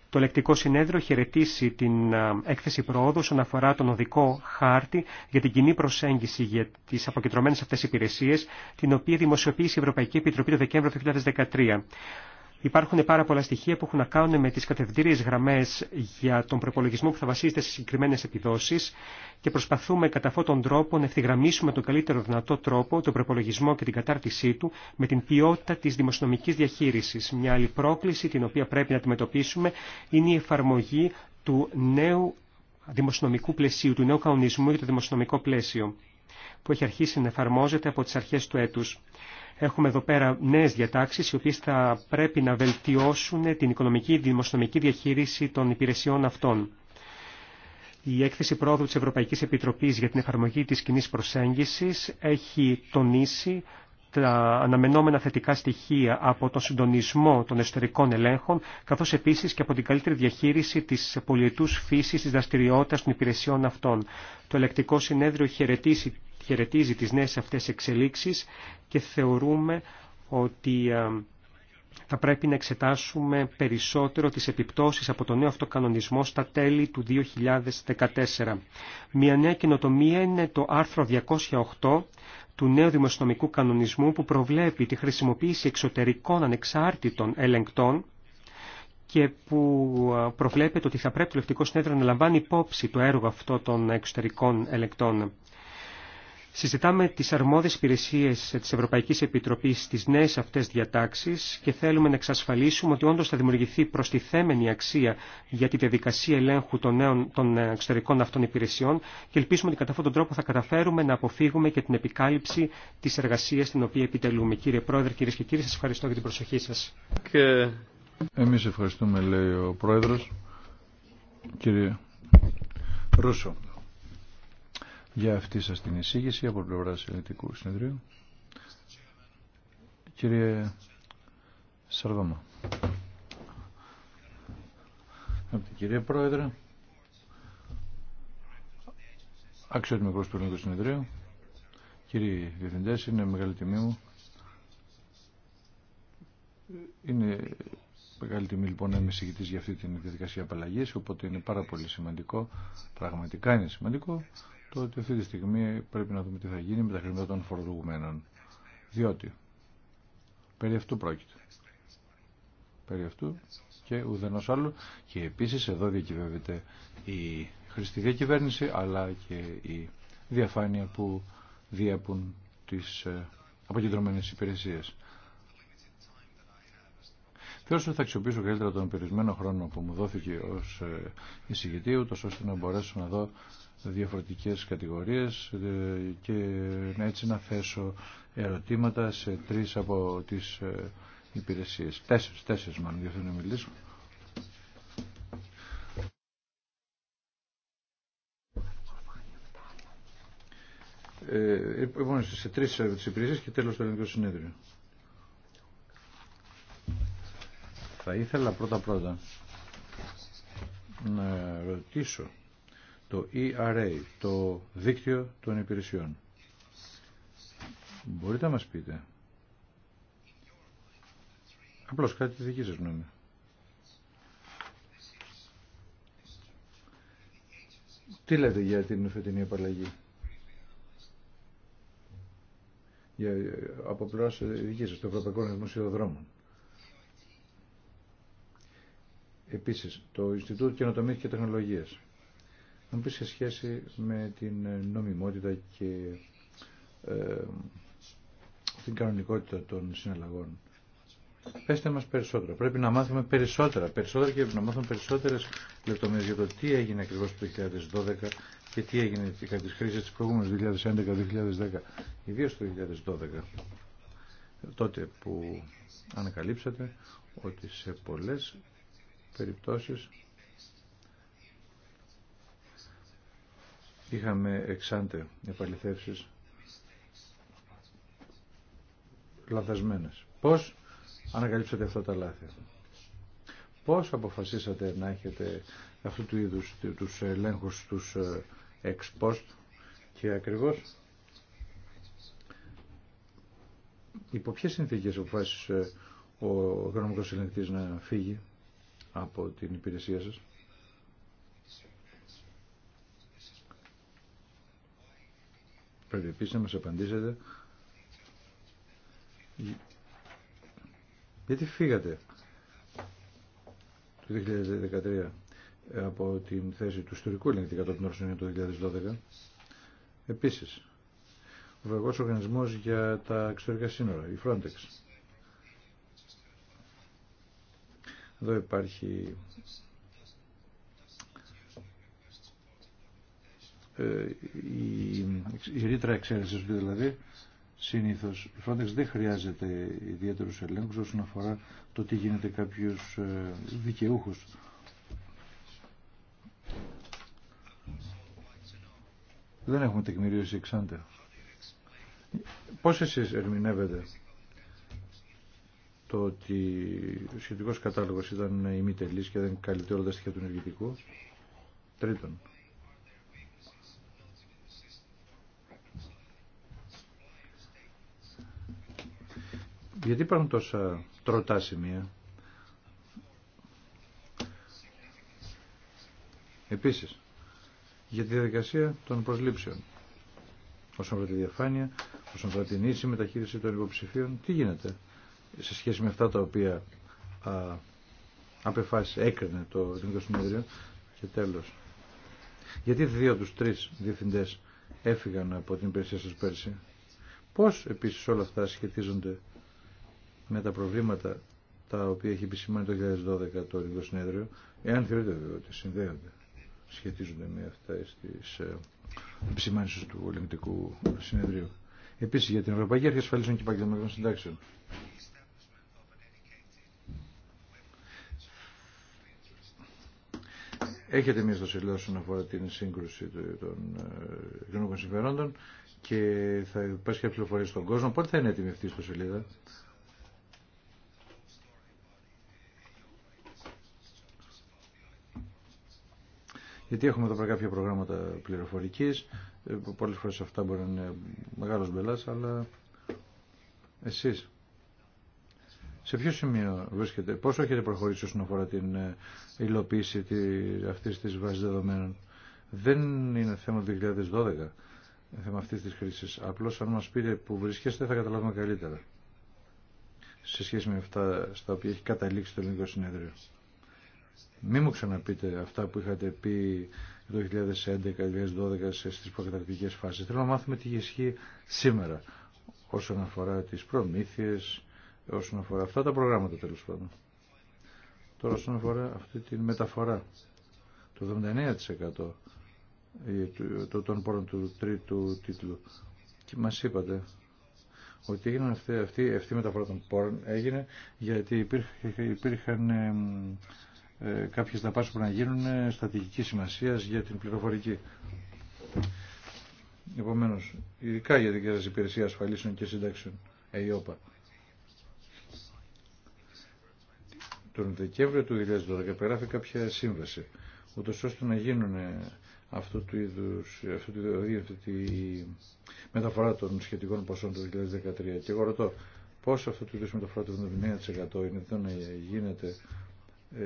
Το λεκτικό Συνέδριο χαιρετήσει την έκθεση προόδου όσον αφορά τον οδικό χάρτη για την κοινή προσέγγιση για τι αποκεντρωμένε αυτέ υπηρεσίε, την οποία δημοσιοποίησε η Ευρωπαϊκή Επιτροπή το Δεκέμβριο 2013. Υπάρχουν πάρα πολλά στοιχεία που έχουν να κάνουν με τις κατευθύντριες γραμμές για τον προπολογισμό που θα βασίζεται σε συγκεκριμένες επιδόσεις και προσπαθούμε κατά αυτόν τον τρόπο να ευθυγραμμίσουμε τον καλύτερο δυνατό τρόπο τον προπολογισμό και την κατάρτισή του με την ποιότητα της δημοσιονομικής διαχείρισης. Μια άλλη πρόκληση την οποία πρέπει να αντιμετωπίσουμε είναι η εφαρμογή του νέου δημοσιονομικού πλαισίου, του νέου κανονισμού για το δημοσιονομικό πλαίσιο που έχει αρχίσει να εφαρμόζεται από τις αρχές του έτους. Έχουμε εδώ πέρα νέε διατάξει, οι οποίε θα πρέπει να βελτιώσουν την οικονομική δημοσιονομική διαχείριση των υπηρεσιών αυτών. Η έκθεση πρόοδου της Ευρωπαϊκής Επιτροπής για την εφαρμογή της κοινή προσέγγισης έχει τονίσει τα αναμενόμενα θετικά στοιχεία από τον συντονισμό των εσωτερικών ελέγχων, καθώς επίσης και από την καλύτερη διαχείριση της πολιετούς φύσης της δραστηριότητας των υπηρεσιών αυτών. Το ελεκτικό συνέδριο χαιρετήσει χαιρετίζει τις νέες αυτές εξελίξεις και θεωρούμε ότι ε, θα πρέπει να εξετάσουμε περισσότερο τις επιπτώσεις από τον νέο αυτοκανονισμό στα τέλη του 2014. Μια νέα καινοτομία είναι το άρθρο 208 του νέου δημοσιονομικού κανονισμού που προβλέπει τη χρησιμοποίηση εξωτερικών ανεξάρτητων ελεγκτών και που ε, προβλέπεται ότι θα πρέπει το Λευτικό Συνέδριο να λαμβάνει υπόψη το έργο αυτό των εξωτερικών ελεγκτών. Συζητάμε τις αρμόδιες υπηρεσίες της Ευρωπαϊκής Επιτροπής στις νέες αυτές διατάξεις και θέλουμε να εξασφαλίσουμε ότι όντως θα δημιουργηθεί προστιθέμενη αξία για τη διαδικασία ελέγχου των, νέων, των εξωτερικών αυτών υπηρεσιών και ελπίζουμε ότι κατά αυτόν τον τρόπο θα καταφέρουμε να αποφύγουμε και την επικάλυψη της εργασίας την οποία επιτελούμε. Κύριε Πρόεδρε, κύριε και κύριοι, σας ευχαριστώ για την προσοχή σας. Και... Εμείς ευχαριστούμε, λέει ο πρόεδρο. Κύριε Ρούσο για αυτή σας την εισήγηση από πλευρά Ελληνικού Συνεδρίου. Κύριε Σαρδόμα Από την κυρία Πρόεδρε, αξιότιμος του Ελληνικού Συνεδρίου, κύριοι Διευθυντές, είναι μεγάλη τιμή μου. Είναι μεγάλη τιμή λοιπόν να είμαι συγκητής για αυτή την διαδικασία απαλλαγής, οπότε είναι πάρα πολύ σημαντικό, πραγματικά είναι σημαντικό τότε αυτή τη στιγμή πρέπει να δούμε τι θα γίνει με τα χρήματα των φορολογουμένων. Διότι περί αυτού πρόκειται. Περί αυτού και ουδενός άλλου. Και επίσης εδώ διακυβεύεται η χρηστή διακυβέρνηση αλλά και η διαφάνεια που διέπουν τις ε, αποκεντρωμένε υπηρεσίε. Θεωρώ ότι θα αξιοποιήσω καλύτερα τον περιορισμένο χρόνο που μου δόθηκε ως εισηγητή, ούτω ώστε να μπορέσω να δω διαφορετικές κατηγορίες και έτσι να θέσω ερωτήματα σε τρεις από τις υπηρεσίες. Τέσσερι, τέσσερι μάλλον, για να μιλήσω. Ε, σε τρεις από τις υπηρεσίες και τέλος το ελληνικό συνέδριο. Θα ήθελα πρώτα πρώτα να ρωτήσω το ERA, το δίκτυο των υπηρεσιών. Μπορείτε να μας πείτε. Απλώς κάτι τη δική σας γνώμη. Τι λέτε για την φετινή απαλλαγή. Για, από πλευρά ε, δική σας, το Ευρωπαϊκό Επίση, το Ινστιτούτο Καινοτομία και Τεχνολογία, Να σε σχέση με την ε, νομιμότητα και ε, την κανονικότητα των συναλλαγών. Πέστε μας περισσότερα. Πρέπει να μάθουμε περισσότερα. Περισσότερα και να μάθουμε περισσότερες λεπτομέρειες για το τι έγινε ακριβώς το 2012 και τι έγινε κατά τις χρήση της προηγούμενης 2011-2010. Ιδίως το 2012. Τότε που ανακαλύψατε ότι σε πολλές περιπτώσεις είχαμε εξάντε επαληθεύσεις λαθασμένες. Πώς ανακαλύψατε αυτά τα λάθη. Πώς αποφασίσατε να έχετε αυτού του είδους τους ελέγχους τους ε, ex post και ακριβώς υπό ποιες συνθήκες αποφάσισε ο οικονομικός ελεγκτής να φύγει από την υπηρεσία σας. Πρέπει επίσης να μας απαντήσετε γιατί φύγατε το 2013 από την θέση του ιστορικού ελεγκτή κατά την Ορσονία το 2012. Επίσης, ο Βαγός Οργανισμός για τα Εξωτερικά Σύνορα, η Frontex. Εδώ υπάρχει ε, η, η ρήτρα εξαίρεση, δηλαδή συνήθως η Frontex δεν χρειάζεται ιδιαίτερου ελέγχου όσον αφορά το τι γίνεται κάποιους ε, δικαιούχου. δεν έχουμε τεκμηρίωση εξάντε πώς εσείς ερμηνεύετε το ότι ο σχετικό κατάλογο ήταν ημιτελή και δεν καλύπτει όλα τα στοιχεία του ενεργητικού. Τρίτον, γιατί υπάρχουν τόσα τροτά σημεία. Επίσης, για τη διαδικασία των προσλήψεων. Όσον αφορά τη διαφάνεια, όσον αφορά την ίση μεταχείριση των υποψηφίων, τι γίνεται σε σχέση με αυτά τα οποία α, απεφάσισε, έκρινε το Ελληνικό Συνέδριο και τέλος. Γιατί δύο τους τρεις διευθυντές έφυγαν από την υπηρεσία σας πέρσι. Πώς επίσης όλα αυτά σχετίζονται με τα προβλήματα τα οποία έχει επισημάνει το 2012 το Ελληνικό Συνέδριο, εάν θεωρείτε βέβαια ότι συνδέονται, σχετίζονται με αυτά τις ε, επισημάνσεις του Ελληνικού Συνεδρίου. Επίσης για την Ευρωπαϊκή Αρχή Ασφαλίσεων και Επαγγελματικών Συντάξεων. Έχετε εμεί το όσον αφορά την σύγκρουση των ε, κοινωνικών συμφερόντων και θα υπάρξει και πληροφορία στον κόσμο. Πότε θα είναι έτοιμη αυτή η στοσελίδα? Γιατί έχουμε εδώ πέρα κάποια προγράμματα πληροφορική. Ε, Πολλέ φορέ αυτά μπορεί να είναι μεγάλο μπελά, αλλά εσεί σε ποιο σημείο βρίσκεται, πόσο έχετε προχωρήσει όσον αφορά την ε, υλοποίηση αυτή τη βάση δεδομένων. Δεν είναι θέμα 2012, θέμα αυτή τη χρήση. Απλώ αν μα πείτε που βρίσκεστε θα καταλάβουμε καλύτερα σε σχέση με αυτά στα οποία έχει καταλήξει το ελληνικό συνέδριο. Μη μου ξαναπείτε αυτά που είχατε πει το 2011-2012 στις προκαταρκτικές φάσεις. Θέλω να μάθουμε τι ισχύει σήμερα όσον αφορά τις προμήθειες, όσον αφορά αυτά τα προγράμματα τέλο πάντων. Τώρα όσον αφορά αυτή τη μεταφορά, το 79% ε, των πόρων του τρίτου τίτλου. Και μας είπατε ότι έγινε αυτή, αυτή, αυτή η μεταφορά των πόρων έγινε γιατί υπήρχαν ε, ε, κάποιες δαπάσεις που να γίνουν ε, στατηγική σημασία για την πληροφορική. Επομένως, ειδικά για την υπηρεσία ασφαλίσεων και συντάξεων, ΕΙΟΠΑ. τον Δεκέμβριο του 2012 περάφει κάποια σύμβαση, ούτως ώστε να γίνουν αυτού του είδους, αυτού του δηλαδή αυτή τη μεταφορά των σχετικών ποσών του 2013. Και εγώ ρωτώ πώς αυτού του είδους μεταφορά του 79% είναι δυνατόν να γίνεται ε,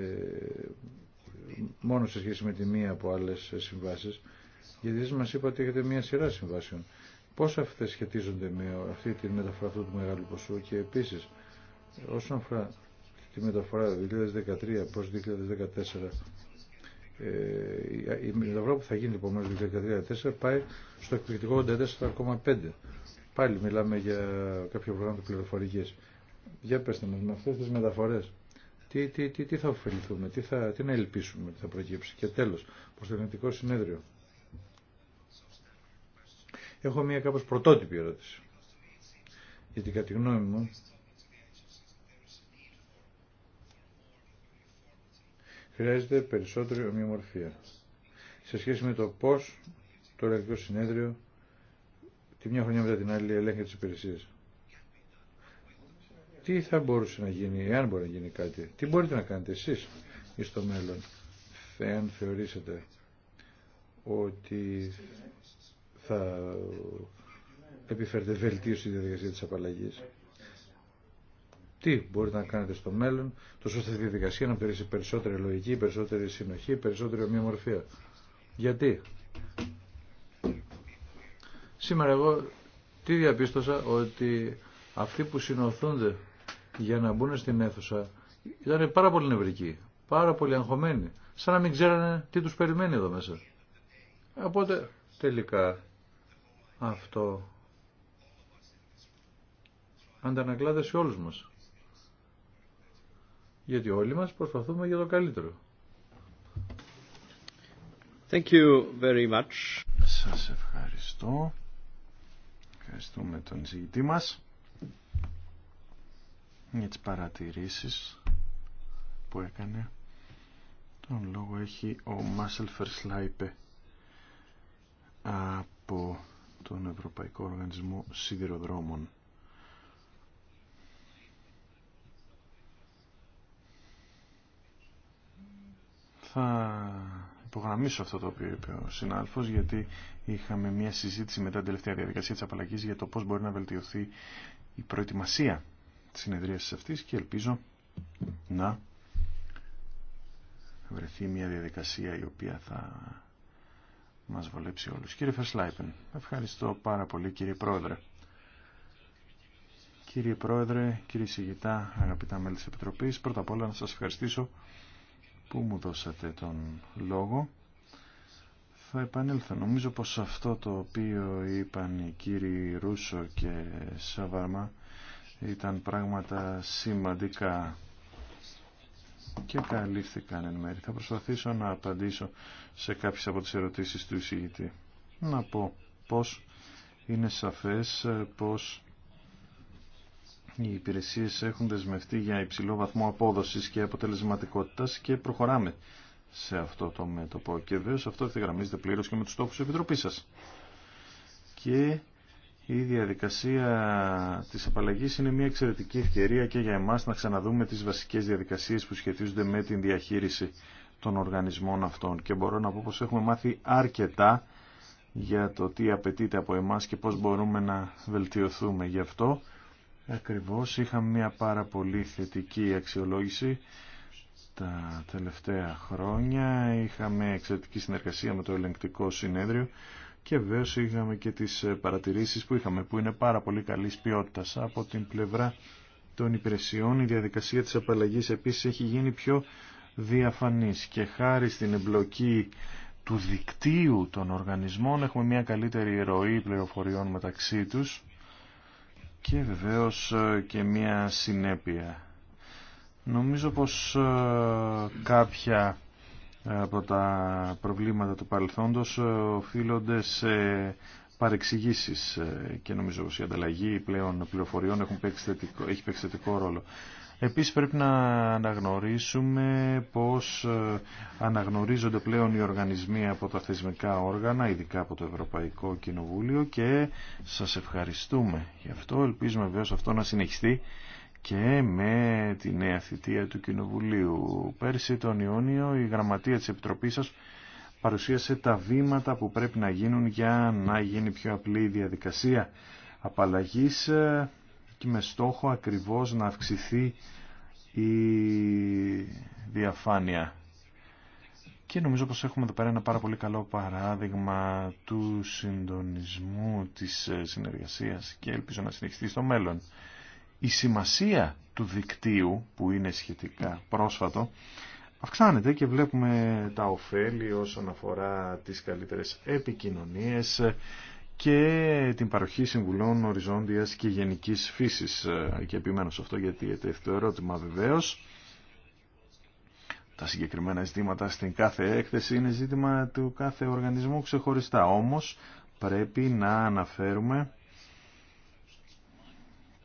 μόνο σε σχέση με τη μία από άλλες συμβάσεις, γιατί εσείς μας είπατε έχετε μία σειρά συμβάσεων. Πώς αυτές σχετίζονται με αυτή τη μεταφορά αυτού του μεγάλου ποσού και επίσης όσον αφορά τη μεταφορά 2013 προς 2014. Ε, η μεταφορά που θα γίνει λοιπόν το 2013 πάει στο εκπληκτικό 84,5. Πάλι μιλάμε για κάποιο προγράμμα πληροφορική. Για πέστε μας, με αυτές τις μεταφορές, τι, τι, τι, τι θα ωφεληθούμε, τι, θα, τι να ελπίσουμε ότι θα προκύψει. Και τέλος, προς το Ελληνικό Συνέδριο. Έχω μία κάπως πρωτότυπη ερώτηση. Γιατί κατά τη γνώμη μου, χρειάζεται περισσότερη ομοιομορφία σε σχέση με το πώ το ελληνικό Συνέδριο τη μια χρονιά μετά την άλλη ελέγχει τι υπηρεσίε. Τι θα μπορούσε να γίνει, εάν μπορεί να γίνει κάτι, τι μπορείτε να κάνετε εσεί εις το μέλλον, εάν θεωρήσετε ότι θα επιφέρετε βελτίωση στη διαδικασία της απαλλαγής τι μπορείτε να κάνετε στο μέλλον, τόσο ώστε διαδικασία να περίσει περισσότερη λογική, περισσότερη συνοχή, περισσότερη ομοιομορφία. Γιατί. Σήμερα εγώ τι διαπίστωσα ότι αυτοί που συνοθούνται για να μπουν στην αίθουσα ήταν πάρα πολύ νευρικοί, πάρα πολύ αγχωμένοι, σαν να μην ξέρανε τι τους περιμένει εδώ μέσα. Οπότε τελικά αυτό αντανακλάται σε όλους μας γιατί όλοι μας προσπαθούμε για το καλύτερο. Thank Σας ευχαριστώ. Ευχαριστούμε τον εισηγητή μας για τις παρατηρήσεις που έκανε. Τον λόγο έχει ο Μάσελ Φερσλάιπε από τον Ευρωπαϊκό Οργανισμό Σιδηροδρόμων. Θα υπογραμμίσω αυτό το οποίο είπε ο συνάδελφος γιατί είχαμε μια συζήτηση μετά την τελευταία διαδικασία της απαλλαγής για το πώς μπορεί να βελτιωθεί η προετοιμασία της συνεδρίασης αυτής και ελπίζω να βρεθεί μια διαδικασία η οποία θα μας βολέψει όλους. Κύριε Φερσλάιπεν, ευχαριστώ πάρα πολύ κύριε Πρόεδρε. Κύριε Πρόεδρε, κύριε συγητά, αγαπητά μέλη της Επιτροπής, πρώτα απ' όλα να σας ευχαριστήσω που μου δώσατε τον λόγο. Θα επανέλθω. Νομίζω πως αυτό το οποίο είπαν οι κύριοι Ρούσο και Σαβαρμά ήταν πράγματα σημαντικά και καλύφθηκαν εν μέρη. Θα προσπαθήσω να απαντήσω σε κάποιες από τις ερωτήσεις του εισηγητή. Να πω πως είναι σαφές πως οι υπηρεσίε έχουν δεσμευτεί για υψηλό βαθμό απόδοσης και αποτελεσματικότητας και προχωράμε σε αυτό το μέτωπο. Και βέβαια αυτό ευθυγραμμίζεται πλήρως και με τους στόχους της Επιτροπής σας. Και η διαδικασία της απαλλαγή είναι μια εξαιρετική ευκαιρία και για εμάς να ξαναδούμε τις βασικές διαδικασίες που σχετίζονται με την διαχείριση των οργανισμών αυτών. Και μπορώ να πω πως έχουμε μάθει αρκετά για το τι απαιτείται από εμάς και πώς μπορούμε να βελτιωθούμε. Γι' αυτό Ακριβώς είχαμε μια πάρα πολύ θετική αξιολόγηση τα τελευταία χρόνια. Είχαμε εξαιρετική συνεργασία με το ελεγκτικό συνέδριο και βέβαια είχαμε και τις παρατηρήσεις που είχαμε που είναι πάρα πολύ καλής ποιότητας από την πλευρά των υπηρεσιών. Η διαδικασία της απαλλαγής επίσης έχει γίνει πιο διαφανής και χάρη στην εμπλοκή του δικτύου των οργανισμών έχουμε μια καλύτερη ροή πληροφοριών μεταξύ τους και βεβαίως ε, και μία συνέπεια. Νομίζω πως ε, κάποια από τα προβλήματα του παρελθόντος ε, οφείλονται σε παρεξηγήσεις και νομίζω πως η ανταλλαγή πλέον πληροφοριών έχουν έχει παίξει θετικό ρόλο. Επίσης πρέπει να αναγνωρίσουμε πώς ε, αναγνωρίζονται πλέον οι οργανισμοί από τα θεσμικά όργανα, ειδικά από το Ευρωπαϊκό Κοινοβούλιο και σας ευχαριστούμε γι' αυτό. Ελπίζουμε βέβαια αυτό να συνεχιστεί και με τη νέα θητεία του Κοινοβουλίου. Πέρσι τον Ιούνιο η γραμματεία της Επιτροπής σας παρουσίασε τα βήματα που πρέπει να γίνουν για να γίνει πιο απλή η διαδικασία απαλλαγής ε, και με στόχο ακριβώς να αυξηθεί η διαφάνεια. Και νομίζω πως έχουμε εδώ πέρα ένα πάρα πολύ καλό παράδειγμα του συντονισμού της συνεργασίας και ελπίζω να συνεχιστεί στο μέλλον. Η σημασία του δικτύου που είναι σχετικά πρόσφατο αυξάνεται και βλέπουμε τα ωφέλη όσον αφορά τις καλύτερες επικοινωνίες, και την παροχή συμβουλών οριζόντιας και γενικής φύσης. Ε, και επιμένω σε αυτό γιατί ετέθη το ερώτημα βεβαίως. Τα συγκεκριμένα ζητήματα στην κάθε έκθεση είναι ζήτημα του κάθε οργανισμού ξεχωριστά. Όμως πρέπει να αναφέρουμε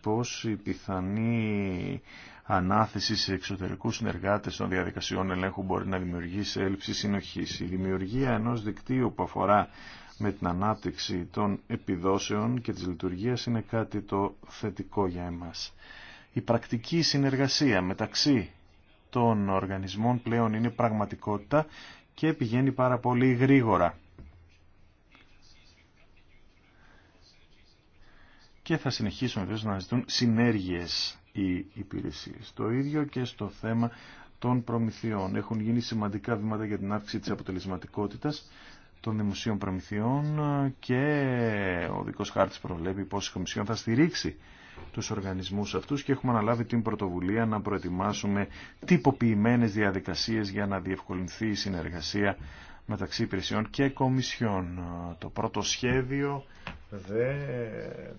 πως η πιθανή ανάθεση σε εξωτερικούς συνεργάτες των διαδικασιών ελέγχου μπορεί να δημιουργήσει έλλειψη συνοχής. Η δημιουργία ενός δικτύου που αφορά με την ανάπτυξη των επιδόσεων και της λειτουργίας είναι κάτι το θετικό για εμάς. Η πρακτική συνεργασία μεταξύ των οργανισμών πλέον είναι πραγματικότητα και πηγαίνει πάρα πολύ γρήγορα. Και θα συνεχίσουμε βέβαια να ζητούν συνέργειες οι υπηρεσίες. Το ίδιο και στο θέμα των προμηθειών. Έχουν γίνει σημαντικά βήματα για την αύξηση της αποτελεσματικότητας των δημοσίων προμηθειών και ο δικός χάρτης προβλέπει πως η Κομισιόν θα στηρίξει τους οργανισμούς αυτούς και έχουμε αναλάβει την πρωτοβουλία να προετοιμάσουμε τυποποιημένες διαδικασίες για να διευκολυνθεί η συνεργασία μεταξύ υπηρεσιών και κομισιών. Το πρώτο σχέδιο δε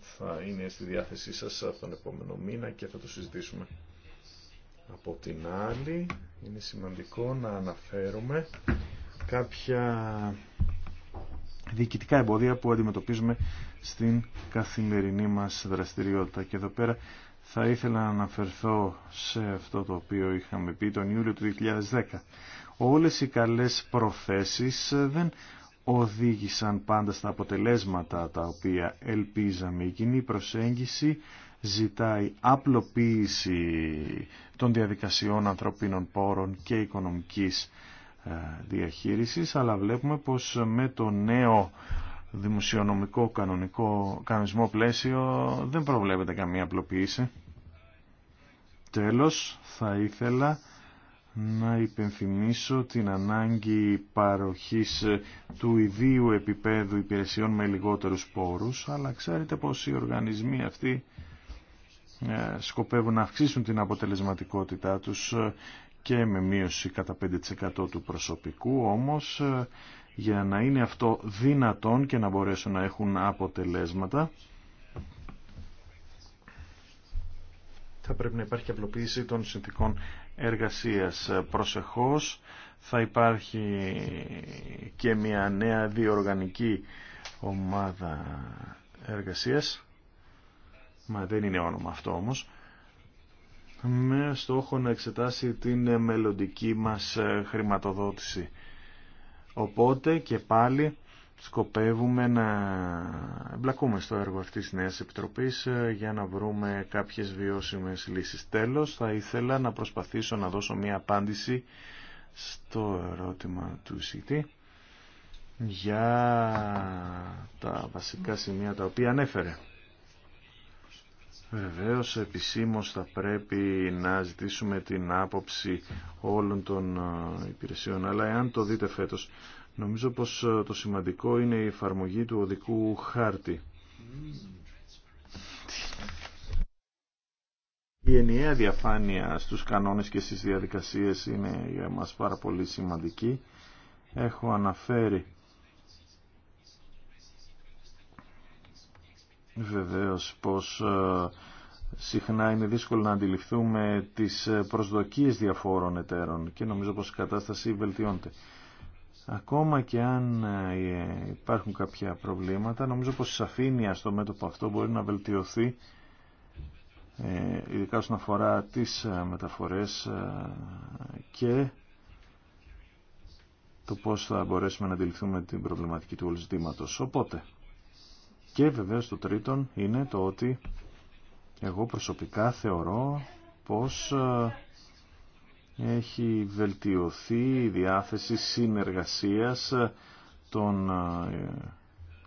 θα είναι στη διάθεσή σας τον επόμενο μήνα και θα το συζητήσουμε. Από την άλλη, είναι σημαντικό να αναφέρουμε κάποια διοικητικά εμπόδια που αντιμετωπίζουμε στην καθημερινή μας δραστηριότητα. Και εδώ πέρα θα ήθελα να αναφερθώ σε αυτό το οποίο είχαμε πει τον Ιούλιο του 2010. Όλες οι καλές προθέσεις δεν οδήγησαν πάντα στα αποτελέσματα τα οποία ελπίζαμε. Η κοινή προσέγγιση ζητάει απλοποίηση των διαδικασιών ανθρωπίνων πόρων και οικονομικής ε, διαχείρισης, αλλά βλέπουμε πως με το νέο δημοσιονομικό κανονικό κανονισμό πλαίσιο δεν προβλέπεται καμία απλοποίηση. Τέλος, θα ήθελα να υπενθυμίσω την ανάγκη παροχής του ιδίου επίπεδου υπηρεσιών με λιγότερους πόρους, αλλά ξέρετε πως οι οργανισμοί αυτοί ε, σκοπεύουν να αυξήσουν την αποτελεσματικότητά τους ε, και με μείωση κατά 5% του προσωπικού, όμως ε, για να είναι αυτό δυνατόν και να μπορέσουν να έχουν αποτελέσματα θα πρέπει να υπάρχει απλοποίηση των συνθήκων εργασίας. Προσεχώς θα υπάρχει και μια νέα διοργανική ομάδα εργασίας, μα δεν είναι όνομα αυτό όμως, με στόχο να εξετάσει την μελλοντική μας ε, χρηματοδότηση. Οπότε και πάλι σκοπεύουμε να εμπλακούμε στο έργο αυτής της νέας επιτροπής ε, για να βρούμε κάποιες βιώσιμες λύσεις. Τέλος, θα ήθελα να προσπαθήσω να δώσω μία απάντηση στο ερώτημα του CT για τα βασικά σημεία τα οποία ανέφερε. Βεβαίως επισήμως θα πρέπει να ζητήσουμε την άποψη όλων των ε, υπηρεσιών, αλλά εάν το δείτε φέτος, νομίζω πως ε, το σημαντικό είναι η εφαρμογή του οδικού χάρτη. Η ενιαία διαφάνεια στους κανόνες και στις διαδικασίες είναι για μας πάρα πολύ σημαντική. Έχω αναφέρει βεβαίως πως ε, συχνά είναι δύσκολο να αντιληφθούμε τις ε, προσδοκίες διαφόρων εταίρων και νομίζω πως η κατάσταση βελτιώνεται. Ακόμα και αν ε, υπάρχουν κάποια προβλήματα, νομίζω πως η σαφήνεια στο μέτωπο αυτό μπορεί να βελτιωθεί ειδικά όσον αφορά τις μεταφορές και το πώς θα μπορέσουμε να αντιληφθούμε την προβληματική του όλου Οπότε, και βεβαίως το τρίτον είναι το ότι εγώ προσωπικά θεωρώ πως ε, έχει βελτιωθεί η διάθεση συνεργασίας ε, των ε,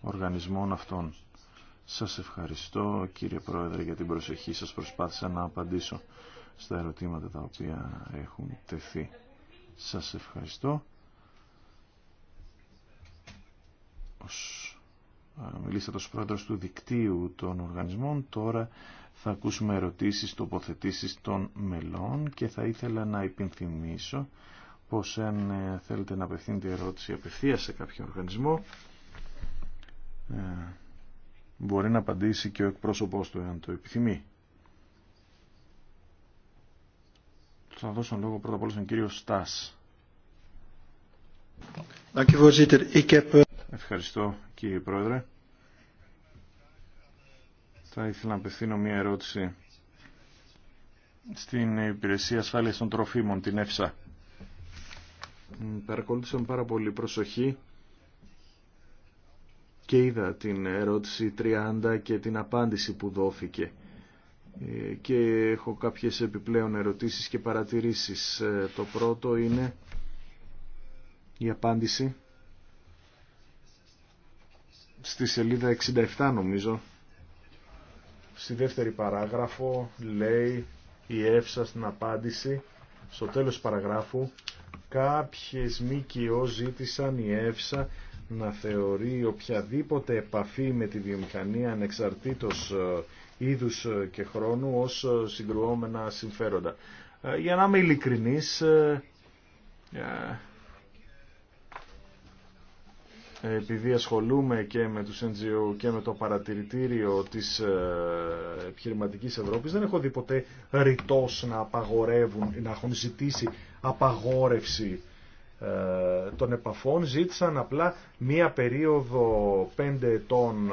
οργανισμών αυτών. Σας ευχαριστώ κύριε Πρόεδρε για την προσοχή σας. Προσπάθησα να απαντήσω στα ερωτήματα τα οποία έχουν τεθεί. Σας ευχαριστώ μιλήσατε ως πρόεδρος του δικτύου των οργανισμών. Τώρα θα ακούσουμε ερωτήσεις, τοποθετήσεις των μελών και θα ήθελα να υπενθυμίσω πως αν ε, θέλετε να απευθύνετε ερώτηση απευθείας σε κάποιο οργανισμό ε, μπορεί να απαντήσει και ο εκπρόσωπός του αν το επιθυμεί. Θα δώσω λόγο πρώτα απ' όλα στον κύριο Στάς. Ε, Ευχαριστώ, κύριε Πρόεδρε. Θα ήθελα να απευθύνω μια ερώτηση στην Υπηρεσία Ασφάλειας των Τροφίμων, την ΕΦΣΑ. Παρακολούθησα πάρα πολύ προσοχή και είδα την ερώτηση 30 και την απάντηση που δόθηκε ε, και έχω κάποιες επιπλέον ερωτήσεις και παρατηρήσεις. Ε, το πρώτο είναι η απάντηση στη σελίδα 67 νομίζω, στη δεύτερη παράγραφο λέει η Εύσα στην απάντηση, στο τέλος παραγράφου, κάποιες ΜΚΟ ζήτησαν η Εύσα να θεωρεί οποιαδήποτε επαφή με τη βιομηχανία ανεξαρτήτως ε, είδους και χρόνου ως ε, συγκρουόμενα συμφέροντα. Ε, για να είμαι ειλικρινής, επειδή ασχολούμαι και με τους NGO και με το παρατηρητήριο της ε, επιχειρηματικής Ευρώπης, δεν έχω δει ποτέ ρητός να απαγορεύουν, να έχουν ζητήσει απαγόρευση ε, των επαφών. Ζήτησαν απλά μία περίοδο πέντε ετών ε,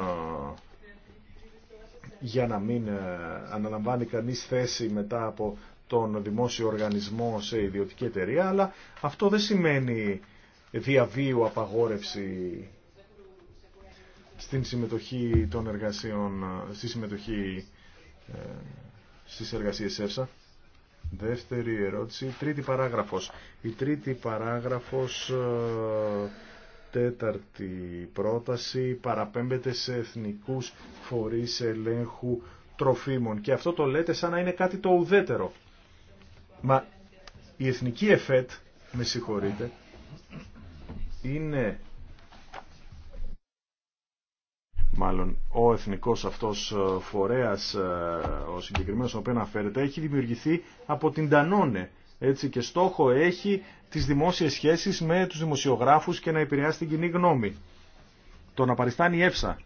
για να μην αναλαμβάνει κανείς θέση μετά από τον δημόσιο οργανισμό σε ιδιωτική εταιρεία, αλλά αυτό δεν σημαίνει διαβίου απαγόρευση στην συμμετοχή των εργασιών, στη συμμετοχή ε, στις εργασίες ΕΦΣΑ. Δεύτερη ερώτηση, τρίτη παράγραφος. Η τρίτη παράγραφος, ε, τέταρτη πρόταση, παραπέμπεται σε εθνικούς φορείς ελέγχου τροφίμων. Και αυτό το λέτε σαν να είναι κάτι το ουδέτερο. Μα η εθνική ΕΦΕΤ, με συγχωρείτε, είναι μάλλον ο εθνικός αυτός ε, φορέας ε, ο συγκεκριμένος ο οποίος αναφέρεται έχει δημιουργηθεί από την Τανόνε έτσι και στόχο έχει τις δημόσιες σχέσεις με τους δημοσιογράφους και να επηρεάσει την κοινή γνώμη το να παριστάνει έψα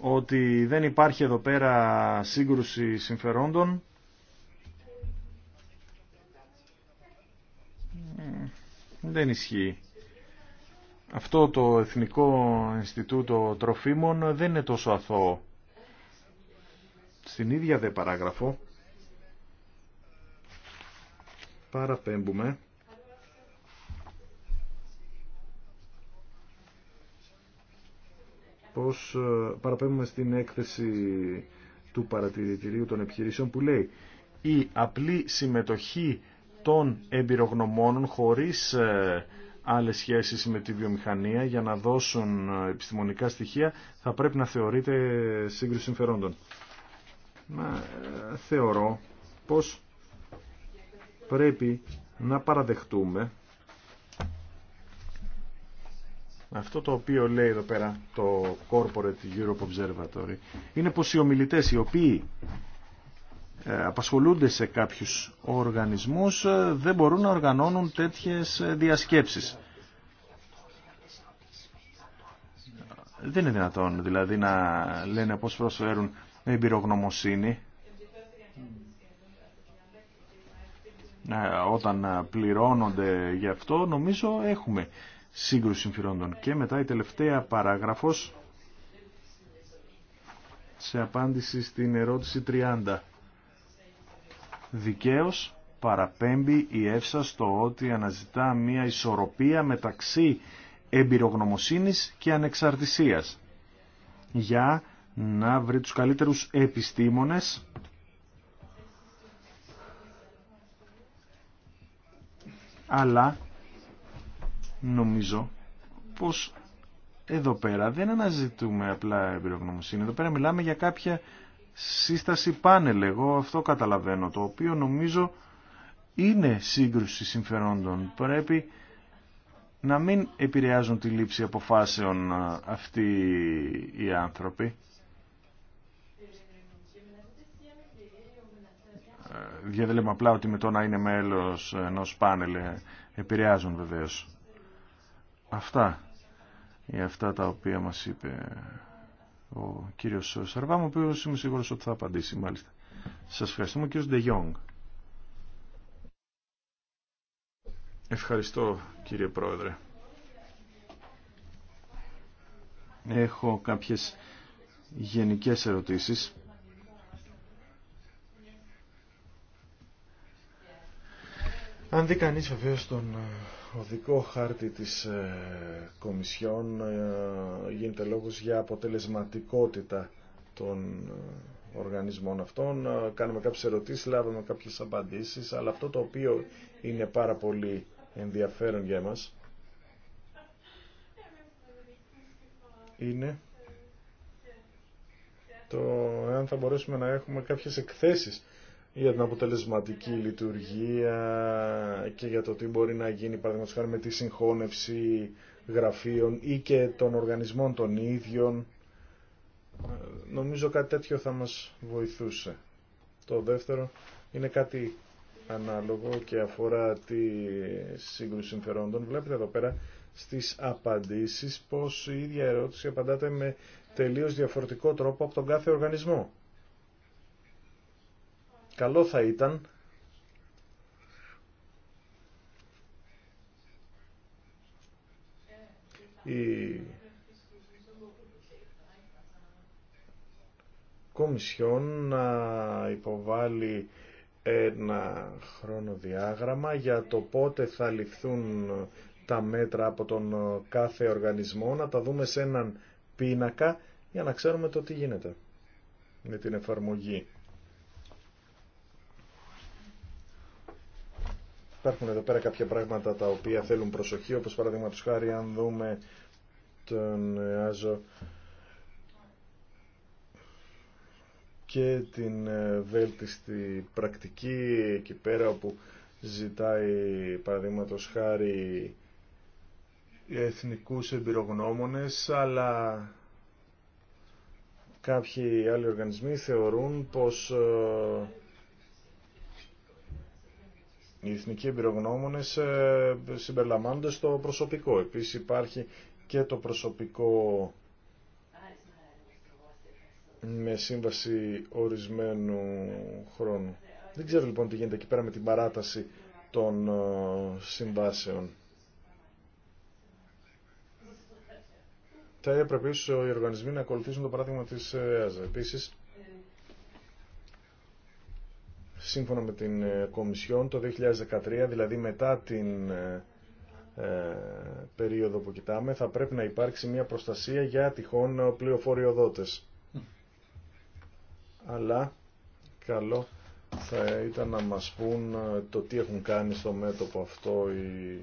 ότι δεν υπάρχει εδώ πέρα σύγκρουση συμφερόντων ε, δεν ισχύει αυτό το Εθνικό Ινστιτούτο Τροφίμων δεν είναι τόσο αθώο. Στην ίδια δε παράγραφο παραπέμπουμε πως ε, παραπέμπουμε στην έκθεση του παρατηρητηρίου των επιχειρήσεων που λέει η απλή συμμετοχή των εμπειρογνωμόνων χωρίς ε, άλλες σχέσεις με τη βιομηχανία για να δώσουν ε, επιστημονικά στοιχεία θα πρέπει να θεωρείται σύγκριση συμφερόντων. Μα, ε, θεωρώ πως πρέπει να παραδεχτούμε αυτό το οποίο λέει εδώ πέρα το Corporate Europe Observatory είναι πως οι ομιλητές οι οποίοι ε, απασχολούνται σε κάποιους οργανισμούς ε, δεν μπορούν να οργανώνουν τέτοιες ε, διασκέψεις. Δεν είναι δυνατόν δηλαδή να λένε πώς προσφέρουν εμπειρογνωμοσύνη όταν πληρώνονται γι' αυτό νομίζω έχουμε σύγκρουση συμφερόντων. Και μετά η τελευταία παράγραφος σε απάντηση στην ερώτηση 30 δικαίως παραπέμπει η εύσα στο ότι αναζητά μια ισορροπία μεταξύ εμπειρογνωμοσύνης και ανεξαρτησίας για να βρει τους καλύτερους επιστήμονες αλλά νομίζω πως εδώ πέρα δεν αναζητούμε απλά εμπειρογνωμοσύνη εδώ πέρα μιλάμε για κάποια σύσταση πάνελ, εγώ αυτό καταλαβαίνω, το οποίο νομίζω είναι σύγκρουση συμφερόντων. Πρέπει να μην επηρεάζουν τη λήψη αποφάσεων αυτοί οι άνθρωποι. Διαδέλεμε ε, απλά ότι με το να είναι μέλος ενός πάνελ ε, επηρεάζουν βεβαίως. Αυτά, για αυτά τα οποία μας είπε ο κύριος Σαρβάμ, ο οποίος είμαι σίγουρος ότι θα απαντήσει μάλιστα. Σας ευχαριστούμε, κύριος Ντε Ευχαριστώ, κύριε Πρόεδρε. Έχω κάποιες γενικές ερωτήσεις. Αν δει κανείς βεβαίως τον ε, δικό χάρτη της ε, Κομισιόν ε, γίνεται λόγος για αποτελεσματικότητα των ε, οργανισμών αυτών. Κάνουμε κάποιες ερωτήσεις, λάβαμε κάποιες απαντήσεις, αλλά αυτό το οποίο είναι πάρα πολύ ενδιαφέρον για μας είναι το αν θα μπορέσουμε να έχουμε κάποιες εκθέσεις για την αποτελεσματική λειτουργία και για το τι μπορεί να γίνει παραδείγματος χάρη με τη συγχώνευση γραφείων ή και των οργανισμών των ίδιων. Νομίζω κάτι τέτοιο θα μας βοηθούσε. Το δεύτερο είναι κάτι ανάλογο και αφορά τη σύγκρουση συμφερόντων. Βλέπετε εδώ πέρα στις απαντήσεις πως η ίδια ερώτηση απαντάται με τελείως διαφορετικό τρόπο από τον κάθε οργανισμό. Καλό θα ήταν η Κομισιόν να υποβάλει ένα χρονοδιάγραμμα για το πότε θα ληφθούν τα μέτρα από τον κάθε οργανισμό, να τα δούμε σε έναν πίνακα για να ξέρουμε το τι γίνεται με την εφαρμογή Υπάρχουν εδώ πέρα κάποια πράγματα τα οποία θέλουν προσοχή, όπως παραδείγματος χάρη αν δούμε τον Άζο και την ε, βέλτιστη πρακτική εκεί πέρα όπου ζητάει παραδείγματος χάρη εθνικούς εμπειρογνώμονες αλλά κάποιοι άλλοι οργανισμοί θεωρούν πως ε, οι εθνικοί εμπειρογνώμονες ε, συμπεριλαμβάνονται στο προσωπικό. Επίσης υπάρχει και το προσωπικό με σύμβαση ορισμένου χρόνου. Δεν ξέρω λοιπόν τι γίνεται εκεί πέρα με την παράταση των ε, συμβάσεων. Θα έπρεπε ίσως οι οργανισμοί να ακολουθήσουν το παράδειγμα της ΕΑΖΑ σύμφωνα με την ε, Κομισιόν το 2013, δηλαδή μετά την ε, ε, περίοδο που κοιτάμε, θα πρέπει να υπάρξει μια προστασία για τυχόν πληροφοριοδότες. Αλλά καλό θα ήταν να μας πούν το τι έχουν κάνει στο μέτωπο αυτό οι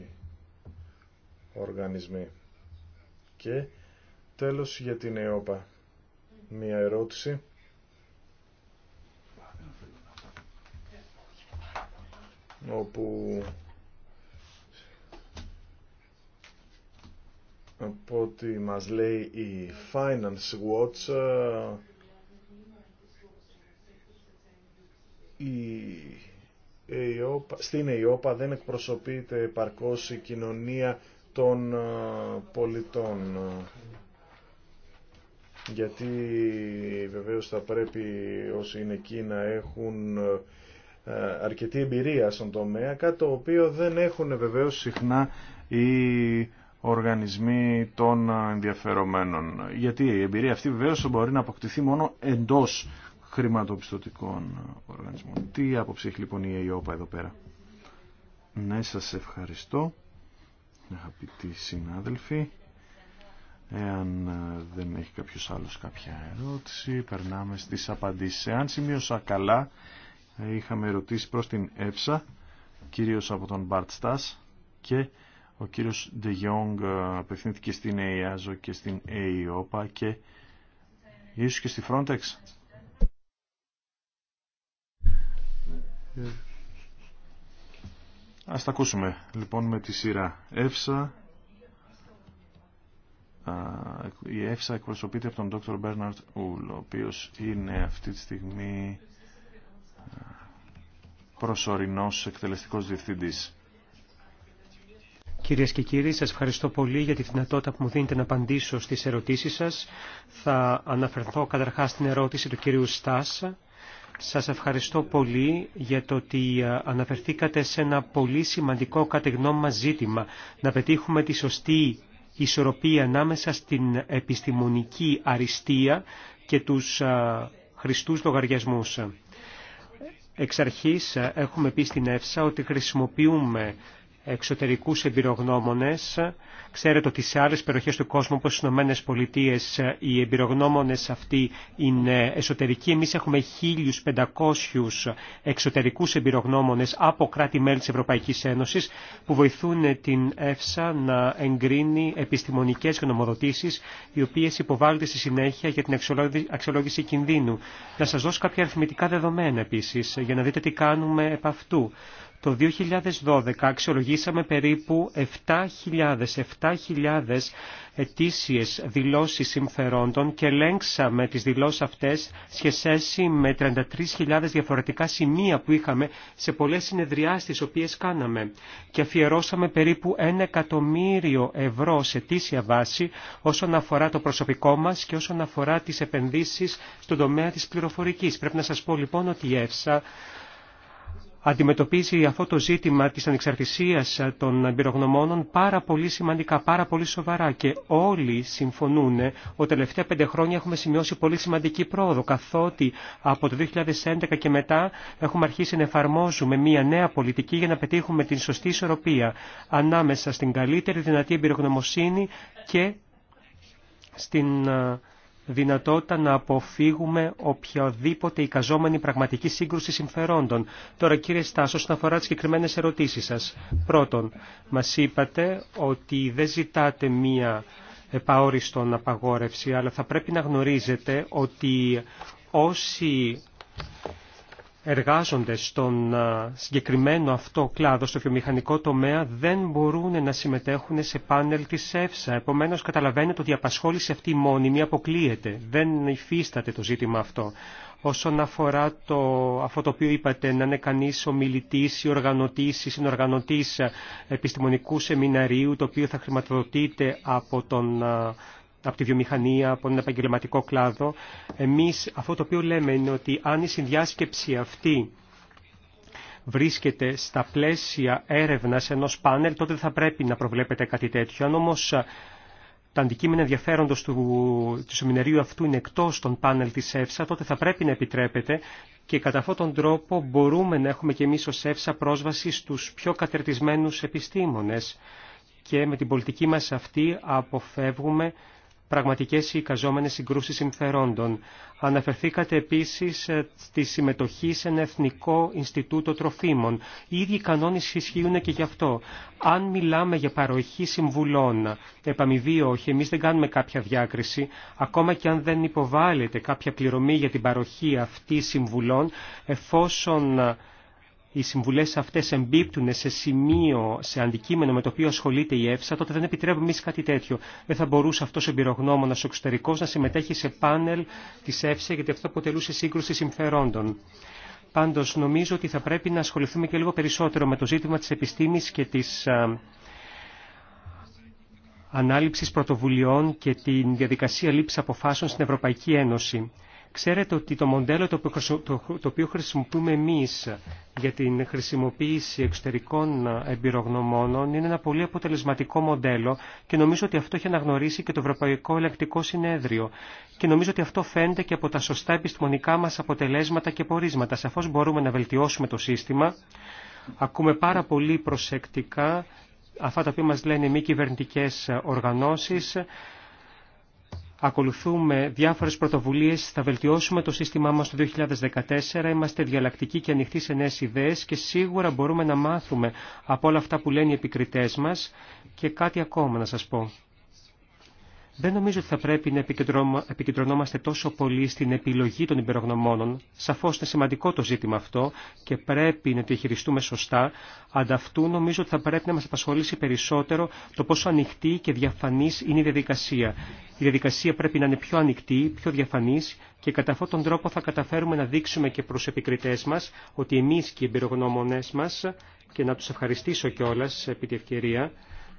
οργανισμοί. Και τέλος για την ΕΟΠΑ. Μια ερώτηση. όπου από ό,τι μας λέει η Finance Watch ε, η στην ΕΙΟΠΑ δεν εκπροσωπείται επαρκώς η κοινωνία των ε, πολιτών γιατί βεβαίως θα πρέπει όσοι είναι εκεί να έχουν ε, ε, αρκετή εμπειρία στον τομέα, κάτι το οποίο δεν έχουν βεβαίως συχνά οι οργανισμοί των ενδιαφερομένων. Γιατί η εμπειρία αυτή βεβαίως μπορεί να αποκτηθεί μόνο εντός χρηματοπιστωτικών οργανισμών. Τι άποψη έχει λοιπόν η ΕΙΟΠΑ εδώ πέρα. Ναι, σας ευχαριστώ, αγαπητοί συνάδελφοι. Εάν ε, δεν έχει κάποιος άλλος κάποια ερώτηση, περνάμε στις απαντήσεις. Εάν σημείωσα καλά, είχαμε ερωτήσει προς την ΕΦΣΑ, κυρίως από τον Μπαρτ Στάς και ο κύριος Ντε Γιόγκ ε, απευθύνθηκε στην ΕΙΑΖΟ και στην ΕΙΟΠΑ και ίσως και στη Frontex. Ε, ας τα ακούσουμε λοιπόν με τη σειρά ΕΦΣΑ. Η ΕΦΣΑ εκπροσωπείται από τον Dr. Bernard Ουλ, ο οποίος είναι αυτή τη στιγμή προσωρινός εκτελεστικός διευθυντής. Κυρίες και κύριοι, σας ευχαριστώ πολύ για τη δυνατότητα που μου δίνετε να απαντήσω στις ερωτήσεις σας. Θα αναφερθώ καταρχάς στην ερώτηση του κυρίου Στάσα. Σας ευχαριστώ πολύ για το ότι ε, αναφερθήκατε σε ένα πολύ σημαντικό κατεγνώμα ζήτημα, να πετύχουμε τη σωστή ισορροπία ανάμεσα στην επιστημονική αριστεία και τους ε, χριστούς λογαριασμούς. Εξ αρχής ε, έχουμε πει στην Εύσα ότι χρησιμοποιούμε εξωτερικούς εμπειρογνώμονες. Ξέρετε ότι σε άλλες περιοχές του κόσμου, όπως στις Ηνωμένες Πολιτείες, οι εμπειρογνώμονες αυτοί είναι εσωτερικοί. Εμείς έχουμε 1.500 εξωτερικούς εμπειρογνώμονες από κράτη-μέλη της Ευρωπαϊκής Ένωσης που βοηθούν την ΕΦΣΑ να εγκρίνει επιστημονικές γνωμοδοτήσεις, οι οποίες υποβάλλονται στη συνέχεια για την αξιολόγηση κινδύνου. Να σας δώσω κάποια αριθμητικά δεδομένα επίσης, για να δείτε τι κάνουμε επ' αυτού. Το 2012 αξιολογήσαμε περίπου 7.000, 7.000 ετήσιες δηλώσεις συμφερόντων και ελέγξαμε τις δηλώσεις αυτές σχέση με 33.000 διαφορετικά σημεία που είχαμε σε πολλές συνεδριάσεις τις οποίες κάναμε και αφιερώσαμε περίπου 1 εκατομμύριο ευρώ σε τήσια βάση όσον αφορά το προσωπικό μας και όσον αφορά τις επενδύσεις στον τομέα της πληροφορικής. Πρέπει να σας πω λοιπόν ότι η ΕΦΣΑ αντιμετωπίζει αυτό το ζήτημα της ανεξαρτησίας των εμπειρογνωμόνων πάρα πολύ σημαντικά, πάρα πολύ σοβαρά και όλοι συμφωνούν ε, ότι τα τελευταία πέντε χρόνια έχουμε σημειώσει πολύ σημαντική πρόοδο καθότι από το 2011 και μετά έχουμε αρχίσει να εφαρμόζουμε μια νέα πολιτική για να πετύχουμε την σωστή ισορροπία ανάμεσα στην καλύτερη δυνατή εμπειρογνωμοσύνη και στην ε, δυνατότητα να αποφύγουμε οποιαδήποτε εικαζόμενη πραγματική σύγκρουση συμφερόντων. Τώρα κύριε Στάσο, όσον αφορά τις συγκεκριμένε ερωτήσεις σας. Πρώτον, μας είπατε ότι δεν ζητάτε μία επαόριστον απαγόρευση, αλλά θα πρέπει να γνωρίζετε ότι όσοι εργάζονται στον συγκεκριμένο αυτό κλάδο, στο βιομηχανικό τομέα, δεν μπορούν να συμμετέχουν σε πάνελ της ΕΦΣΑ. Επομένως, καταλαβαίνετε ότι η απασχόληση αυτή μόνιμη αποκλείεται. Δεν υφίσταται το ζήτημα αυτό. Όσον αφορά το, αυτό το οποίο είπατε, να είναι κανείς ομιλητής ή οργανωτής ή συνοργανωτής επιστημονικού σεμιναρίου, το οποίο θα χρηματοδοτείται από τον από τη βιομηχανία, από ένα επαγγελματικό κλάδο. Εμείς αυτό το οποίο λέμε είναι ότι αν η συνδιάσκεψη αυτή βρίσκεται στα πλαίσια έρευνας ενός πάνελ, τότε δεν θα πρέπει να προβλέπετε κάτι τέτοιο. Αν όμως τα αντικείμενα ενδιαφέροντος του, του αυτού είναι εκτός των πάνελ της ΕΦΣΑ, τότε θα πρέπει να επιτρέπεται και κατά αυτόν τον τρόπο μπορούμε να έχουμε και εμείς ως ΕΦΣΑ πρόσβαση στους πιο κατερτισμένους επιστήμονες. Και με την πολιτική μας αυτή αποφεύγουμε πραγματικές ή καζόμενες συγκρούσεις συμφερόντων. Αναφερθήκατε επίσης ε, στη συμμετοχή σε ένα Εθνικό Ινστιτούτο Τροφίμων. Οι ίδιοι κανόνες ισχύουν και γι' αυτό. Αν μιλάμε για παροχή συμβουλών, επαμοιβή όχι, εμεί δεν κάνουμε κάποια διάκριση, ακόμα και αν δεν υποβάλλεται κάποια πληρωμή για την παροχή αυτή συμβουλών, εφόσον οι συμβουλέ αυτέ εμπίπτουν σε σημείο, σε αντικείμενο με το οποίο ασχολείται η ΕΦΣΑ, τότε δεν επιτρέπουμε εμεί κάτι τέτοιο. Δεν θα μπορούσε αυτό ο εμπειρογνώμονα ο εξωτερικό να συμμετέχει σε πάνελ τη ΕΦΣΑ, γιατί αυτό αποτελούσε σύγκρουση συμφερόντων. Πάντω νομίζω ότι θα πρέπει να ασχοληθούμε και λίγο περισσότερο με το ζήτημα τη επιστήμης και τη ανάληψη πρωτοβουλειών και τη διαδικασία λήψη αποφάσεων στην Ευρωπαϊκή Ένωση. Ξέρετε ότι το μοντέλο το οποίο χρησιμοποιούμε εμείς για την χρησιμοποίηση εξωτερικών ε, εμπειρογνωμόνων είναι ένα πολύ αποτελεσματικό μοντέλο και νομίζω ότι αυτό έχει αναγνωρίσει και το Ευρωπαϊκό Ελεκτικό Συνέδριο. Και νομίζω ότι αυτό φαίνεται και από τα σωστά επιστημονικά μας αποτελέσματα και πορίσματα. Σαφώς μπορούμε να βελτιώσουμε το σύστημα. Ακούμε πάρα πολύ προσεκτικά αυτά τα οποία μας λένε μη κυβερνητικέ ε, οργανώσεις ακολουθούμε διάφορες πρωτοβουλίες, θα βελτιώσουμε το σύστημά μας το 2014, είμαστε διαλλακτικοί και ανοιχτοί σε νέες ιδέες και σίγουρα μπορούμε να μάθουμε από όλα αυτά που λένε οι επικριτές μας και κάτι ακόμα να σας πω. Δεν νομίζω ότι θα πρέπει να επικεντρωνόμαστε τόσο πολύ στην επιλογή των υπερογνωμόνων. σαφώ είναι σημαντικό το ζήτημα αυτό και πρέπει να το χειριστούμε σωστά. Ανταυτού νομίζω ότι θα πρέπει να μα απασχολήσει περισσότερο το πόσο ανοιχτή και διαφανή είναι η διαδικασία. Η διαδικασία πρέπει να είναι πιο ανοιχτή, πιο διαφανή, και κατά αυτόν τον τρόπο θα καταφέρουμε να δείξουμε και προ επικριτέ μα ότι εμεί και οι υπερογνώμονέ μα και να του ευχαριστήσω κιόλα επί τη ευκαιρία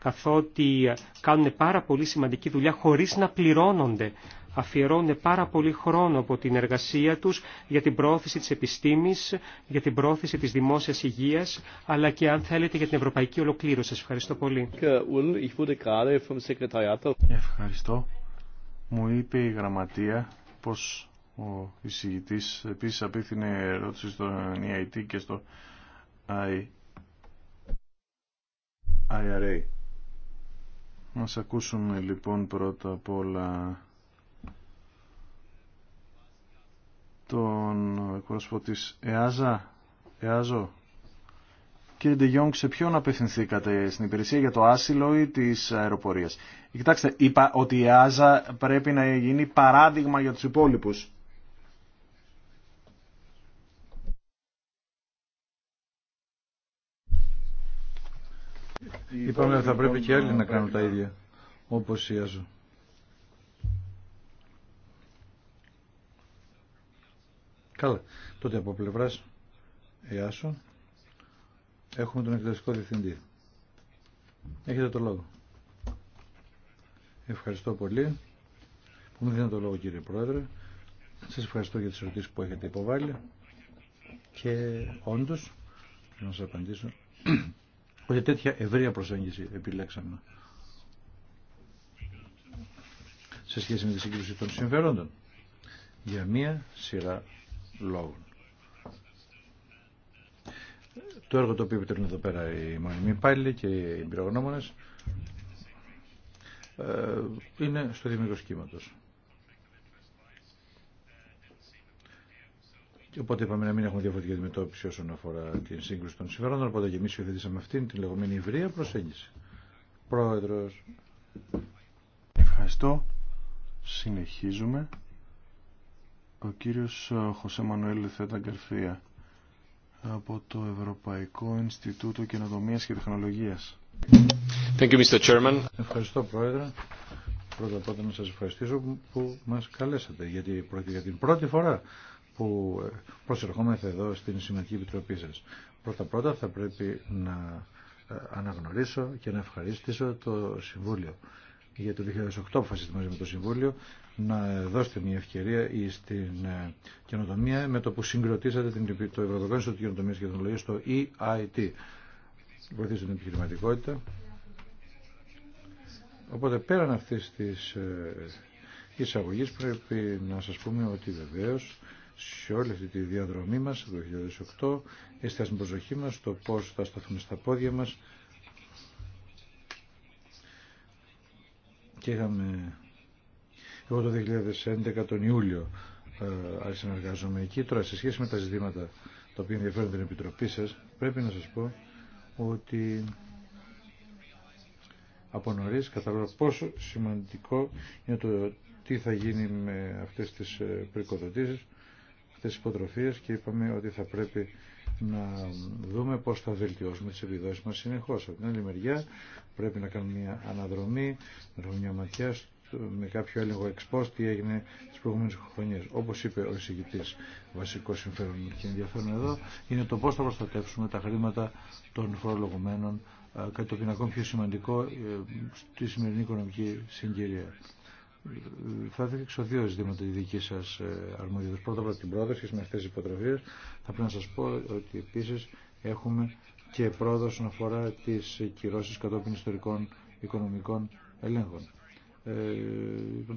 καθότι κάνουν πάρα πολύ σημαντική δουλειά χωρίς να πληρώνονται. Αφιερώνουν πάρα πολύ χρόνο από την εργασία τους για την πρόθεση της επιστήμης, για την πρόθεση της δημόσιας υγείας, αλλά και αν θέλετε για την ευρωπαϊκή ολοκλήρωση. Σας ευχαριστώ πολύ. Ευχαριστώ. Μου είπε η γραμματεία πως ο εισηγητής επίσης απίθυνε ερώτηση στον EIT και στο IRA. Μας ακούσουμε λοιπόν πρώτα απ' όλα τον εκπρόσωπο της ΕΑΖΑ, ΕΑΖΟ. Κύριε Ντεγιόγκ, σε ποιον απευθυνθήκατε, στην υπηρεσία για το άσυλο ή της αεροπορίας. Κοιτάξτε, είπα ότι η ΕΑΖΑ πρέπει να γίνει παράδειγμα για τους υπόλοιπους. Είπαμε ότι θα πρέπει και άλλοι να κάνουν τα ίδια, όπως η ΑΖΟ. Καλά. Τότε από πλευρά ΕΑΣΟ έχουμε τον εκδοτικό διευθυντή. Έχετε το λόγο. Ευχαριστώ πολύ που μου δίνετε το λόγο κύριε Πρόεδρε. Σας ευχαριστώ για τις ερωτήσεις που έχετε υποβάλει και όντως να σας απαντήσω όχι τέτοια ευρεία προσέγγιση επιλέξαμε σε σχέση με τη σύγκρουση των συμφερόντων για μία σειρά λόγων. Το έργο το οποίο επιτελούν εδώ πέρα οι μονιμοί υπάλληλοι και οι εμπειρογνώμονες ε, είναι στο δημιουργικό σχήματος. Οπότε είπαμε να μην έχουμε διαφορετική αντιμετώπιση όσον αφορά την σύγκρουση των συμφερόντων. Οπότε και εμεί υιοθετήσαμε αυτήν την λεγόμενη ευρεία προσέγγιση. Πρόεδρο. Ευχαριστώ. Συνεχίζουμε. Ο κύριος ε, Χωσέ Μανουέλ Θέτα Γκαρθία από το Ευρωπαϊκό Ινστιτούτο Καινοτομία και Τεχνολογίας. Ευχαριστώ, Πρόεδρε. Πρώτα απ' όλα να σας ευχαριστήσω που μας καλέσατε, γιατί για την πρώτη φορά που προσερχόμαστε εδώ στην Συμμετική Επιτροπή σας. Πρώτα-πρώτα θα πρέπει να ε, αναγνωρίσω και να ευχαριστήσω το Συμβούλιο για το 2008 που μαζί με το Συμβούλιο να δώσετε μια ευκαιρία στην ε, καινοτομία με το που συγκροτήσατε την, το Ευρωπαϊκό Ινστιτούτο Καινοτομίας και Τεχνολογίας στο EIT. Βοηθήσατε την επιχειρηματικότητα. Οπότε πέραν αυτή τη ε, εισαγωγής πρέπει να σας πούμε ότι βεβαίω σε όλη αυτή τη διαδρομή μας το 2008, έστειλα στην προσοχή μας το πώς θα σταθούμε στα πόδια μας και είχαμε εγώ το 2011 τον Ιούλιο ε, εργάζομαι εκεί. Τώρα σε σχέση με τα ζητήματα τα οποία ενδιαφέρουν την Επιτροπή σας πρέπει να σας πω ότι από νωρίς καταλαβαίνω πόσο σημαντικό είναι το τι θα γίνει με αυτές τις ε, πρικοδοτήσεις τις υποτροφίες και είπαμε ότι θα πρέπει να δούμε πώς θα βελτιώσουμε τις επιδόσεις μας συνεχώς. Από την άλλη μεριά πρέπει να κάνουμε μια αναδρομή, να έχουμε μια ματιά με κάποιο έλεγχο εξπός τι έγινε στις προηγούμενες χρονιές. Όπως είπε ο εισηγητής, βασικό συμφέρον και ενδιαφέρον εδώ είναι το πώς θα προστατεύσουμε τα χρήματα των φορολογουμένων, ε, κάτι το οποίο είναι ακόμη πιο σημαντικό ε, στη σημερινή οικονομική συγκυρία θα δείξω δύο ζητήματα τη δική σα ε, αρμοδιότητα. Πρώτα απ' όλα την πρόταση με αυτέ τι υποτροφίε. Θα πρέπει να σα πω ότι επίση έχουμε και πρόοδο όσον αφορά τι κυρώσει κατόπιν ιστορικών οικονομικών ελέγχων. Ε,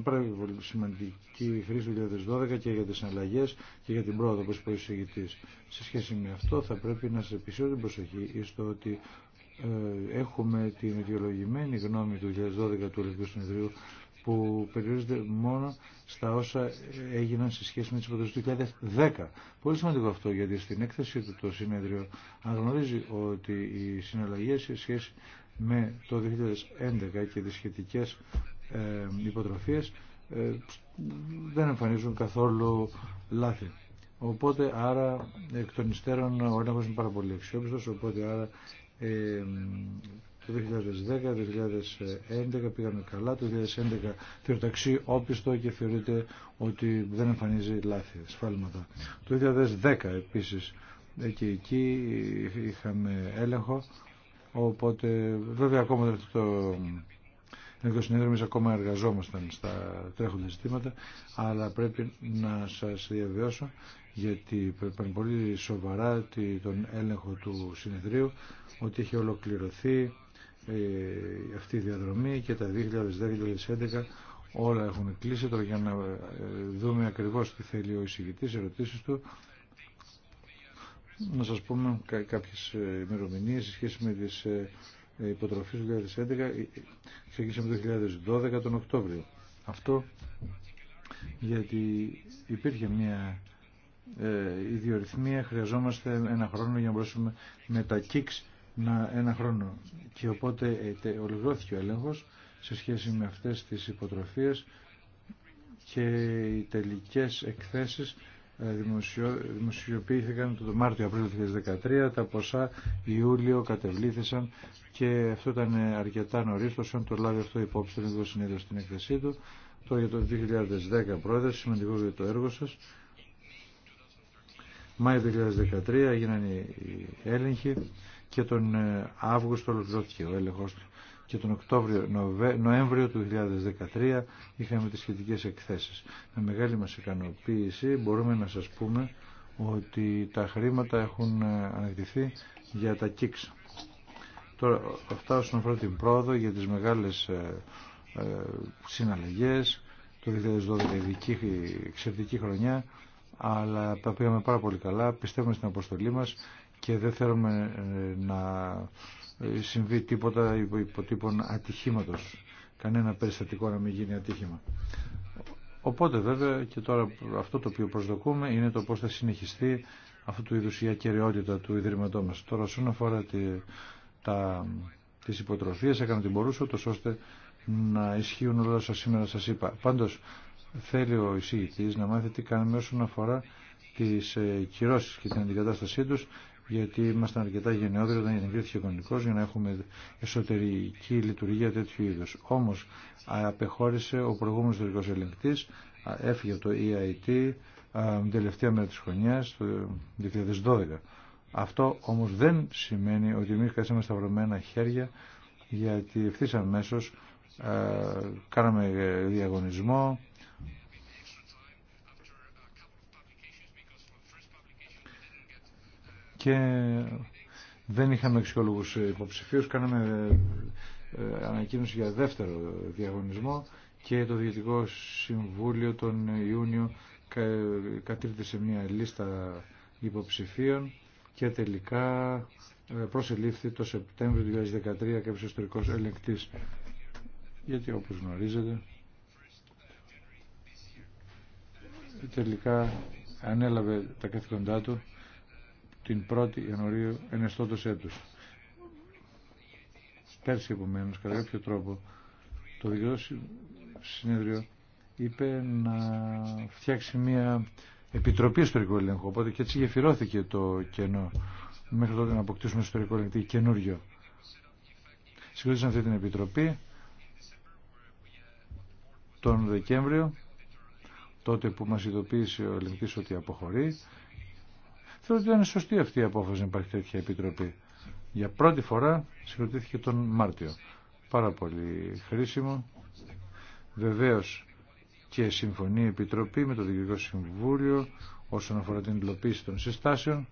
πάρα πολύ σημαντική η χρήση του 2012 και για τι αλλαγέ και για την πρόοδο, που είπε ο εισηγητή. Σε σχέση με αυτό, θα πρέπει να σα επισύρω την προσοχή στο ότι ε, έχουμε την ιδεολογημένη γνώμη του 2012 του Ελληνικού Συνεδρίου που περιορίζεται μόνο στα όσα έγιναν σε σχέση με τις προτάσεις του 2010. Πολύ σημαντικό αυτό γιατί στην έκθεση του το συνέδριο αναγνωρίζει ότι οι συναλλαγές σε σχέση με το 2011 και τις σχετικές ε, υποτροφίες ε, δεν εμφανίζουν καθόλου λάθη. Οπότε άρα εκ των υστέρων ο έλεγχος είναι πάρα πολύ αξιόπιστος, οπότε άρα ε, το 2010-2011 πήγαμε καλά, το 2011 θεωρηταξεί όπιστο και θεωρείται ότι δεν εμφανίζει λάθη, σφάλματα. Το 2010 επίσης ε, και εκεί είχαμε έλεγχο, οπότε βέβαια ακόμα το 2011 θεωρείται οπιστο και θεωρειται οτι συνέδριο εμείς ακόμα εργαζόμασταν στα τρέχοντα ζητήματα, αλλά πρέπει να σας διαβιώσω γιατί πρέπει πολύ σοβαρά τον έλεγχο του συνεδρίου ότι έχει ολοκληρωθεί ε, αυτή η διαδρομή και τα 2010-2011 όλα έχουν κλείσει τώρα για να ε, δούμε ακριβώς τι θέλει ο εισηγητής, ερωτήσεις του να σας πούμε κάποιες ε, ημερομηνίες σε σχέση με τις υποτροφίες του 2011 με το 2012 τον Οκτώβριο αυτό γιατί υπήρχε μια ιδιορυθμία χρειαζόμαστε ένα χρόνο για να μπορέσουμε με τα κίξ να ένα χρόνο. Και οπότε ε, ολοκληρώθηκε ο έλεγχος σε σχέση με αυτές τις υποτροφίες και οι τελικές εκθέσεις ε, δημοσιοποιήθηκαν το Μάρτιο-Απρίλιο 2013, τα ποσά Ιούλιο κατεβλήθησαν και αυτό ήταν ε, αρκετά νωρίς, όσο το λάβει αυτό υπόψη τον το συνέδριο στην έκθεσή του. το για το 2010 πρόεδρε, σημαντικό για το έργο σας. Μάιο 2013 έγιναν οι έλεγχοι και τον ε, Αύγουστο ολοκληρώθηκε ο έλεγχος του και τον Οκτώβριο, Νοέμβριο του 2013 είχαμε τις σχετικές εκθέσεις. Με μεγάλη μας ικανοποίηση μπορούμε να σας πούμε ότι τα χρήματα έχουν ε, ανακτηθεί για τα ΚΙΚΣ. Τώρα, αυτά όσον αφορά την πρόοδο για τις μεγάλες ε, συναλλαγές, το 2012 ειδική εξαιρετική χρονιά, αλλά τα πήγαμε πάρα πολύ καλά, πιστεύουμε στην αποστολή μας και δεν θέλουμε ε, να ε, συμβεί τίποτα υποτύπων ατυχήματος. Κανένα περιστατικό να μην γίνει ατύχημα. Οπότε βέβαια και τώρα αυτό το οποίο προσδοκούμε είναι το πώς θα συνεχιστεί αυτού του είδους η ακαιρεότητα του Ιδρύματό μας. Τώρα όσον αφορά τη, τα, τις υποτροφίες έκανα την μπορούσα τόσο ώστε να ισχύουν όλα όσα σήμερα σας είπα. Πάντως θέλει ο εισηγητής να μάθει τι κάνουμε όσον αφορά τις ε, κυρώσεις και την αντικατάστασή τους γιατί ήμασταν αρκετά γενναιόδοροι όταν ιδρύθηκε ο οικονομικός για να έχουμε εσωτερική λειτουργία τέτοιου είδους. Όμως απεχώρησε ο προηγούμενο τελικός ελεγκτής, έφυγε από το EIT τελευταία μέρα τη χρονιάς, το 2012. Αυτό όμως δεν σημαίνει ότι εμεί καθίσαμε σταυρωμένα χέρια γιατί ευθύ αμέσω κάναμε διαγωνισμό, και δεν είχαμε αξιόλογους υποψηφίους, κάναμε ε, ανακοίνωση για δεύτερο διαγωνισμό και το Διευθυντικό Συμβούλιο τον Ιούνιο κατήρθησε μια λίστα υποψηφίων και τελικά ε, προσελήφθη το Σεπτέμβριο του 2013 κάποιος ιστορικός ελεκτής γιατί όπως γνωρίζετε τελικά ανέλαβε τα καθήκοντά του την 1η Ιανουαρίου ενεστώτος έτους. Πέρσι επομένω, κατά κάποιο τρόπο, το δικαιωτικό συνέδριο είπε να φτιάξει μια επιτροπή ιστορικού ελέγχου. Οπότε και έτσι γεφυρώθηκε το κενό μέχρι τότε να αποκτήσουμε ιστορικό ελέγχο καινούριο. Συγκρότησαν αυτή την επιτροπή τον Δεκέμβριο, τότε που μας ειδοποίησε ο ελεγχτή ότι αποχωρεί Θεωρώ ότι ήταν σωστή αυτή η απόφαση να υπάρχει τέτοια επιτροπή. Για πρώτη φορά συγκροτήθηκε τον Μάρτιο. Πάρα πολύ χρήσιμο. Βεβαίω και συμφωνεί η Επιτροπή με το Διοικητικό Συμβούλιο όσον αφορά την υλοποίηση των συστάσεων.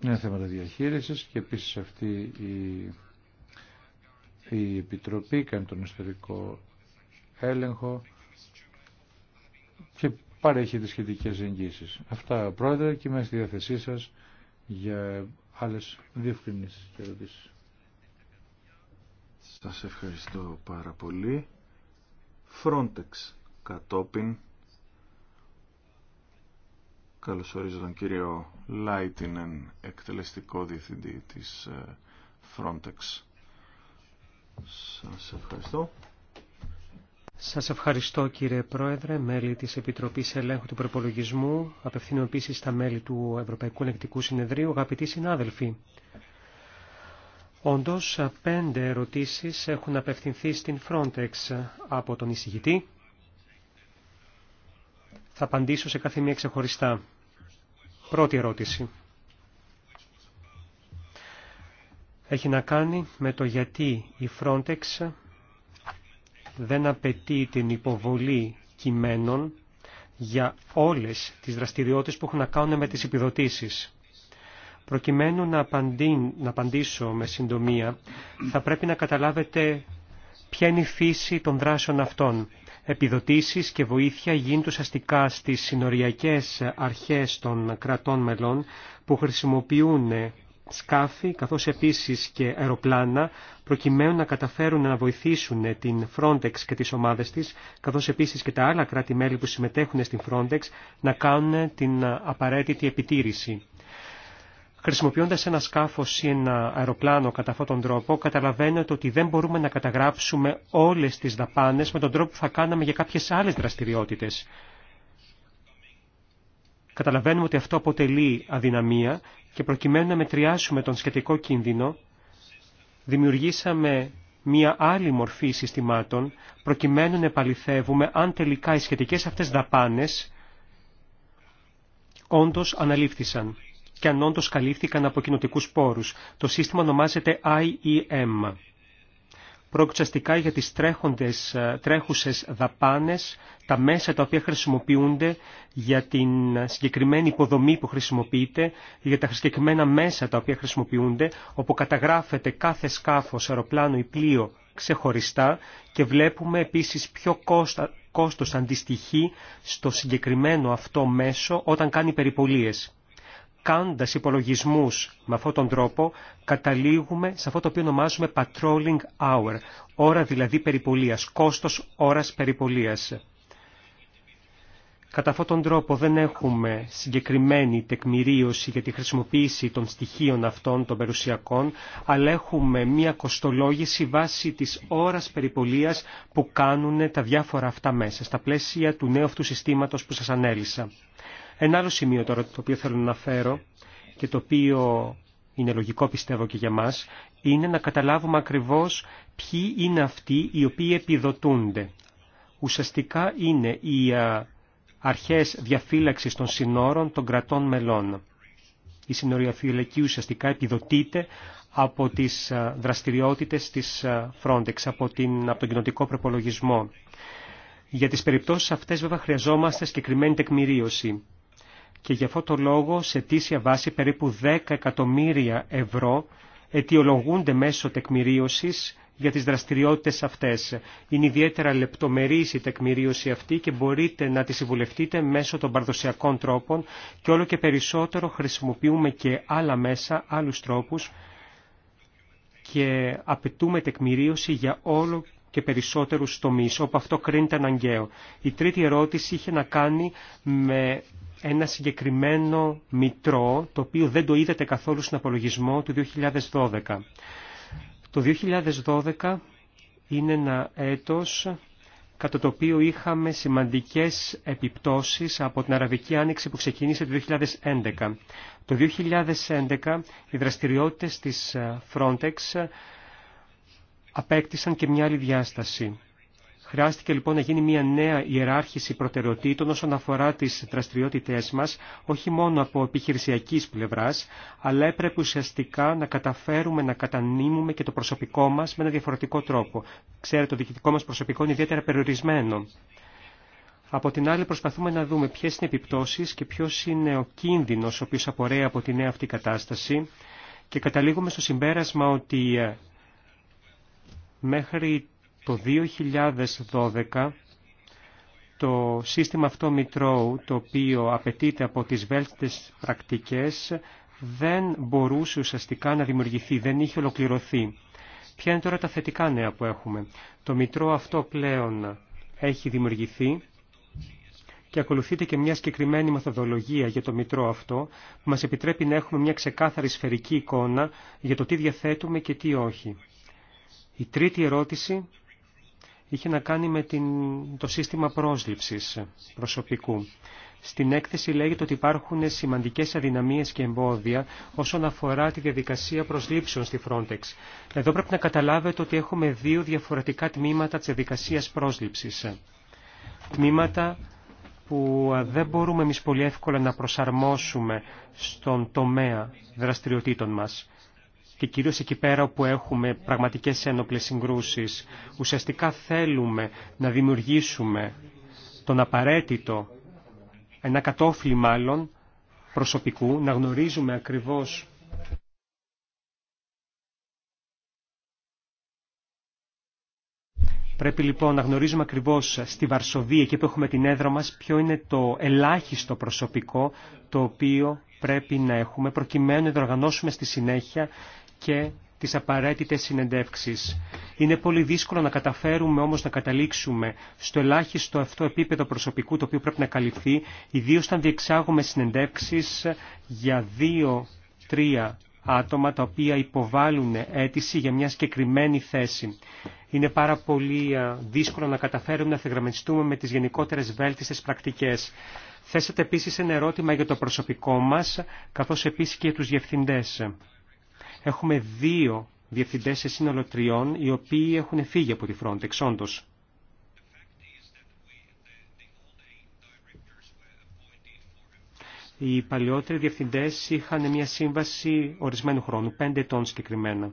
Είναι θέματα διαχείριση και επίση αυτή η, η Επιτροπή κάνει τον ιστορικό έλεγχο και παρέχει τις σχετικές εγγύσεις. Αυτά, Πρόεδρε, και είμαι στη διάθεσή σας για άλλες διευκρινήσεις και ερωτήσεις. Σας ευχαριστώ πάρα πολύ. Frontex κατόπιν. Καλωσορίζω τον κύριο Λάιτινεν, εκτελεστικό διευθυντή της ε, Frontex. Σας ευχαριστώ. Σας ευχαριστώ κύριε Πρόεδρε, μέλη της Επιτροπής Ελέγχου του Προπολογισμού, απευθύνω επίσης στα μέλη του Ευρωπαϊκού Ελεκτικού Συνεδρίου, αγαπητοί συνάδελφοι. Όντως, πέντε ερωτήσεις έχουν απευθυνθεί στην Frontex από τον εισηγητή. Θα απαντήσω σε κάθε μία ξεχωριστά. Πρώτη ερώτηση. Έχει να κάνει με το γιατί η Frontex δεν απαιτεί την υποβολή κειμένων για όλες τις δραστηριότητες που έχουν να κάνουν με τις επιδοτήσεις. Προκειμένου να, απαντή, να απαντήσω με συντομία, θα πρέπει να καταλάβετε ποια είναι η φύση των δράσεων αυτών. Επιδοτήσεις και βοήθεια γίνονται ουσιαστικά στις συνοριακές αρχές των κρατών μελών που χρησιμοποιούν σκάφη καθώς επίσης και αεροπλάνα προκειμένου να καταφέρουν να βοηθήσουν την Frontex και τις ομάδες της καθώς επίσης και τα άλλα κράτη-μέλη που συμμετέχουν στην Frontex να κάνουν την απαραίτητη επιτήρηση. Χρησιμοποιώντας ένα σκάφος ή ένα αεροπλάνο κατά αυτόν τον τρόπο, καταλαβαίνετε ότι δεν μπορούμε να καταγράψουμε όλες τις δαπάνες με τον τρόπο που θα κάναμε για κάποιες άλλες δραστηριότητες. Καταλαβαίνουμε ότι αυτό αποτελεί αδυναμία και προκειμένου να μετριάσουμε τον σχετικό κίνδυνο, δημιουργήσαμε μία άλλη μορφή συστημάτων, προκειμένου να επαληθεύουμε αν τελικά οι σχετικές αυτές δαπάνες όντως αναλήφθησαν και αν όντως καλύφθηκαν από κοινοτικούς πόρους. Το σύστημα ονομάζεται IEM πρόκειται για τις τρέχοντες, ε, τρέχουσες δαπάνες, τα μέσα τα οποία χρησιμοποιούνται για την συγκεκριμένη υποδομή που χρησιμοποιείται, για τα συγκεκριμένα μέσα τα οποία χρησιμοποιούνται, όπου καταγράφεται κάθε σκάφος, αεροπλάνο ή πλοίο ξεχωριστά και βλέπουμε επίσης ποιο κόστος αντιστοιχεί στο συγκεκριμένο αυτό μέσο όταν κάνει περιπολίες κάνοντας υπολογισμούς με αυτόν τον τρόπο, καταλήγουμε σε αυτό το οποίο ονομάζουμε patrolling hour, ώρα δηλαδή περιπολίας, κόστος ώρας περιπολίας. Κατά αυτόν τον τρόπο δεν έχουμε συγκεκριμένη τεκμηρίωση για τη χρησιμοποίηση των στοιχείων αυτών των περιουσιακών, αλλά έχουμε μία κοστολόγηση βάσει της ώρας περιπολίας που κάνουν τα διάφορα αυτά μέσα, στα πλαίσια του νέου αυτού συστήματος που σας ανέλησα. Ένα άλλο σημείο τώρα το οποίο θέλω να αναφέρω και το οποίο είναι λογικό πιστεύω και για μας, είναι να καταλάβουμε ακριβώς ποιοι είναι αυτοί οι οποίοι επιδοτούνται. Ουσιαστικά είναι οι αρχές διαφύλαξης των συνόρων των κρατών μελών. Η φυλακή ουσιαστικά επιδοτείται από τις δραστηριότητες της Frontex, από, την, τον κοινοτικό προπολογισμό. Για τις περιπτώσεις αυτές βέβαια χρειαζόμαστε συγκεκριμένη τεκμηρίωση και γι' αυτό το λόγο σε τήσια βάση περίπου 10 εκατομμύρια ευρώ αιτιολογούνται μέσω τεκμηρίωσης για τις δραστηριότητες αυτές. Είναι ιδιαίτερα λεπτομερής η τεκμηρίωση αυτή και μπορείτε να τη συμβουλευτείτε μέσω των παραδοσιακών τρόπων και όλο και περισσότερο χρησιμοποιούμε και άλλα μέσα, άλλους τρόπους και απαιτούμε τεκμηρίωση για όλο και περισσότερους τομείς, όπου αυτό κρίνεται αναγκαίο. Η τρίτη ερώτηση είχε να κάνει με ένα συγκεκριμένο μητρό, το οποίο δεν το είδατε καθόλου στον απολογισμό του 2012. Το 2012 είναι ένα έτος κατά το οποίο είχαμε σημαντικές επιπτώσεις από την Αραβική Άνοιξη που ξεκίνησε το 2011. Το 2011 οι δραστηριότητες της Frontex απέκτησαν και μια άλλη διάσταση. Χρειάστηκε λοιπόν να γίνει μια νέα ιεράρχηση προτεραιοτήτων όσον αφορά τις δραστηριότητές μας, όχι μόνο από επιχειρησιακής πλευράς, αλλά έπρεπε ουσιαστικά να καταφέρουμε να κατανείμουμε και το προσωπικό μας με ένα διαφορετικό τρόπο. Ξέρετε, το διοικητικό μας προσωπικό είναι ιδιαίτερα περιορισμένο. Από την άλλη προσπαθούμε να δούμε ποιες είναι οι επιπτώσεις και ποιος είναι ο κίνδυνος ο οποίος απορρέει από τη νέα αυτή κατάσταση και καταλήγουμε στο συμπέρασμα ότι ε, μέχρι το 2012 το σύστημα αυτό Μητρώου, το οποίο απαιτείται από τις βέλτιστες πρακτικές, δεν μπορούσε ουσιαστικά να δημιουργηθεί, δεν είχε ολοκληρωθεί. Ποια είναι τώρα τα θετικά νέα που έχουμε. Το Μητρό αυτό πλέον έχει δημιουργηθεί και ακολουθείται και μια συγκεκριμένη μεθοδολογία για το Μητρό αυτό, που μας επιτρέπει να έχουμε μια ξεκάθαρη σφαιρική εικόνα για το τι διαθέτουμε και τι όχι. Η τρίτη ερώτηση είχε να κάνει με την, το σύστημα πρόσληψης προσωπικού. Στην έκθεση λέγεται ότι υπάρχουν σημαντικές αδυναμίες και εμπόδια όσον αφορά τη διαδικασία προσλήψεων στη Frontex. Εδώ πρέπει να καταλάβετε ότι έχουμε δύο διαφορετικά τμήματα της διαδικασίας πρόσληψης. Τμήματα που δεν μπορούμε εμείς πολύ εύκολα να προσαρμόσουμε στον τομέα δραστηριοτήτων μας και κυρίως εκεί πέρα όπου έχουμε πραγματικές ένοπλες συγκρούσεις. Ουσιαστικά θέλουμε να δημιουργήσουμε τον απαραίτητο, ένα κατόφλι μάλλον, προσωπικού, να γνωρίζουμε ακριβώς Πρέπει λοιπόν να γνωρίζουμε ακριβώς στη Βαρσοβία, εκεί που έχουμε την έδρα μας, ποιο είναι το ελάχιστο προσωπικό το οποίο πρέπει να έχουμε, προκειμένου να διοργανώσουμε στη συνέχεια και τις απαραίτητες συνεντεύξεις. Είναι πολύ δύσκολο να καταφέρουμε όμως να καταλήξουμε στο ελάχιστο αυτό επίπεδο προσωπικού το οποίο πρέπει να καλυφθεί, ιδίως όταν διεξάγουμε συνεντεύξεις για δύο-τρία άτομα τα οποία υποβάλλουν αίτηση για μια συγκεκριμένη θέση. Είναι πάρα πολύ δύσκολο να καταφέρουμε να θεγραμμιστούμε με τις γενικότερες βέλτιστες πρακτικές. Θέσατε επίσης ένα ερώτημα για το προσωπικό μας, καθώς επίσης και για τους διευθυντές. Έχουμε δύο διευθυντές σε σύνολο τριών, οι οποίοι έχουν φύγει από τη Frontex, όντως. Οι παλιότεροι διευθυντές είχαν μια σύμβαση ορισμένου χρόνου, πέντε ετών συγκεκριμένα.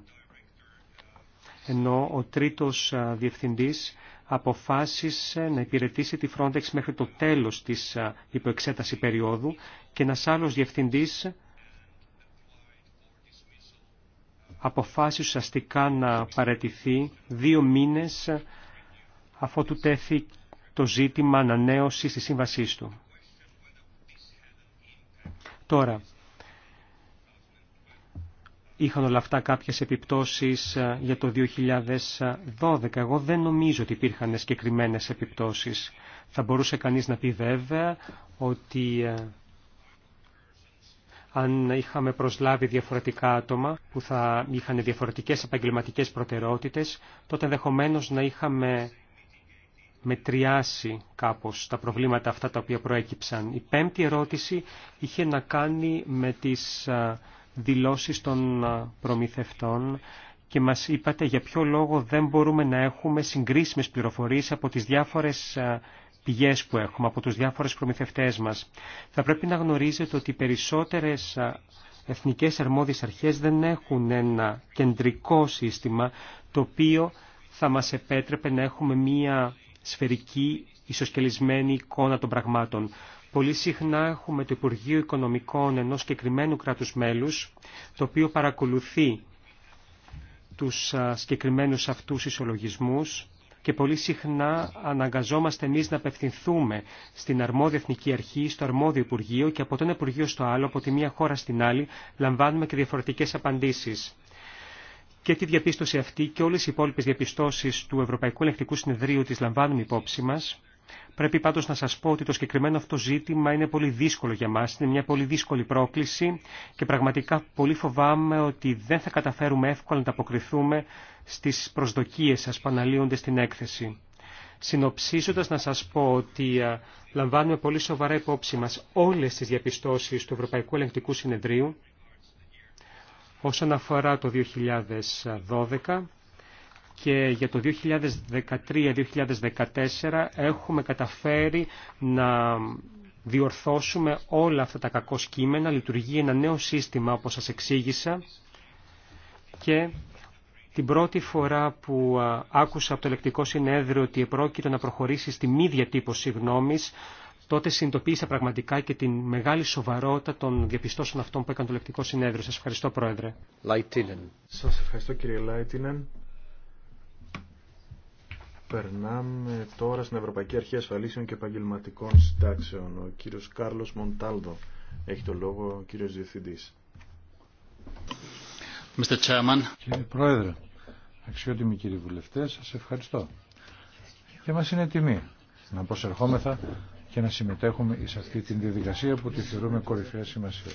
Ενώ ο τρίτος διευθυντής αποφάσισε να υπηρετήσει τη Frontex μέχρι το τέλος της υποεξέτασης περίοδου και ένας άλλος διευθυντής αποφάσει ουσιαστικά να παρατηθεί δύο μήνες αφού του τέθη το ζήτημα ανανέωσης της σύμβασή του. Τώρα, είχαν όλα αυτά κάποιες επιπτώσεις ε, για το 2012. Εγώ δεν νομίζω ότι υπήρχαν συγκεκριμένε επιπτώσεις. Θα μπορούσε κανείς να πει βέβαια ότι ε, αν είχαμε προσλάβει διαφορετικά άτομα που θα είχαν διαφορετικές επαγγελματικές προτεραιότητες, τότε ενδεχομένω να είχαμε μετριάσει κάπως τα προβλήματα αυτά τα οποία προέκυψαν. Η πέμπτη ερώτηση είχε να κάνει με τις δηλώσεις των προμηθευτών και μας είπατε για ποιο λόγο δεν μπορούμε να έχουμε συγκρίσιμες πληροφορίες από τις διάφορες πηγές που έχουμε από τους διάφορους προμηθευτές μας. Θα πρέπει να γνωρίζετε ότι οι περισσότερες εθνικές αρμόδιες αρχές δεν έχουν ένα κεντρικό σύστημα το οποίο θα μας επέτρεπε να έχουμε μία σφαιρική ισοσκελισμένη εικόνα των πραγμάτων. Πολύ συχνά έχουμε το Υπουργείο Οικονομικών ενό συγκεκριμένου κράτους μέλους, το οποίο παρακολουθεί τους συγκεκριμένους αυτούς ισολογισμούς και πολύ συχνά αναγκαζόμαστε εμεί να απευθυνθούμε στην αρμόδια εθνική αρχή, στο αρμόδιο Υπουργείο και από το ένα Υπουργείο στο άλλο, από τη μία χώρα στην άλλη, λαμβάνουμε και διαφορετικέ απαντήσει. Και τη διαπίστωση αυτή και όλε οι υπόλοιπε διαπιστώσει του Ευρωπαϊκού Ελεκτικού Συνεδρίου τι λαμβάνουμε υπόψη μα Πρέπει πάντως να σας πω ότι το συγκεκριμένο αυτό ζήτημα είναι πολύ δύσκολο για μας, είναι μια πολύ δύσκολη πρόκληση και πραγματικά πολύ φοβάμαι ότι δεν θα καταφέρουμε εύκολα να τα αποκριθούμε στις προσδοκίες σας που αναλύονται στην έκθεση. Συνοψίζοντας να σας πω ότι λαμβάνουμε πολύ σοβαρά υπόψη μας όλες τις διαπιστώσεις του Ευρωπαϊκού Ελεγκτικού Συνεδρίου όσον αφορά το 2012 και για το 2013-2014 έχουμε καταφέρει να διορθώσουμε όλα αυτά τα κακό κείμενα. Λειτουργεί ένα νέο σύστημα, όπως σας εξήγησα, και την πρώτη φορά που άκουσα από το ελεκτικό συνέδριο ότι επρόκειτο να προχωρήσει στη μη διατύπωση γνώμης, τότε συνειδητοποίησα πραγματικά και την μεγάλη σοβαρότητα των διαπιστώσεων αυτών που έκανε το ελεκτικό συνέδριο. Σας ευχαριστώ, Πρόεδρε. Σας ευχαριστώ, κύριε Λαϊτίνεν. Περνάμε τώρα στην Ευρωπαϊκή Αρχή Ασφαλίσεων και Επαγγελματικών Συντάξεων. Ο κύριος Κάρλος Μοντάλδο έχει το λόγο, ο κύριος Διευθυντής. Mr. Chairman. Κύριε Πρόεδρε, αξιότιμοι κύριοι βουλευτές, σας ευχαριστώ. Και μας είναι τιμή να προσερχόμεθα και να συμμετέχουμε σε αυτή τη διαδικασία που τη θεωρούμε κορυφαία σημασία.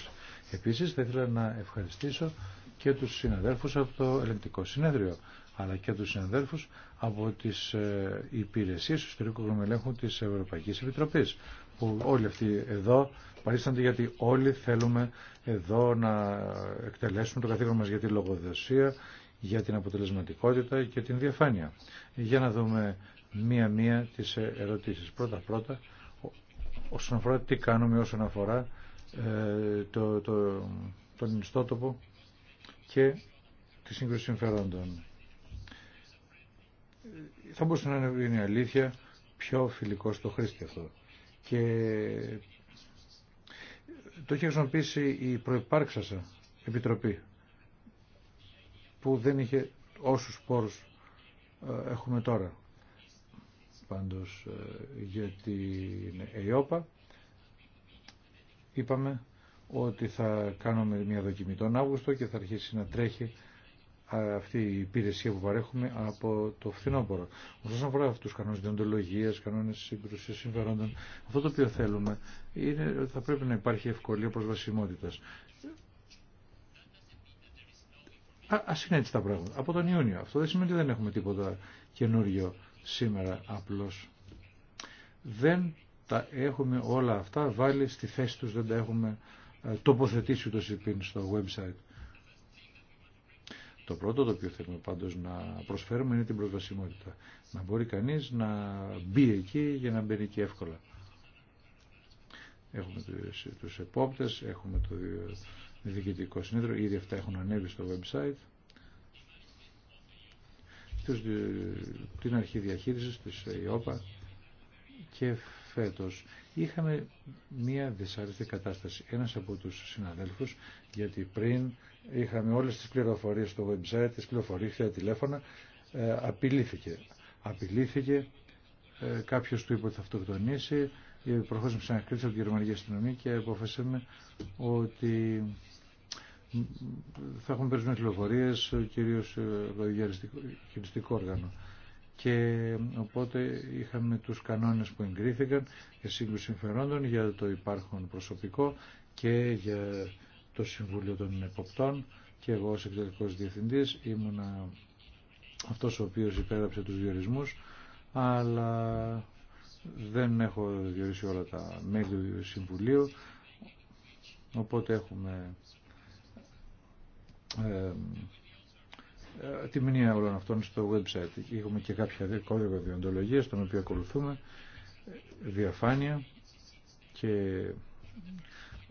Επίσης θα ήθελα να ευχαριστήσω και τους συναδέλφους από το Ελεγκτικό Συνέδριο αλλά και τους συναδέλφους από τις ε, υπηρεσίες του ιστορικού γνωμελέχου της Ευρωπαϊκής Επιτροπής που όλοι αυτοί εδώ παρίστανται γιατί όλοι θέλουμε εδώ να εκτελέσουμε το καθήκον μας για τη λογοδοσία, για την αποτελεσματικότητα και την διαφάνεια. Για να δούμε μία-μία τις ερωτήσεις. Πρώτα-πρώτα, όσον αφορά τι κάνουμε όσον αφορά ε, το, το, τον ιστότοπο και τη σύγκρουση συμφερόντων θα μπορούσε να είναι η αλήθεια πιο φιλικό στο χρήστη αυτό. Και το είχε χρησιμοποιήσει η προϋπάρξασα επιτροπή που δεν είχε όσους πόρους ε, έχουμε τώρα. Πάντως ε, για την ΕΙΟΠΑ είπαμε ότι θα κάνουμε μια δοκιμή τον Αύγουστο και θα αρχίσει να τρέχει αυτή η υπηρεσία που παρέχουμε από το φθινόπωρο. Όσον αφορά αυτού του κανόνε διοντολογία, κανόνε σύγκρουση συμφερόντων, αυτό το οποίο θέλουμε είναι ότι θα πρέπει να υπάρχει ευκολία προσβασιμότητα. Α είναι έτσι τα πράγματα. Από τον Ιούνιο. Αυτό δεν σημαίνει ότι δεν έχουμε τίποτα καινούριο σήμερα απλώ. Δεν τα έχουμε όλα αυτά βάλει στη θέση του, δεν τα έχουμε ε, τοποθετήσει ούτω ή στο website. Το πρώτο το οποίο θέλουμε πάντως να προσφέρουμε είναι την προσβασιμότητα. Να μπορεί κανείς να μπει εκεί για να μπαίνει εκεί εύκολα. Έχουμε τους επόπτες, έχουμε το διοικητικό συνέδριο, ήδη αυτά έχουν ανέβει στο website. Την αρχή διαχείρισης της ΕΙΟΠΑ και φέτος είχαμε μία δυσάρεστη κατάσταση. Ένας από τους συναδέλφους, γιατί πριν είχαμε όλες τις πληροφορίες στο website, τις πληροφορίες και τα τηλέφωνα, ε, απειλήθηκε. Απειλήθηκε, ε, κάποιος του είπε ότι θα αυτοκτονήσει, του να σε από την γερμανική αστυνομία και αποφασίσαμε ότι θα έχουν περισσότερες πληροφορίες, κυρίως ε, το χειριστικό όργανο και οπότε είχαμε τους κανόνες που εγκρίθηκαν για σύγκρουση συμφερόντων για το υπάρχον προσωπικό και για το Συμβούλιο των Εποπτών και εγώ ως εκτελικός διευθυντής ήμουνα αυτός ο οποίος υπέραψε τους διορισμούς αλλά δεν έχω διορίσει όλα τα μέλη του Συμβουλίου οπότε έχουμε ε, ε, τη μνήμα όλων αυτών στο website. Έχουμε και κάποια κώδικα διοντολογία, τον οποίο ακολουθούμε, ε, διαφάνεια και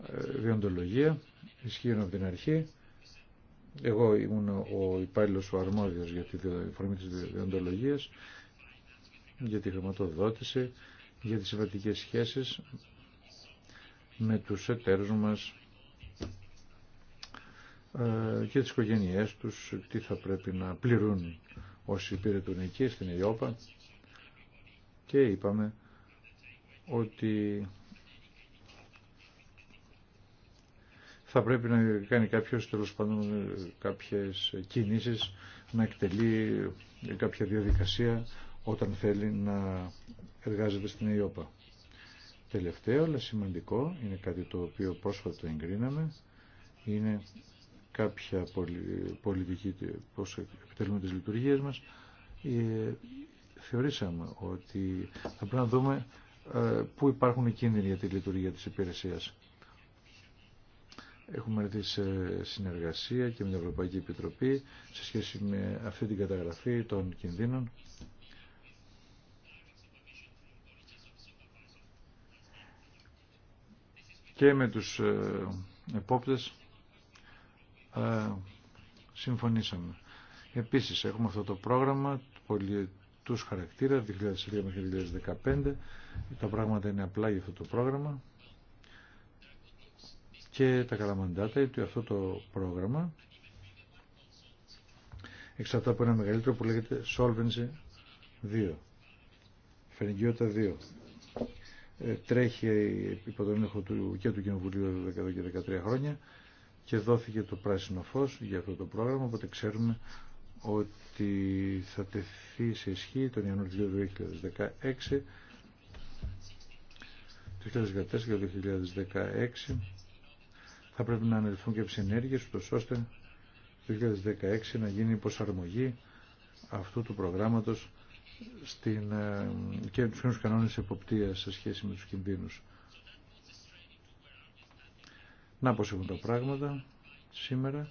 ε, διοντολογία, ισχύουν από την αρχή. Εγώ ήμουν ο υπάλληλο ο αρμόδιος για τη φορμή της διοντολογίας, για τη χρηματοδότηση, για τις συμβατικές σχέσεις με τους εταίρους μας, ε, και τις οικογένειές τους, τι θα πρέπει να πληρούν όσοι υπηρετούν εκεί στην ΕΙΟΠΑ και είπαμε ότι θα πρέπει να κάνει κάποιος τέλο πάντων κάποιες κινήσεις, να εκτελεί κάποια διαδικασία όταν θέλει να εργάζεται στην ΕΙΟΠΑ. Τελευταίο, αλλά σημαντικό, είναι κάτι το οποίο πρόσφατα εγκρίναμε, είναι κάποια πολιτική πώς επιτελούμε τις λειτουργίες μας ε, θεωρήσαμε ότι θα πρέπει να δούμε ε, πού υπάρχουν οι κίνδυνοι για τη λειτουργία της υπηρεσίας. Έχουμε έρθει σε συνεργασία και με την Ευρωπαϊκή Επιτροπή σε σχέση με αυτή την καταγραφή των κινδύνων. Και με τους ε, επόπτες ε, συμφωνήσαμε. Επίσης έχουμε αυτό το πρόγραμμα πολιετούς χαρακτήρα 2003-2015. Τα πράγματα είναι απλά για αυτό το πρόγραμμα και τα καλά μαντάτα ότι αυτό το πρόγραμμα εξαρτάται από ένα μεγαλύτερο που λέγεται Solvency 2. Φενικιώτα 2. Ε, τρέχει υπό τον έλεγχο του, και του Κοινοβουλίου εδώ και 13 χρόνια και δόθηκε το πράσινο φως για αυτό το πρόγραμμα, οπότε ξέρουμε ότι θα τεθεί σε ισχύ τον Ιανουάριο του 2016 το 2014 και το 2016 θα πρέπει να αναλυθούν και συνέργειες ούτως ώστε το 2016 να γίνει υποσαρμογή αυτού του προγράμματος στην, ε, και τους κανόνες εποπτείας σε σχέση με τους κινδύνους. Να πως έχουν τα πράγματα σήμερα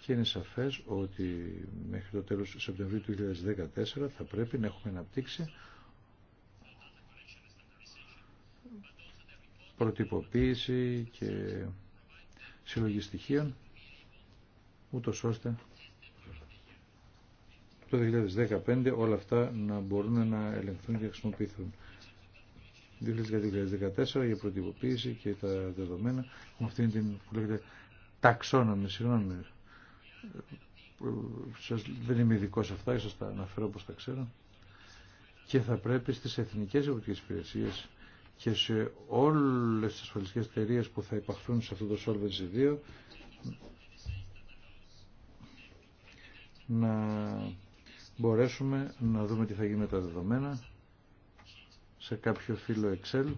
και είναι σαφές ότι μέχρι το τέλος του Σεπτεμβρίου του 2014 θα πρέπει να έχουμε αναπτύξει προτυποποίηση και συλλογή στοιχείων ούτως ώστε το 2015 όλα αυτά να μπορούν να ελεγχθούν και να χρησιμοποιηθούν. 2014 για προτυποποίηση και τα δεδομένα με αυτήν την που λέγεται ταξόνομη, συγγνώμη. Σας, δεν είμαι ειδικό σε αυτά, Ίσως τα αναφέρω όπως τα ξέρω. Και θα πρέπει στις εθνικές ευρωπαϊκές υπηρεσίες και σε όλες τις ασφαλιστικές εταιρείε που θα υπαχθούν σε αυτό το Solvency 2 να μπορέσουμε να δούμε τι θα γίνει με τα δεδομένα σε κάποιο φύλλο Excel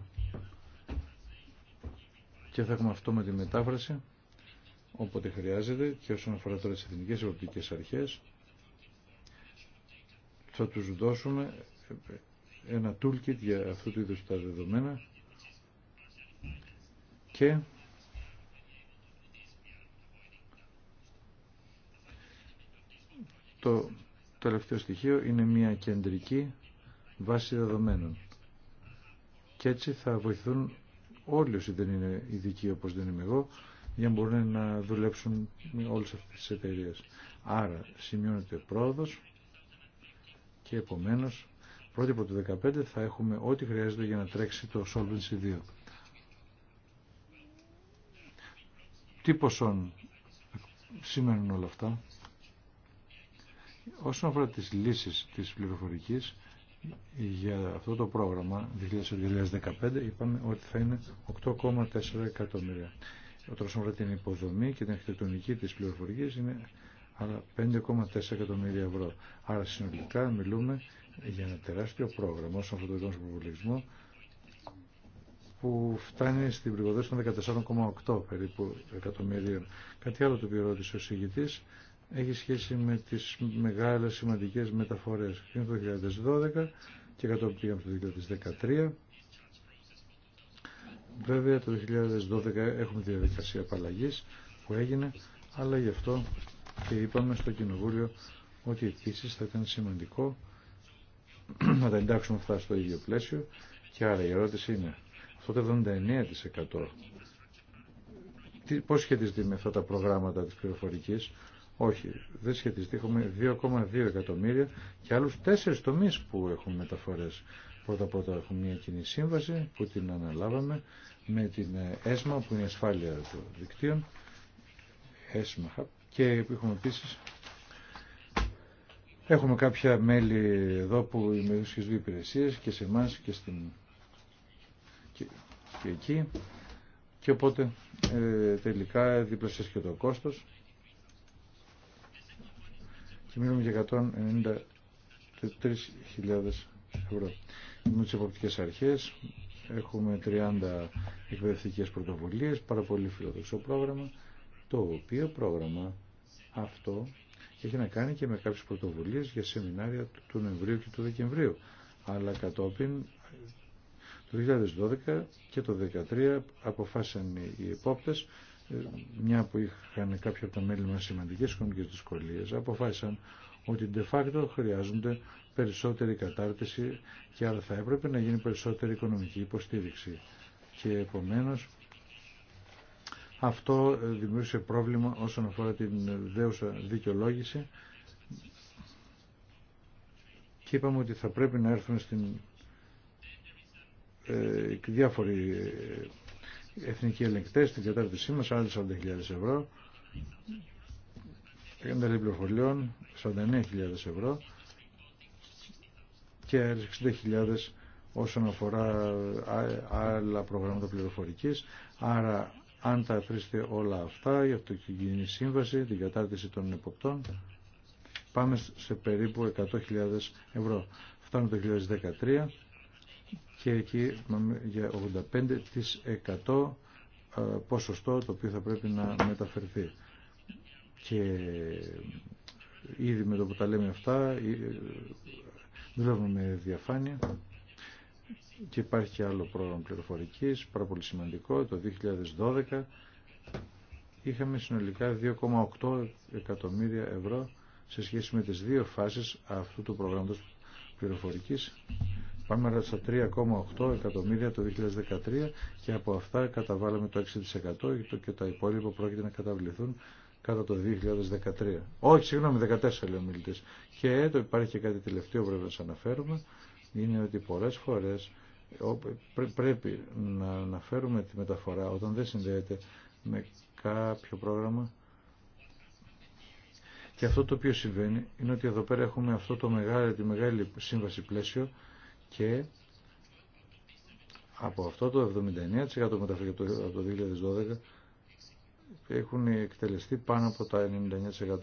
και θα έχουμε αυτό με τη μετάφραση όποτε χρειάζεται και όσον αφορά τώρα τις εθνικές ευρωπαϊκές αρχές θα τους δώσουμε ένα toolkit για αυτού του είδους τα δεδομένα και το τελευταίο στοιχείο είναι μια κεντρική βάση δεδομένων και έτσι θα βοηθούν όλοι όσοι δεν είναι ειδικοί όπως δεν είμαι εγώ για να μπορούν να δουλέψουν όλες αυτές τις εταιρείες. Άρα σημειώνεται πρόοδος και επομένως πρώτη από το 2015 θα έχουμε ό,τι χρειάζεται για να τρέξει το Solvency 2. Τι ποσόν σημαίνουν όλα αυτά. Όσον αφορά τις λύσεις της πληροφορικής, για αυτό το πρόγραμμα 2015 είπαμε ότι θα είναι 8,4 εκατομμύρια. Όταν αφορά την υποδομή και την αρχιτεκτονική της πληροφορίας είναι 5,4 εκατομμύρια ευρώ. Άρα συνολικά μιλούμε για ένα τεράστιο πρόγραμμα όσον αφορά τον προβολισμό που φτάνει στην πληροδότηση των 14,8 περίπου εκατομμύρια. Κάτι άλλο το οποίο ρώτησε ο συγητής έχει σχέση με τις μεγάλες σημαντικές μεταφορές. Είναι το 2012 και κατόπιν πήγαμε το 2013. Βέβαια το 2012 έχουμε τη διαδικασία απαλλαγή που έγινε, αλλά γι' αυτό και είπαμε στο Κοινοβούλιο ότι επίση θα ήταν σημαντικό να τα εντάξουμε αυτά στο ίδιο πλαίσιο και άρα η ερώτηση είναι αυτό το 79% πώς σχετίζεται με αυτά τα προγράμματα της πληροφορικής όχι, δεν σχετιστεί. Έχουμε 2,2 εκατομμύρια και άλλους τέσσερις τομείς που έχουμε μεταφορες μεταφορές. όλα έχουμε μια κοινή σύμβαση που την αναλάβαμε με την ε, ΕΣΜΑ που είναι η ασφάλεια των δικτύων. ΕΣΜΑ. Και έχουμε επίσης Έχουμε κάποια μέλη εδώ που είναι δύο υπηρεσίε και σε εμά και, στην... και, εκεί. Και οπότε ε, τελικά διπλασιάστηκε το κόστος και μιλούμε για 193.000 ευρώ. Με τις εποπτικές αρχές έχουμε 30 εκπαιδευτικές πρωτοβουλίες, πάρα πολύ φιλοδοξό πρόγραμμα, το οποίο πρόγραμμα αυτό έχει να κάνει και με κάποιες πρωτοβουλίες για σεμινάρια του Νοεμβρίου και του Δεκεμβρίου. Αλλά κατόπιν το 2012 και το 2013 αποφάσισαν οι επόπτες μια που είχαν κάποια από τα μέλη μας σημαντικές οικονομικές δυσκολίες, αποφάσισαν ότι de facto χρειάζονται περισσότερη κατάρτιση και άρα θα έπρεπε να γίνει περισσότερη οικονομική υποστήριξη. Και επομένως αυτό δημιούργησε πρόβλημα όσον αφορά την δέουσα δικαιολόγηση και είπαμε ότι θα πρέπει να έρθουν στην ε, διάφοροι εθνικοί ελεγκτές στην κατάρτισή μας, άλλες 40.000 ευρώ, ενταλή πληροφοριών, 49.000 ευρώ και άλλες 60.000 όσον αφορά άλλα προγράμματα πληροφορικής. Άρα, αν τα αφήσετε όλα αυτά για το κοινή σύμβαση, την κατάρτιση των εποπτών, πάμε σε περίπου 100.000 ευρώ. Φτάνουμε το 2013 και εκεί για 85% ε, ποσοστό το οποίο θα πρέπει να μεταφερθεί. Και ε, ήδη με το που τα λέμε αυτά ε, δουλεύουμε με διαφάνεια και υπάρχει και άλλο πρόγραμμα πληροφορικής, πάρα πολύ σημαντικό, το 2012 είχαμε συνολικά 2,8 εκατομμύρια ευρώ σε σχέση με τις δύο φάσεις αυτού του προγράμματος πληροφορικής Πάμε στα 3,8 εκατομμύρια το 2013 και από αυτά καταβάλαμε το 6% και τα υπόλοιπα πρόκειται να καταβληθούν κατά το 2013. Όχι, συγγνώμη, 14 λέει ο Και το υπάρχει και κάτι τελευταίο που πρέπει να σας αναφέρουμε, είναι ότι πολλές φορές πρέπει να αναφέρουμε τη μεταφορά όταν δεν συνδέεται με κάποιο πρόγραμμα. Και αυτό το οποίο συμβαίνει είναι ότι εδώ πέρα έχουμε αυτό το μεγάλο, τη μεγάλη σύμβαση πλαίσιο και από αυτό το 79% που μεταφέρει από το 2012 έχουν εκτελεστεί πάνω από τα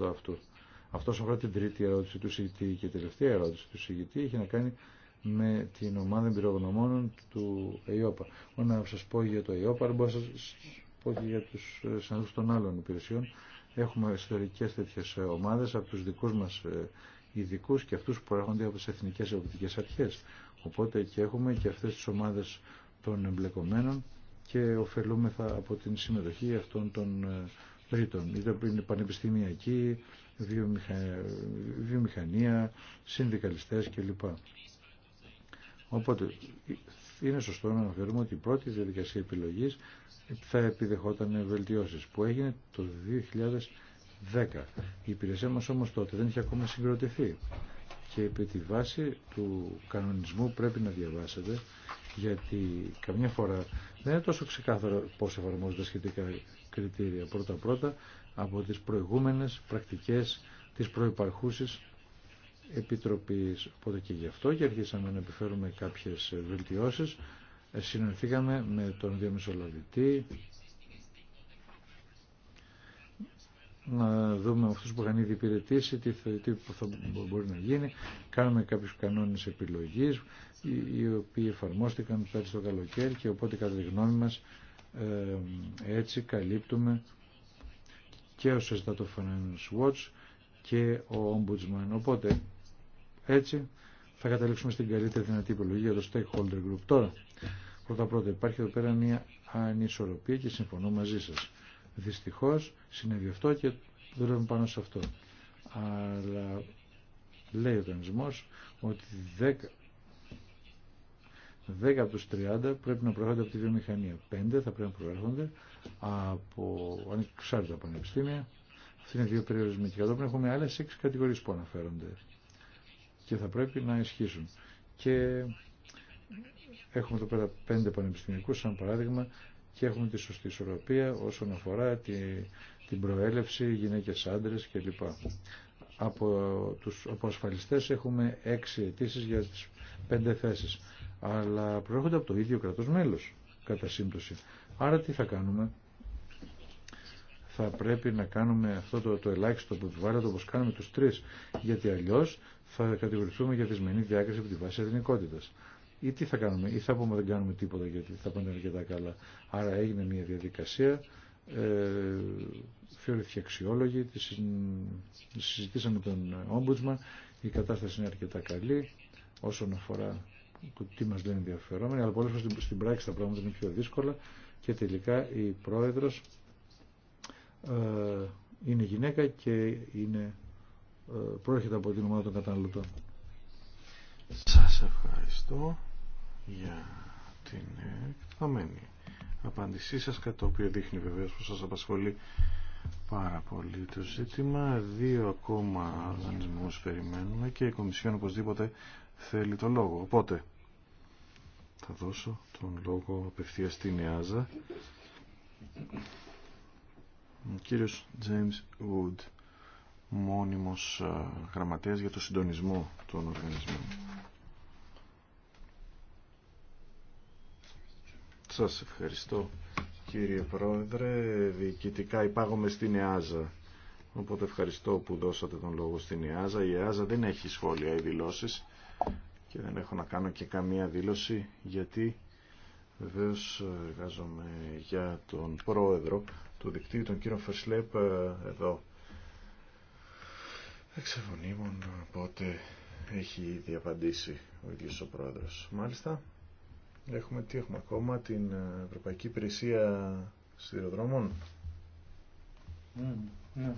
99% αυτού. Αυτό αφορά την τρίτη ερώτηση του συγητή και η τελευταία ερώτηση του συγητή έχει να κάνει με την ομάδα εμπειρογνωμόνων του ΕΙΟΠΑ. Μπορώ να σας πω για το ΕΙΟΠΑ, αλλά μπορώ να σας πω και για τους συναντούς των άλλων υπηρεσιών. Έχουμε ιστορικές τέτοιες ομάδες από τους δικούς μας ε, ειδικού και αυτούς που προέρχονται από τις εθνικές ευρωπαϊκές αρχές. Οπότε έχουμε και αυτές τις ομάδες των εμπλεκομένων και ωφελούμεθα από την συμμετοχή αυτών των ε, τρίτων. Είτε είναι πανεπιστημιακοί, βιομηχανία, συνδικαλιστές κλπ. Οπότε είναι σωστό να αναφέρουμε ότι η πρώτη διαδικασία επιλογής θα επιδεχόταν βελτιώσεις που έγινε το 2010. Η υπηρεσία μας όμως τότε δεν είχε ακόμα συγκροτηθεί και επί τη βάση του κανονισμού πρέπει να διαβάσετε γιατί καμιά φορά δεν είναι τόσο ξεκάθαρο πώς εφαρμόζονται σχετικά κριτήρια πρώτα-πρώτα από τις προηγούμενες πρακτικές της προϋπαρχούσης επιτροπής. Οπότε και γι' αυτό και αρχίσαμε να επιφέρουμε κάποιες βελτιώσεις. Ε, συνοηθήκαμε με τον διαμεσολαβητή, να δούμε αυτούς που είχαν ήδη υπηρετήσει τι, τι θα μπορεί να γίνει. Κάναμε κάποιου κανόνες επιλογής οι οποίοι εφαρμόστηκαν πέρσι το καλοκαίρι και οπότε κατά τη γνώμη μας ε, έτσι καλύπτουμε και ο Σεστατο Finance Watch και ο Ombudsman. Οπότε έτσι θα καταλήξουμε στην καλύτερη δυνατή επιλογή για το stakeholder group. Τώρα, πρώτα πρώτα υπάρχει εδώ πέρα μια ανισορροπία και συμφωνώ μαζί σας Δυστυχώς συνέβη και δουλεύουμε πάνω σε αυτό. Αλλά λέει ο οργανισμός ότι 10, 10 από τους 30 πρέπει να προέρχονται από τη βιομηχανία. 5 θα πρέπει να προέρχονται από ανεξάρτητα πανεπιστήμια. Αυτή είναι δύο περιορισμοί. Και κατόπιν έχουμε άλλες 6 κατηγορίες που αναφέρονται και θα πρέπει να ισχύσουν. Και έχουμε εδώ πέρα 5 πανεπιστημιακούς, σαν παράδειγμα, και έχουμε τη σωστή ισορροπία όσον αφορά τη, την προέλευση, γυναίκες άντρες κλπ. Από τους από ασφαλιστές έχουμε έξι αιτήσει για τις πέντε θέσεις, αλλά προέρχονται από το ίδιο κρατός μέλος κατά σύμπτωση. Άρα τι θα κάνουμε, θα πρέπει να κάνουμε αυτό το, το ελάχιστο που επιβάλλεται όπως κάνουμε τους τρεις, γιατί αλλιώς θα κατηγορηθούμε για δυσμενή διάκριση από τη βάση εθνικότητας ή τι θα κάνουμε, ή θα πούμε δεν κάνουμε τίποτα γιατί θα πάνε αρκετά καλά. Άρα έγινε μια διαδικασία, ε, θεωρήθηκε αξιόλογη, τη συζητήσαμε τον Ombudsman, η κατάσταση είναι αρκετά καλή όσον αφορά τι μας λένε ενδιαφερόμενοι, αλλά πολλές φορές στην πράξη τα πράγματα είναι πιο δύσκολα και τελικά η πρόεδρος ε, είναι γυναίκα και είναι, ε, από την ομάδα των καταναλωτών. Σας ευχαριστώ για την ε, εκδομένη απάντησή σας κατά το οποίο δείχνει βεβαίως πως σας απασχολεί πάρα πολύ το ζήτημα. Δύο ακόμα οργανισμούς περιμένουμε και η Κομισιόν οπωσδήποτε θέλει το λόγο. Οπότε θα δώσω τον λόγο απευθείας στην ΕΑΖΑ. Ο κύριος James Wood, μόνιμος ε, γραμματέας για το συντονισμό των οργανισμών. Σας ευχαριστώ κύριε Πρόεδρε. Διοικητικά υπάγομαι στην ΕΑΖΑ. Οπότε ευχαριστώ που δώσατε τον λόγο στην ΕΑΖΑ. Η ΕΑΖΑ δεν έχει σχόλια ή δηλώσεις και δεν έχω να κάνω και καμία δήλωση γιατί βεβαίω εργάζομαι για τον πρόεδρο του δικτύου, τον κύριο Φερσλέπ, εδώ εξεφωνήμων, οπότε έχει ήδη απαντήσει ο ίδιος ο πρόεδρος. Μάλιστα. Έχουμε τι έχουμε ακόμα, την ε, Ευρωπαϊκή Υπηρεσία Σιδηροδρόμων. Mm, ναι.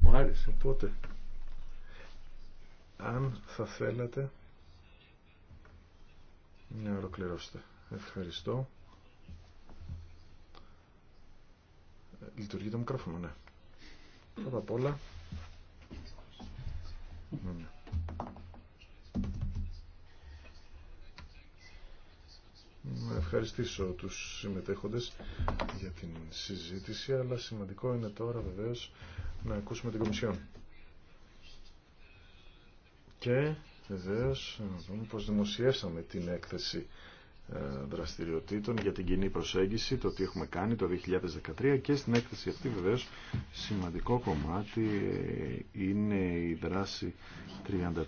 Μου αν θα θέλατε να ολοκληρώσετε. Ευχαριστώ. Ε, λειτουργεί το μικρόφωνο, ναι. Πρώτα απ' όλα, ευχαριστήσω τους συμμετέχοντες για την συζήτηση, αλλά σημαντικό είναι τώρα βεβαίως να ακούσουμε την Κομισιόν. Και βεβαίως να δούμε πως δημοσιεύσαμε την έκθεση ε, δραστηριοτήτων για την κοινή προσέγγιση, το τι έχουμε κάνει το 2013 και στην έκθεση αυτή βεβαίω σημαντικό κομμάτι είναι η δράση 34,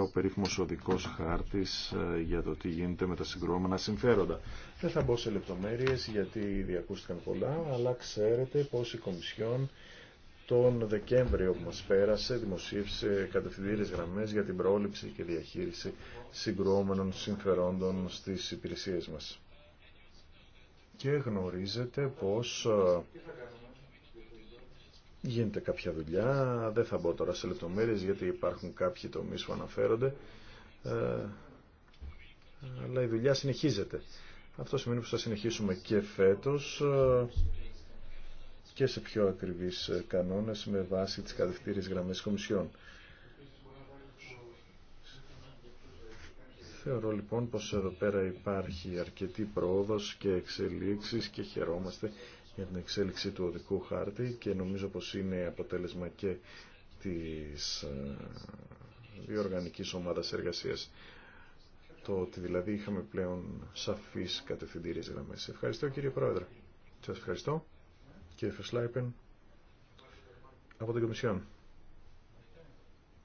ο περίφημος οδικός χάρτης ε, για το τι γίνεται με τα συγκρόμενα συμφέροντα. Δεν θα μπω σε λεπτομέρειες γιατί διακούστηκαν πολλά, αλλά ξέρετε πως η Κομισιόν τον Δεκέμβριο που μας πέρασε δημοσίευσε κατευθυντήριες γραμμές για την πρόληψη και διαχείριση συγκρουόμενων συμφερόντων στις υπηρεσίες μας. Και γνωρίζετε πως γίνεται κάποια δουλειά, δεν θα μπω τώρα σε λεπτομέρειες γιατί υπάρχουν κάποιοι τομείς που αναφέρονται, αλλά η δουλειά συνεχίζεται. Αυτό σημαίνει πως θα συνεχίσουμε και φέτος και σε πιο ακριβείς ε, κανόνες με βάση τις κατευθύνες γραμμές κομισιών. Θεωρώ λοιπόν πως εδώ πέρα υπάρχει αρκετή πρόοδος και εξελίξεις και χαιρόμαστε για την εξέλιξη του οδικού χάρτη και νομίζω πως είναι αποτέλεσμα και της ε, διοργανικής ομάδας εργασίας. Το ότι δηλαδή είχαμε πλέον σαφείς κατευθυντήριες γραμμές. Ευχαριστώ κύριε Πρόεδρε. Σας ευχαριστώ κύριε Φεσλάιπεν από την Κομισιόν.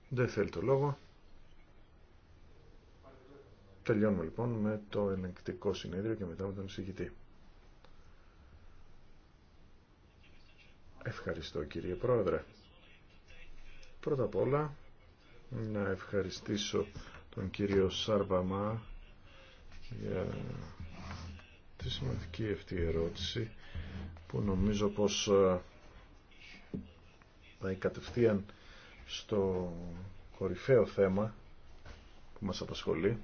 Δεν θέλει το λόγο. Τελειώνουμε λοιπόν με το ελεγκτικό συνέδριο και μετά με τον εισηγητή. Ευχαριστώ κύριε Πρόεδρε. Πρώτα απ' όλα να ευχαριστήσω τον κύριο Σάρβαμα για τη σημαντική αυτή ερώτηση που νομίζω πως πάει κατευθείαν στο κορυφαίο θέμα που μας απασχολεί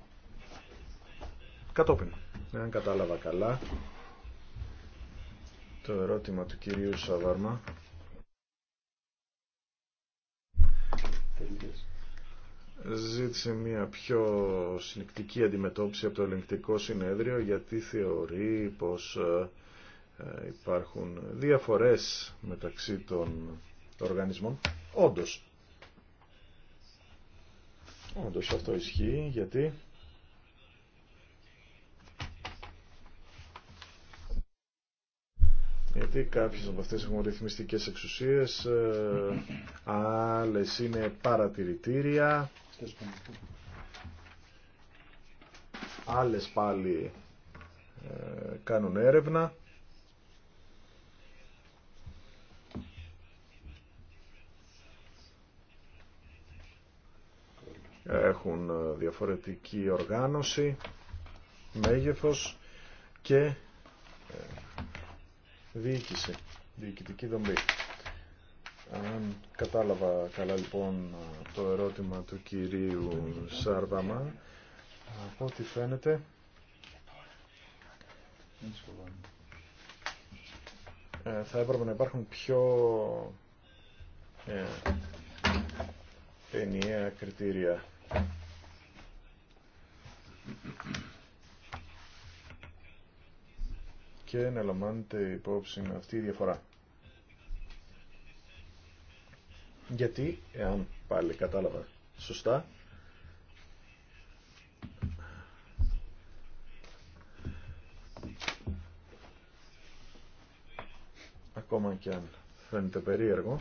κατόπιν. Αν κατάλαβα καλά το ερώτημα του κυρίου Σαβάρμα ζήτησε μια πιο συνεκτική αντιμετώπιση από το ελεγκτικό συνέδριο γιατί θεωρεί πως ε, ε, υπάρχουν διαφορές μεταξύ των οργανισμών. Όντως, όντως αυτό ισχύει γιατί γιατί κάποιες από αυτές έχουν ρυθμιστικές εξουσίες, ε, άλλες είναι παρατηρητήρια, άλλες πάλι ε, κάνουν έρευνα. έχουν ε, διαφορετική οργάνωση, μέγεθος και ε, διοίκηση, διοικητική δομή. Αν κατάλαβα καλά λοιπόν το ερώτημα του κυρίου Σάρβαμα, από ό,τι φαίνεται ε, θα έπρεπε να υπάρχουν πιο ενιαία κριτήρια και να λαμβάνετε υπόψη με αυτή η διαφορά. Γιατί, εάν πάλι κατάλαβα σωστά, ακόμα και αν φαίνεται περίεργο,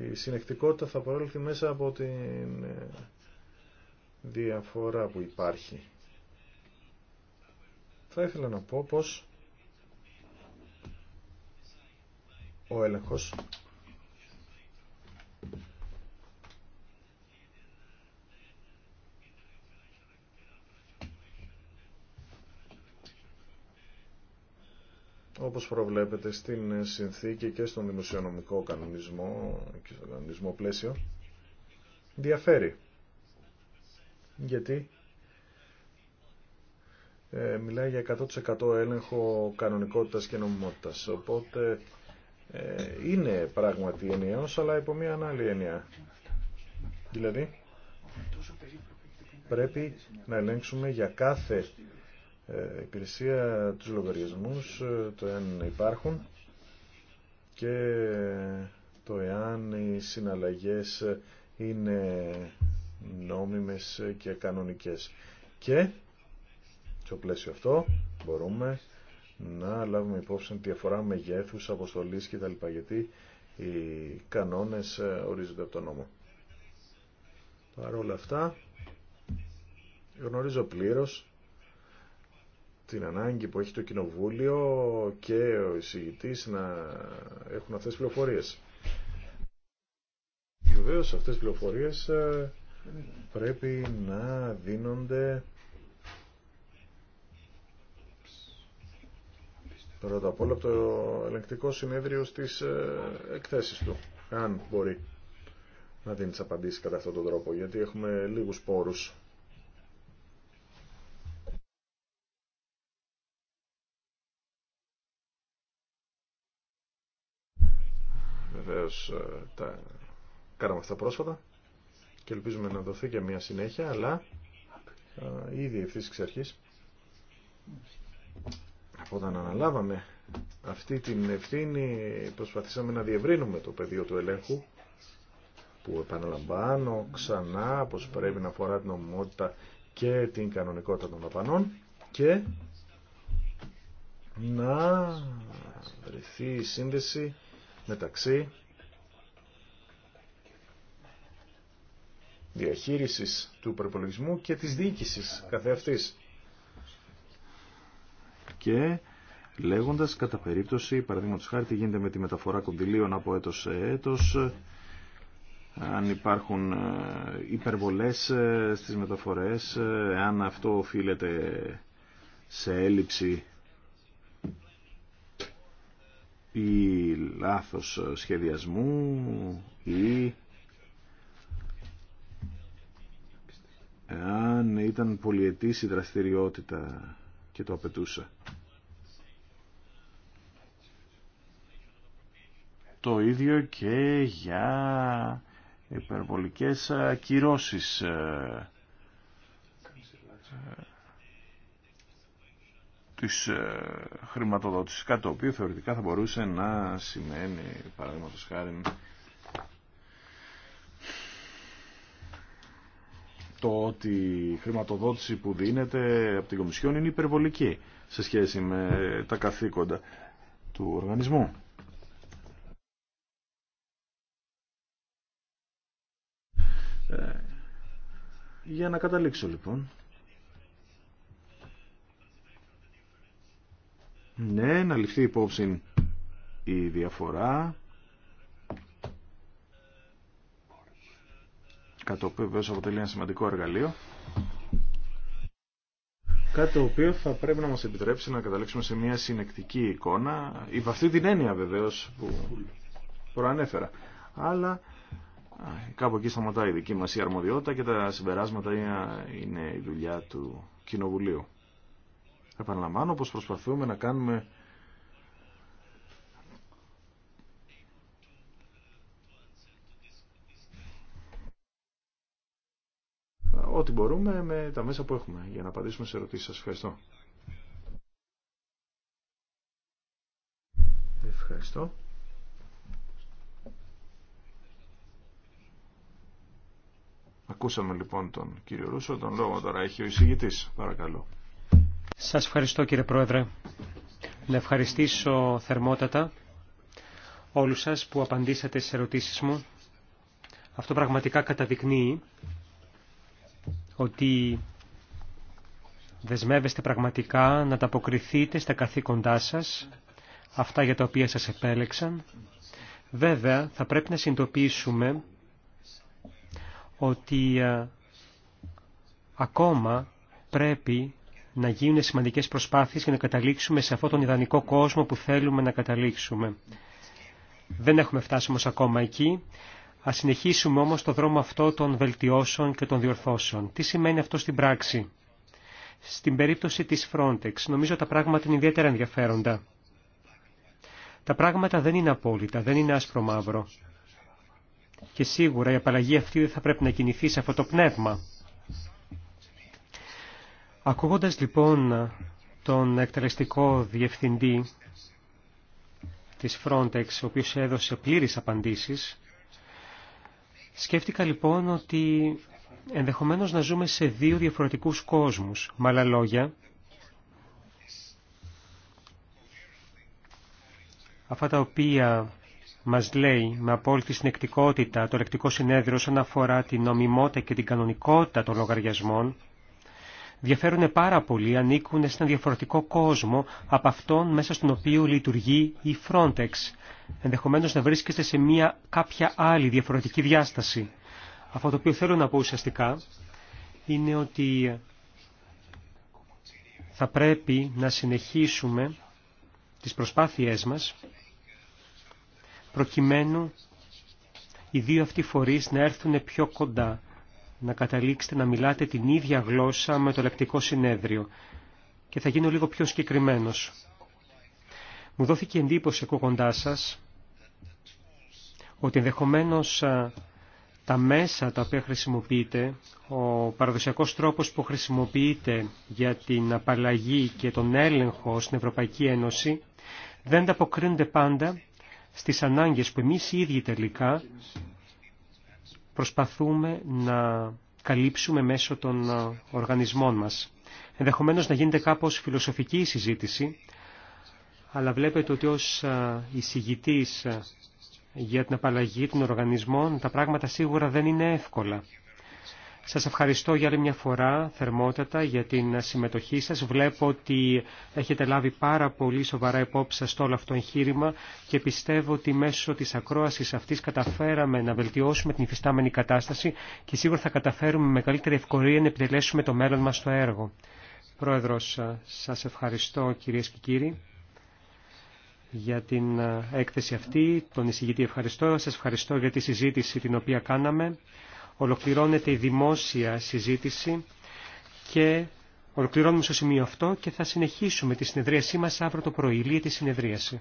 η συνεκτικότητα θα προέλθει μέσα από την ε, διαφορά που υπάρχει. Θα ήθελα να πω πως ο έλεγχος όπως προβλέπεται στην συνθήκη και στον δημοσιονομικό κανονισμό και στον κανονισμό πλαίσιο, διαφέρει. Γιατί ε, μιλάει για 100% έλεγχο κανονικότητας και νομιμότητας. Οπότε ε, είναι πράγματι ενιαίος, αλλά υπό μία άλλη ενιαία. Δηλαδή, πρέπει να ελέγξουμε για κάθε ε, υπηρεσία, τους λογαριασμούς, ε, το εάν υπάρχουν και το εάν οι συναλλαγές είναι νόμιμες και κανονικές. Και στο πλαίσιο αυτό μπορούμε να λάβουμε υπόψη τη αφορά μεγέθους, αποστολής κτλ. Γιατί οι κανόνες ε, ορίζονται από τον νόμο. Παρ' όλα αυτά γνωρίζω πλήρως την ανάγκη που έχει το Κοινοβούλιο και ο εισηγητής να έχουν αυτές τις πληροφορίες. Βεβαίω αυτές τις πληροφορίες ε, πρέπει να δίνονται πρώτα απ' όλα από το ελεγκτικό συνέδριο στις ε, εκθέσεις του, αν μπορεί να δίνει τις απαντήσεις κατά αυτόν τον τρόπο, γιατί έχουμε λίγους πόρους Ε, τα κάναμε αυτά πρόσφατα και ελπίζουμε να δοθεί και μια συνέχεια, αλλά ε, ήδη ευθύς εξ αρχής από όταν αναλάβαμε αυτή την ευθύνη προσπαθήσαμε να διευρύνουμε το πεδίο του ελέγχου που επαναλαμβάνω ξανά πως πρέπει να αφορά την ομιμότητα και την κανονικότητα των δαπανών και να βρεθεί η σύνδεση μεταξύ διαχείρισης του προπολογισμού και της διοίκησης καθεαυτής. Και λέγοντας κατά περίπτωση, παραδείγματος χάρη, τι γίνεται με τη μεταφορά κοντιλίων από έτος σε έτος, αν υπάρχουν ε, υπερβολές ε, στις μεταφορές, αν ε, αυτό οφείλεται σε έλλειψη ή λάθος σχεδιασμού ήταν πολυετής η δραστηριότητα και το απαιτούσα. Το ίδιο και για υπερβολικές ακυρώσεις. Ε, ε, ε, της χρηματοδότηση, κάτι το οποίο θεωρητικά θα μπορούσε να σημαίνει, παραδείγματο χάρη, το ότι η χρηματοδότηση που δίνεται από την Κομισιόν είναι υπερβολική σε σχέση με τα καθήκοντα του οργανισμού. Ε, για να καταλήξω λοιπόν. Ναι, να ληφθεί υπόψη η διαφορά Κάτι το οποίο βέβαια αποτελεί ένα σημαντικό εργαλείο. Κάτι το οποίο θα πρέπει να μας επιτρέψει να καταλήξουμε σε μια συνεκτική εικόνα, υπ' αυτή την έννοια βεβαίως που προανέφερα. Αλλά κάπου εκεί σταματάει η δική μας η αρμοδιότητα και τα συμπεράσματα είναι η δουλειά του Κοινοβουλίου. Επαναλαμβάνω πως προσπαθούμε να κάνουμε ό,τι μπορούμε με τα μέσα που έχουμε για να απαντήσουμε σε ερωτήσεις σας. Ευχαριστώ. Ευχαριστώ. Ακούσαμε λοιπόν τον κύριο Ρούσο, τον λόγο τώρα έχει ο εισηγητής. Παρακαλώ. Σας ευχαριστώ κύριε Πρόεδρε. Να ευχαριστήσω θερμότατα όλους σας που απαντήσατε σε ερωτήσεις μου. Αυτό πραγματικά καταδεικνύει ότι δεσμεύεστε πραγματικά να τα αποκριθείτε στα καθήκοντά σας, αυτά για τα οποία σας επέλεξαν. Βέβαια, θα πρέπει να συνειδητοποιήσουμε ότι ε, ακόμα πρέπει να γίνουν σημαντικές προσπάθειες για να καταλήξουμε σε αυτόν τον ιδανικό κόσμο που θέλουμε να καταλήξουμε. Δεν έχουμε φτάσει όμως ακόμα εκεί. Ας συνεχίσουμε όμως το δρόμο αυτό των βελτιώσεων και των διορθώσεων. Τι σημαίνει αυτό στην πράξη. Στην περίπτωση της Frontex, νομίζω τα πράγματα είναι ιδιαίτερα ενδιαφέροντα. Τα πράγματα δεν είναι απόλυτα, δεν είναι άσπρο μαύρο. Και σίγουρα η απαλλαγή αυτή δεν θα πρέπει να κινηθεί σε αυτό το πνεύμα. Ακούγοντας λοιπόν τον εκτελεστικό διευθυντή της Frontex, ο οποίος έδωσε πλήρεις απαντήσεις, Σκέφτηκα λοιπόν ότι ενδεχομένως να ζούμε σε δύο διαφορετικούς κόσμους. Με άλλα λόγια, αυτά τα οποία μας λέει με απόλυτη συνεκτικότητα το λεκτικό συνέδριο όσον αφορά την νομιμότητα και την κανονικότητα των λογαριασμών, διαφέρουν πάρα πολύ, ανήκουν σε ένα διαφορετικό κόσμο από αυτόν μέσα στον οποίο λειτουργεί η Frontex ενδεχομένως να βρίσκεστε σε μια κάποια άλλη διαφορετική διάσταση. Αυτό το οποίο θέλω να πω ουσιαστικά είναι ότι θα πρέπει να συνεχίσουμε τις προσπάθειές μας προκειμένου οι δύο αυτοί φορείς να έρθουν πιο κοντά, να καταλήξετε να μιλάτε την ίδια γλώσσα με το λεπτικό συνέδριο και θα γίνω λίγο πιο συγκεκριμένος. Μου δόθηκε εντύπωση ακούγοντά σα ότι ενδεχομένω τα μέσα τα οποία χρησιμοποιείτε, ο παραδοσιακός τρόπος που χρησιμοποιείτε για την απαλλαγή και τον έλεγχο στην Ευρωπαϊκή Ένωση, δεν αποκρίνονται πάντα στις ανάγκες που εμείς οι ίδιοι τελικά προσπαθούμε να καλύψουμε μέσω των οργανισμών μας. Ενδεχομένως να γίνεται κάπως φιλοσοφική η συζήτηση, αλλά βλέπετε ότι ως ε, εισηγητής ε, για την απαλλαγή των οργανισμών τα πράγματα σίγουρα δεν είναι εύκολα. Σας ευχαριστώ για άλλη μια φορά θερμότατα για την συμμετοχή σας. Βλέπω ότι έχετε λάβει πάρα πολύ σοβαρά υπόψη σας όλο αυτό εγχείρημα και πιστεύω ότι μέσω της ακρόασης αυτής καταφέραμε να βελτιώσουμε την υφιστάμενη κατάσταση και σίγουρα θα καταφέρουμε με μεγαλύτερη ευκολία να επιτελέσουμε το μέλλον μας στο έργο. Πρόεδρος, ε, σας ευχαριστώ κυρίες και κύριοι για την ε, έκθεση αυτή. Τον εισηγητή ευχαριστώ. Σας ευχαριστώ για τη συζήτηση την οποία κάναμε. Ολοκληρώνεται η δημόσια συζήτηση και ολοκληρώνουμε στο σημείο αυτό και θα συνεχίσουμε τη συνεδρίασή μας αύριο το πρωί, τη συνεδρίαση.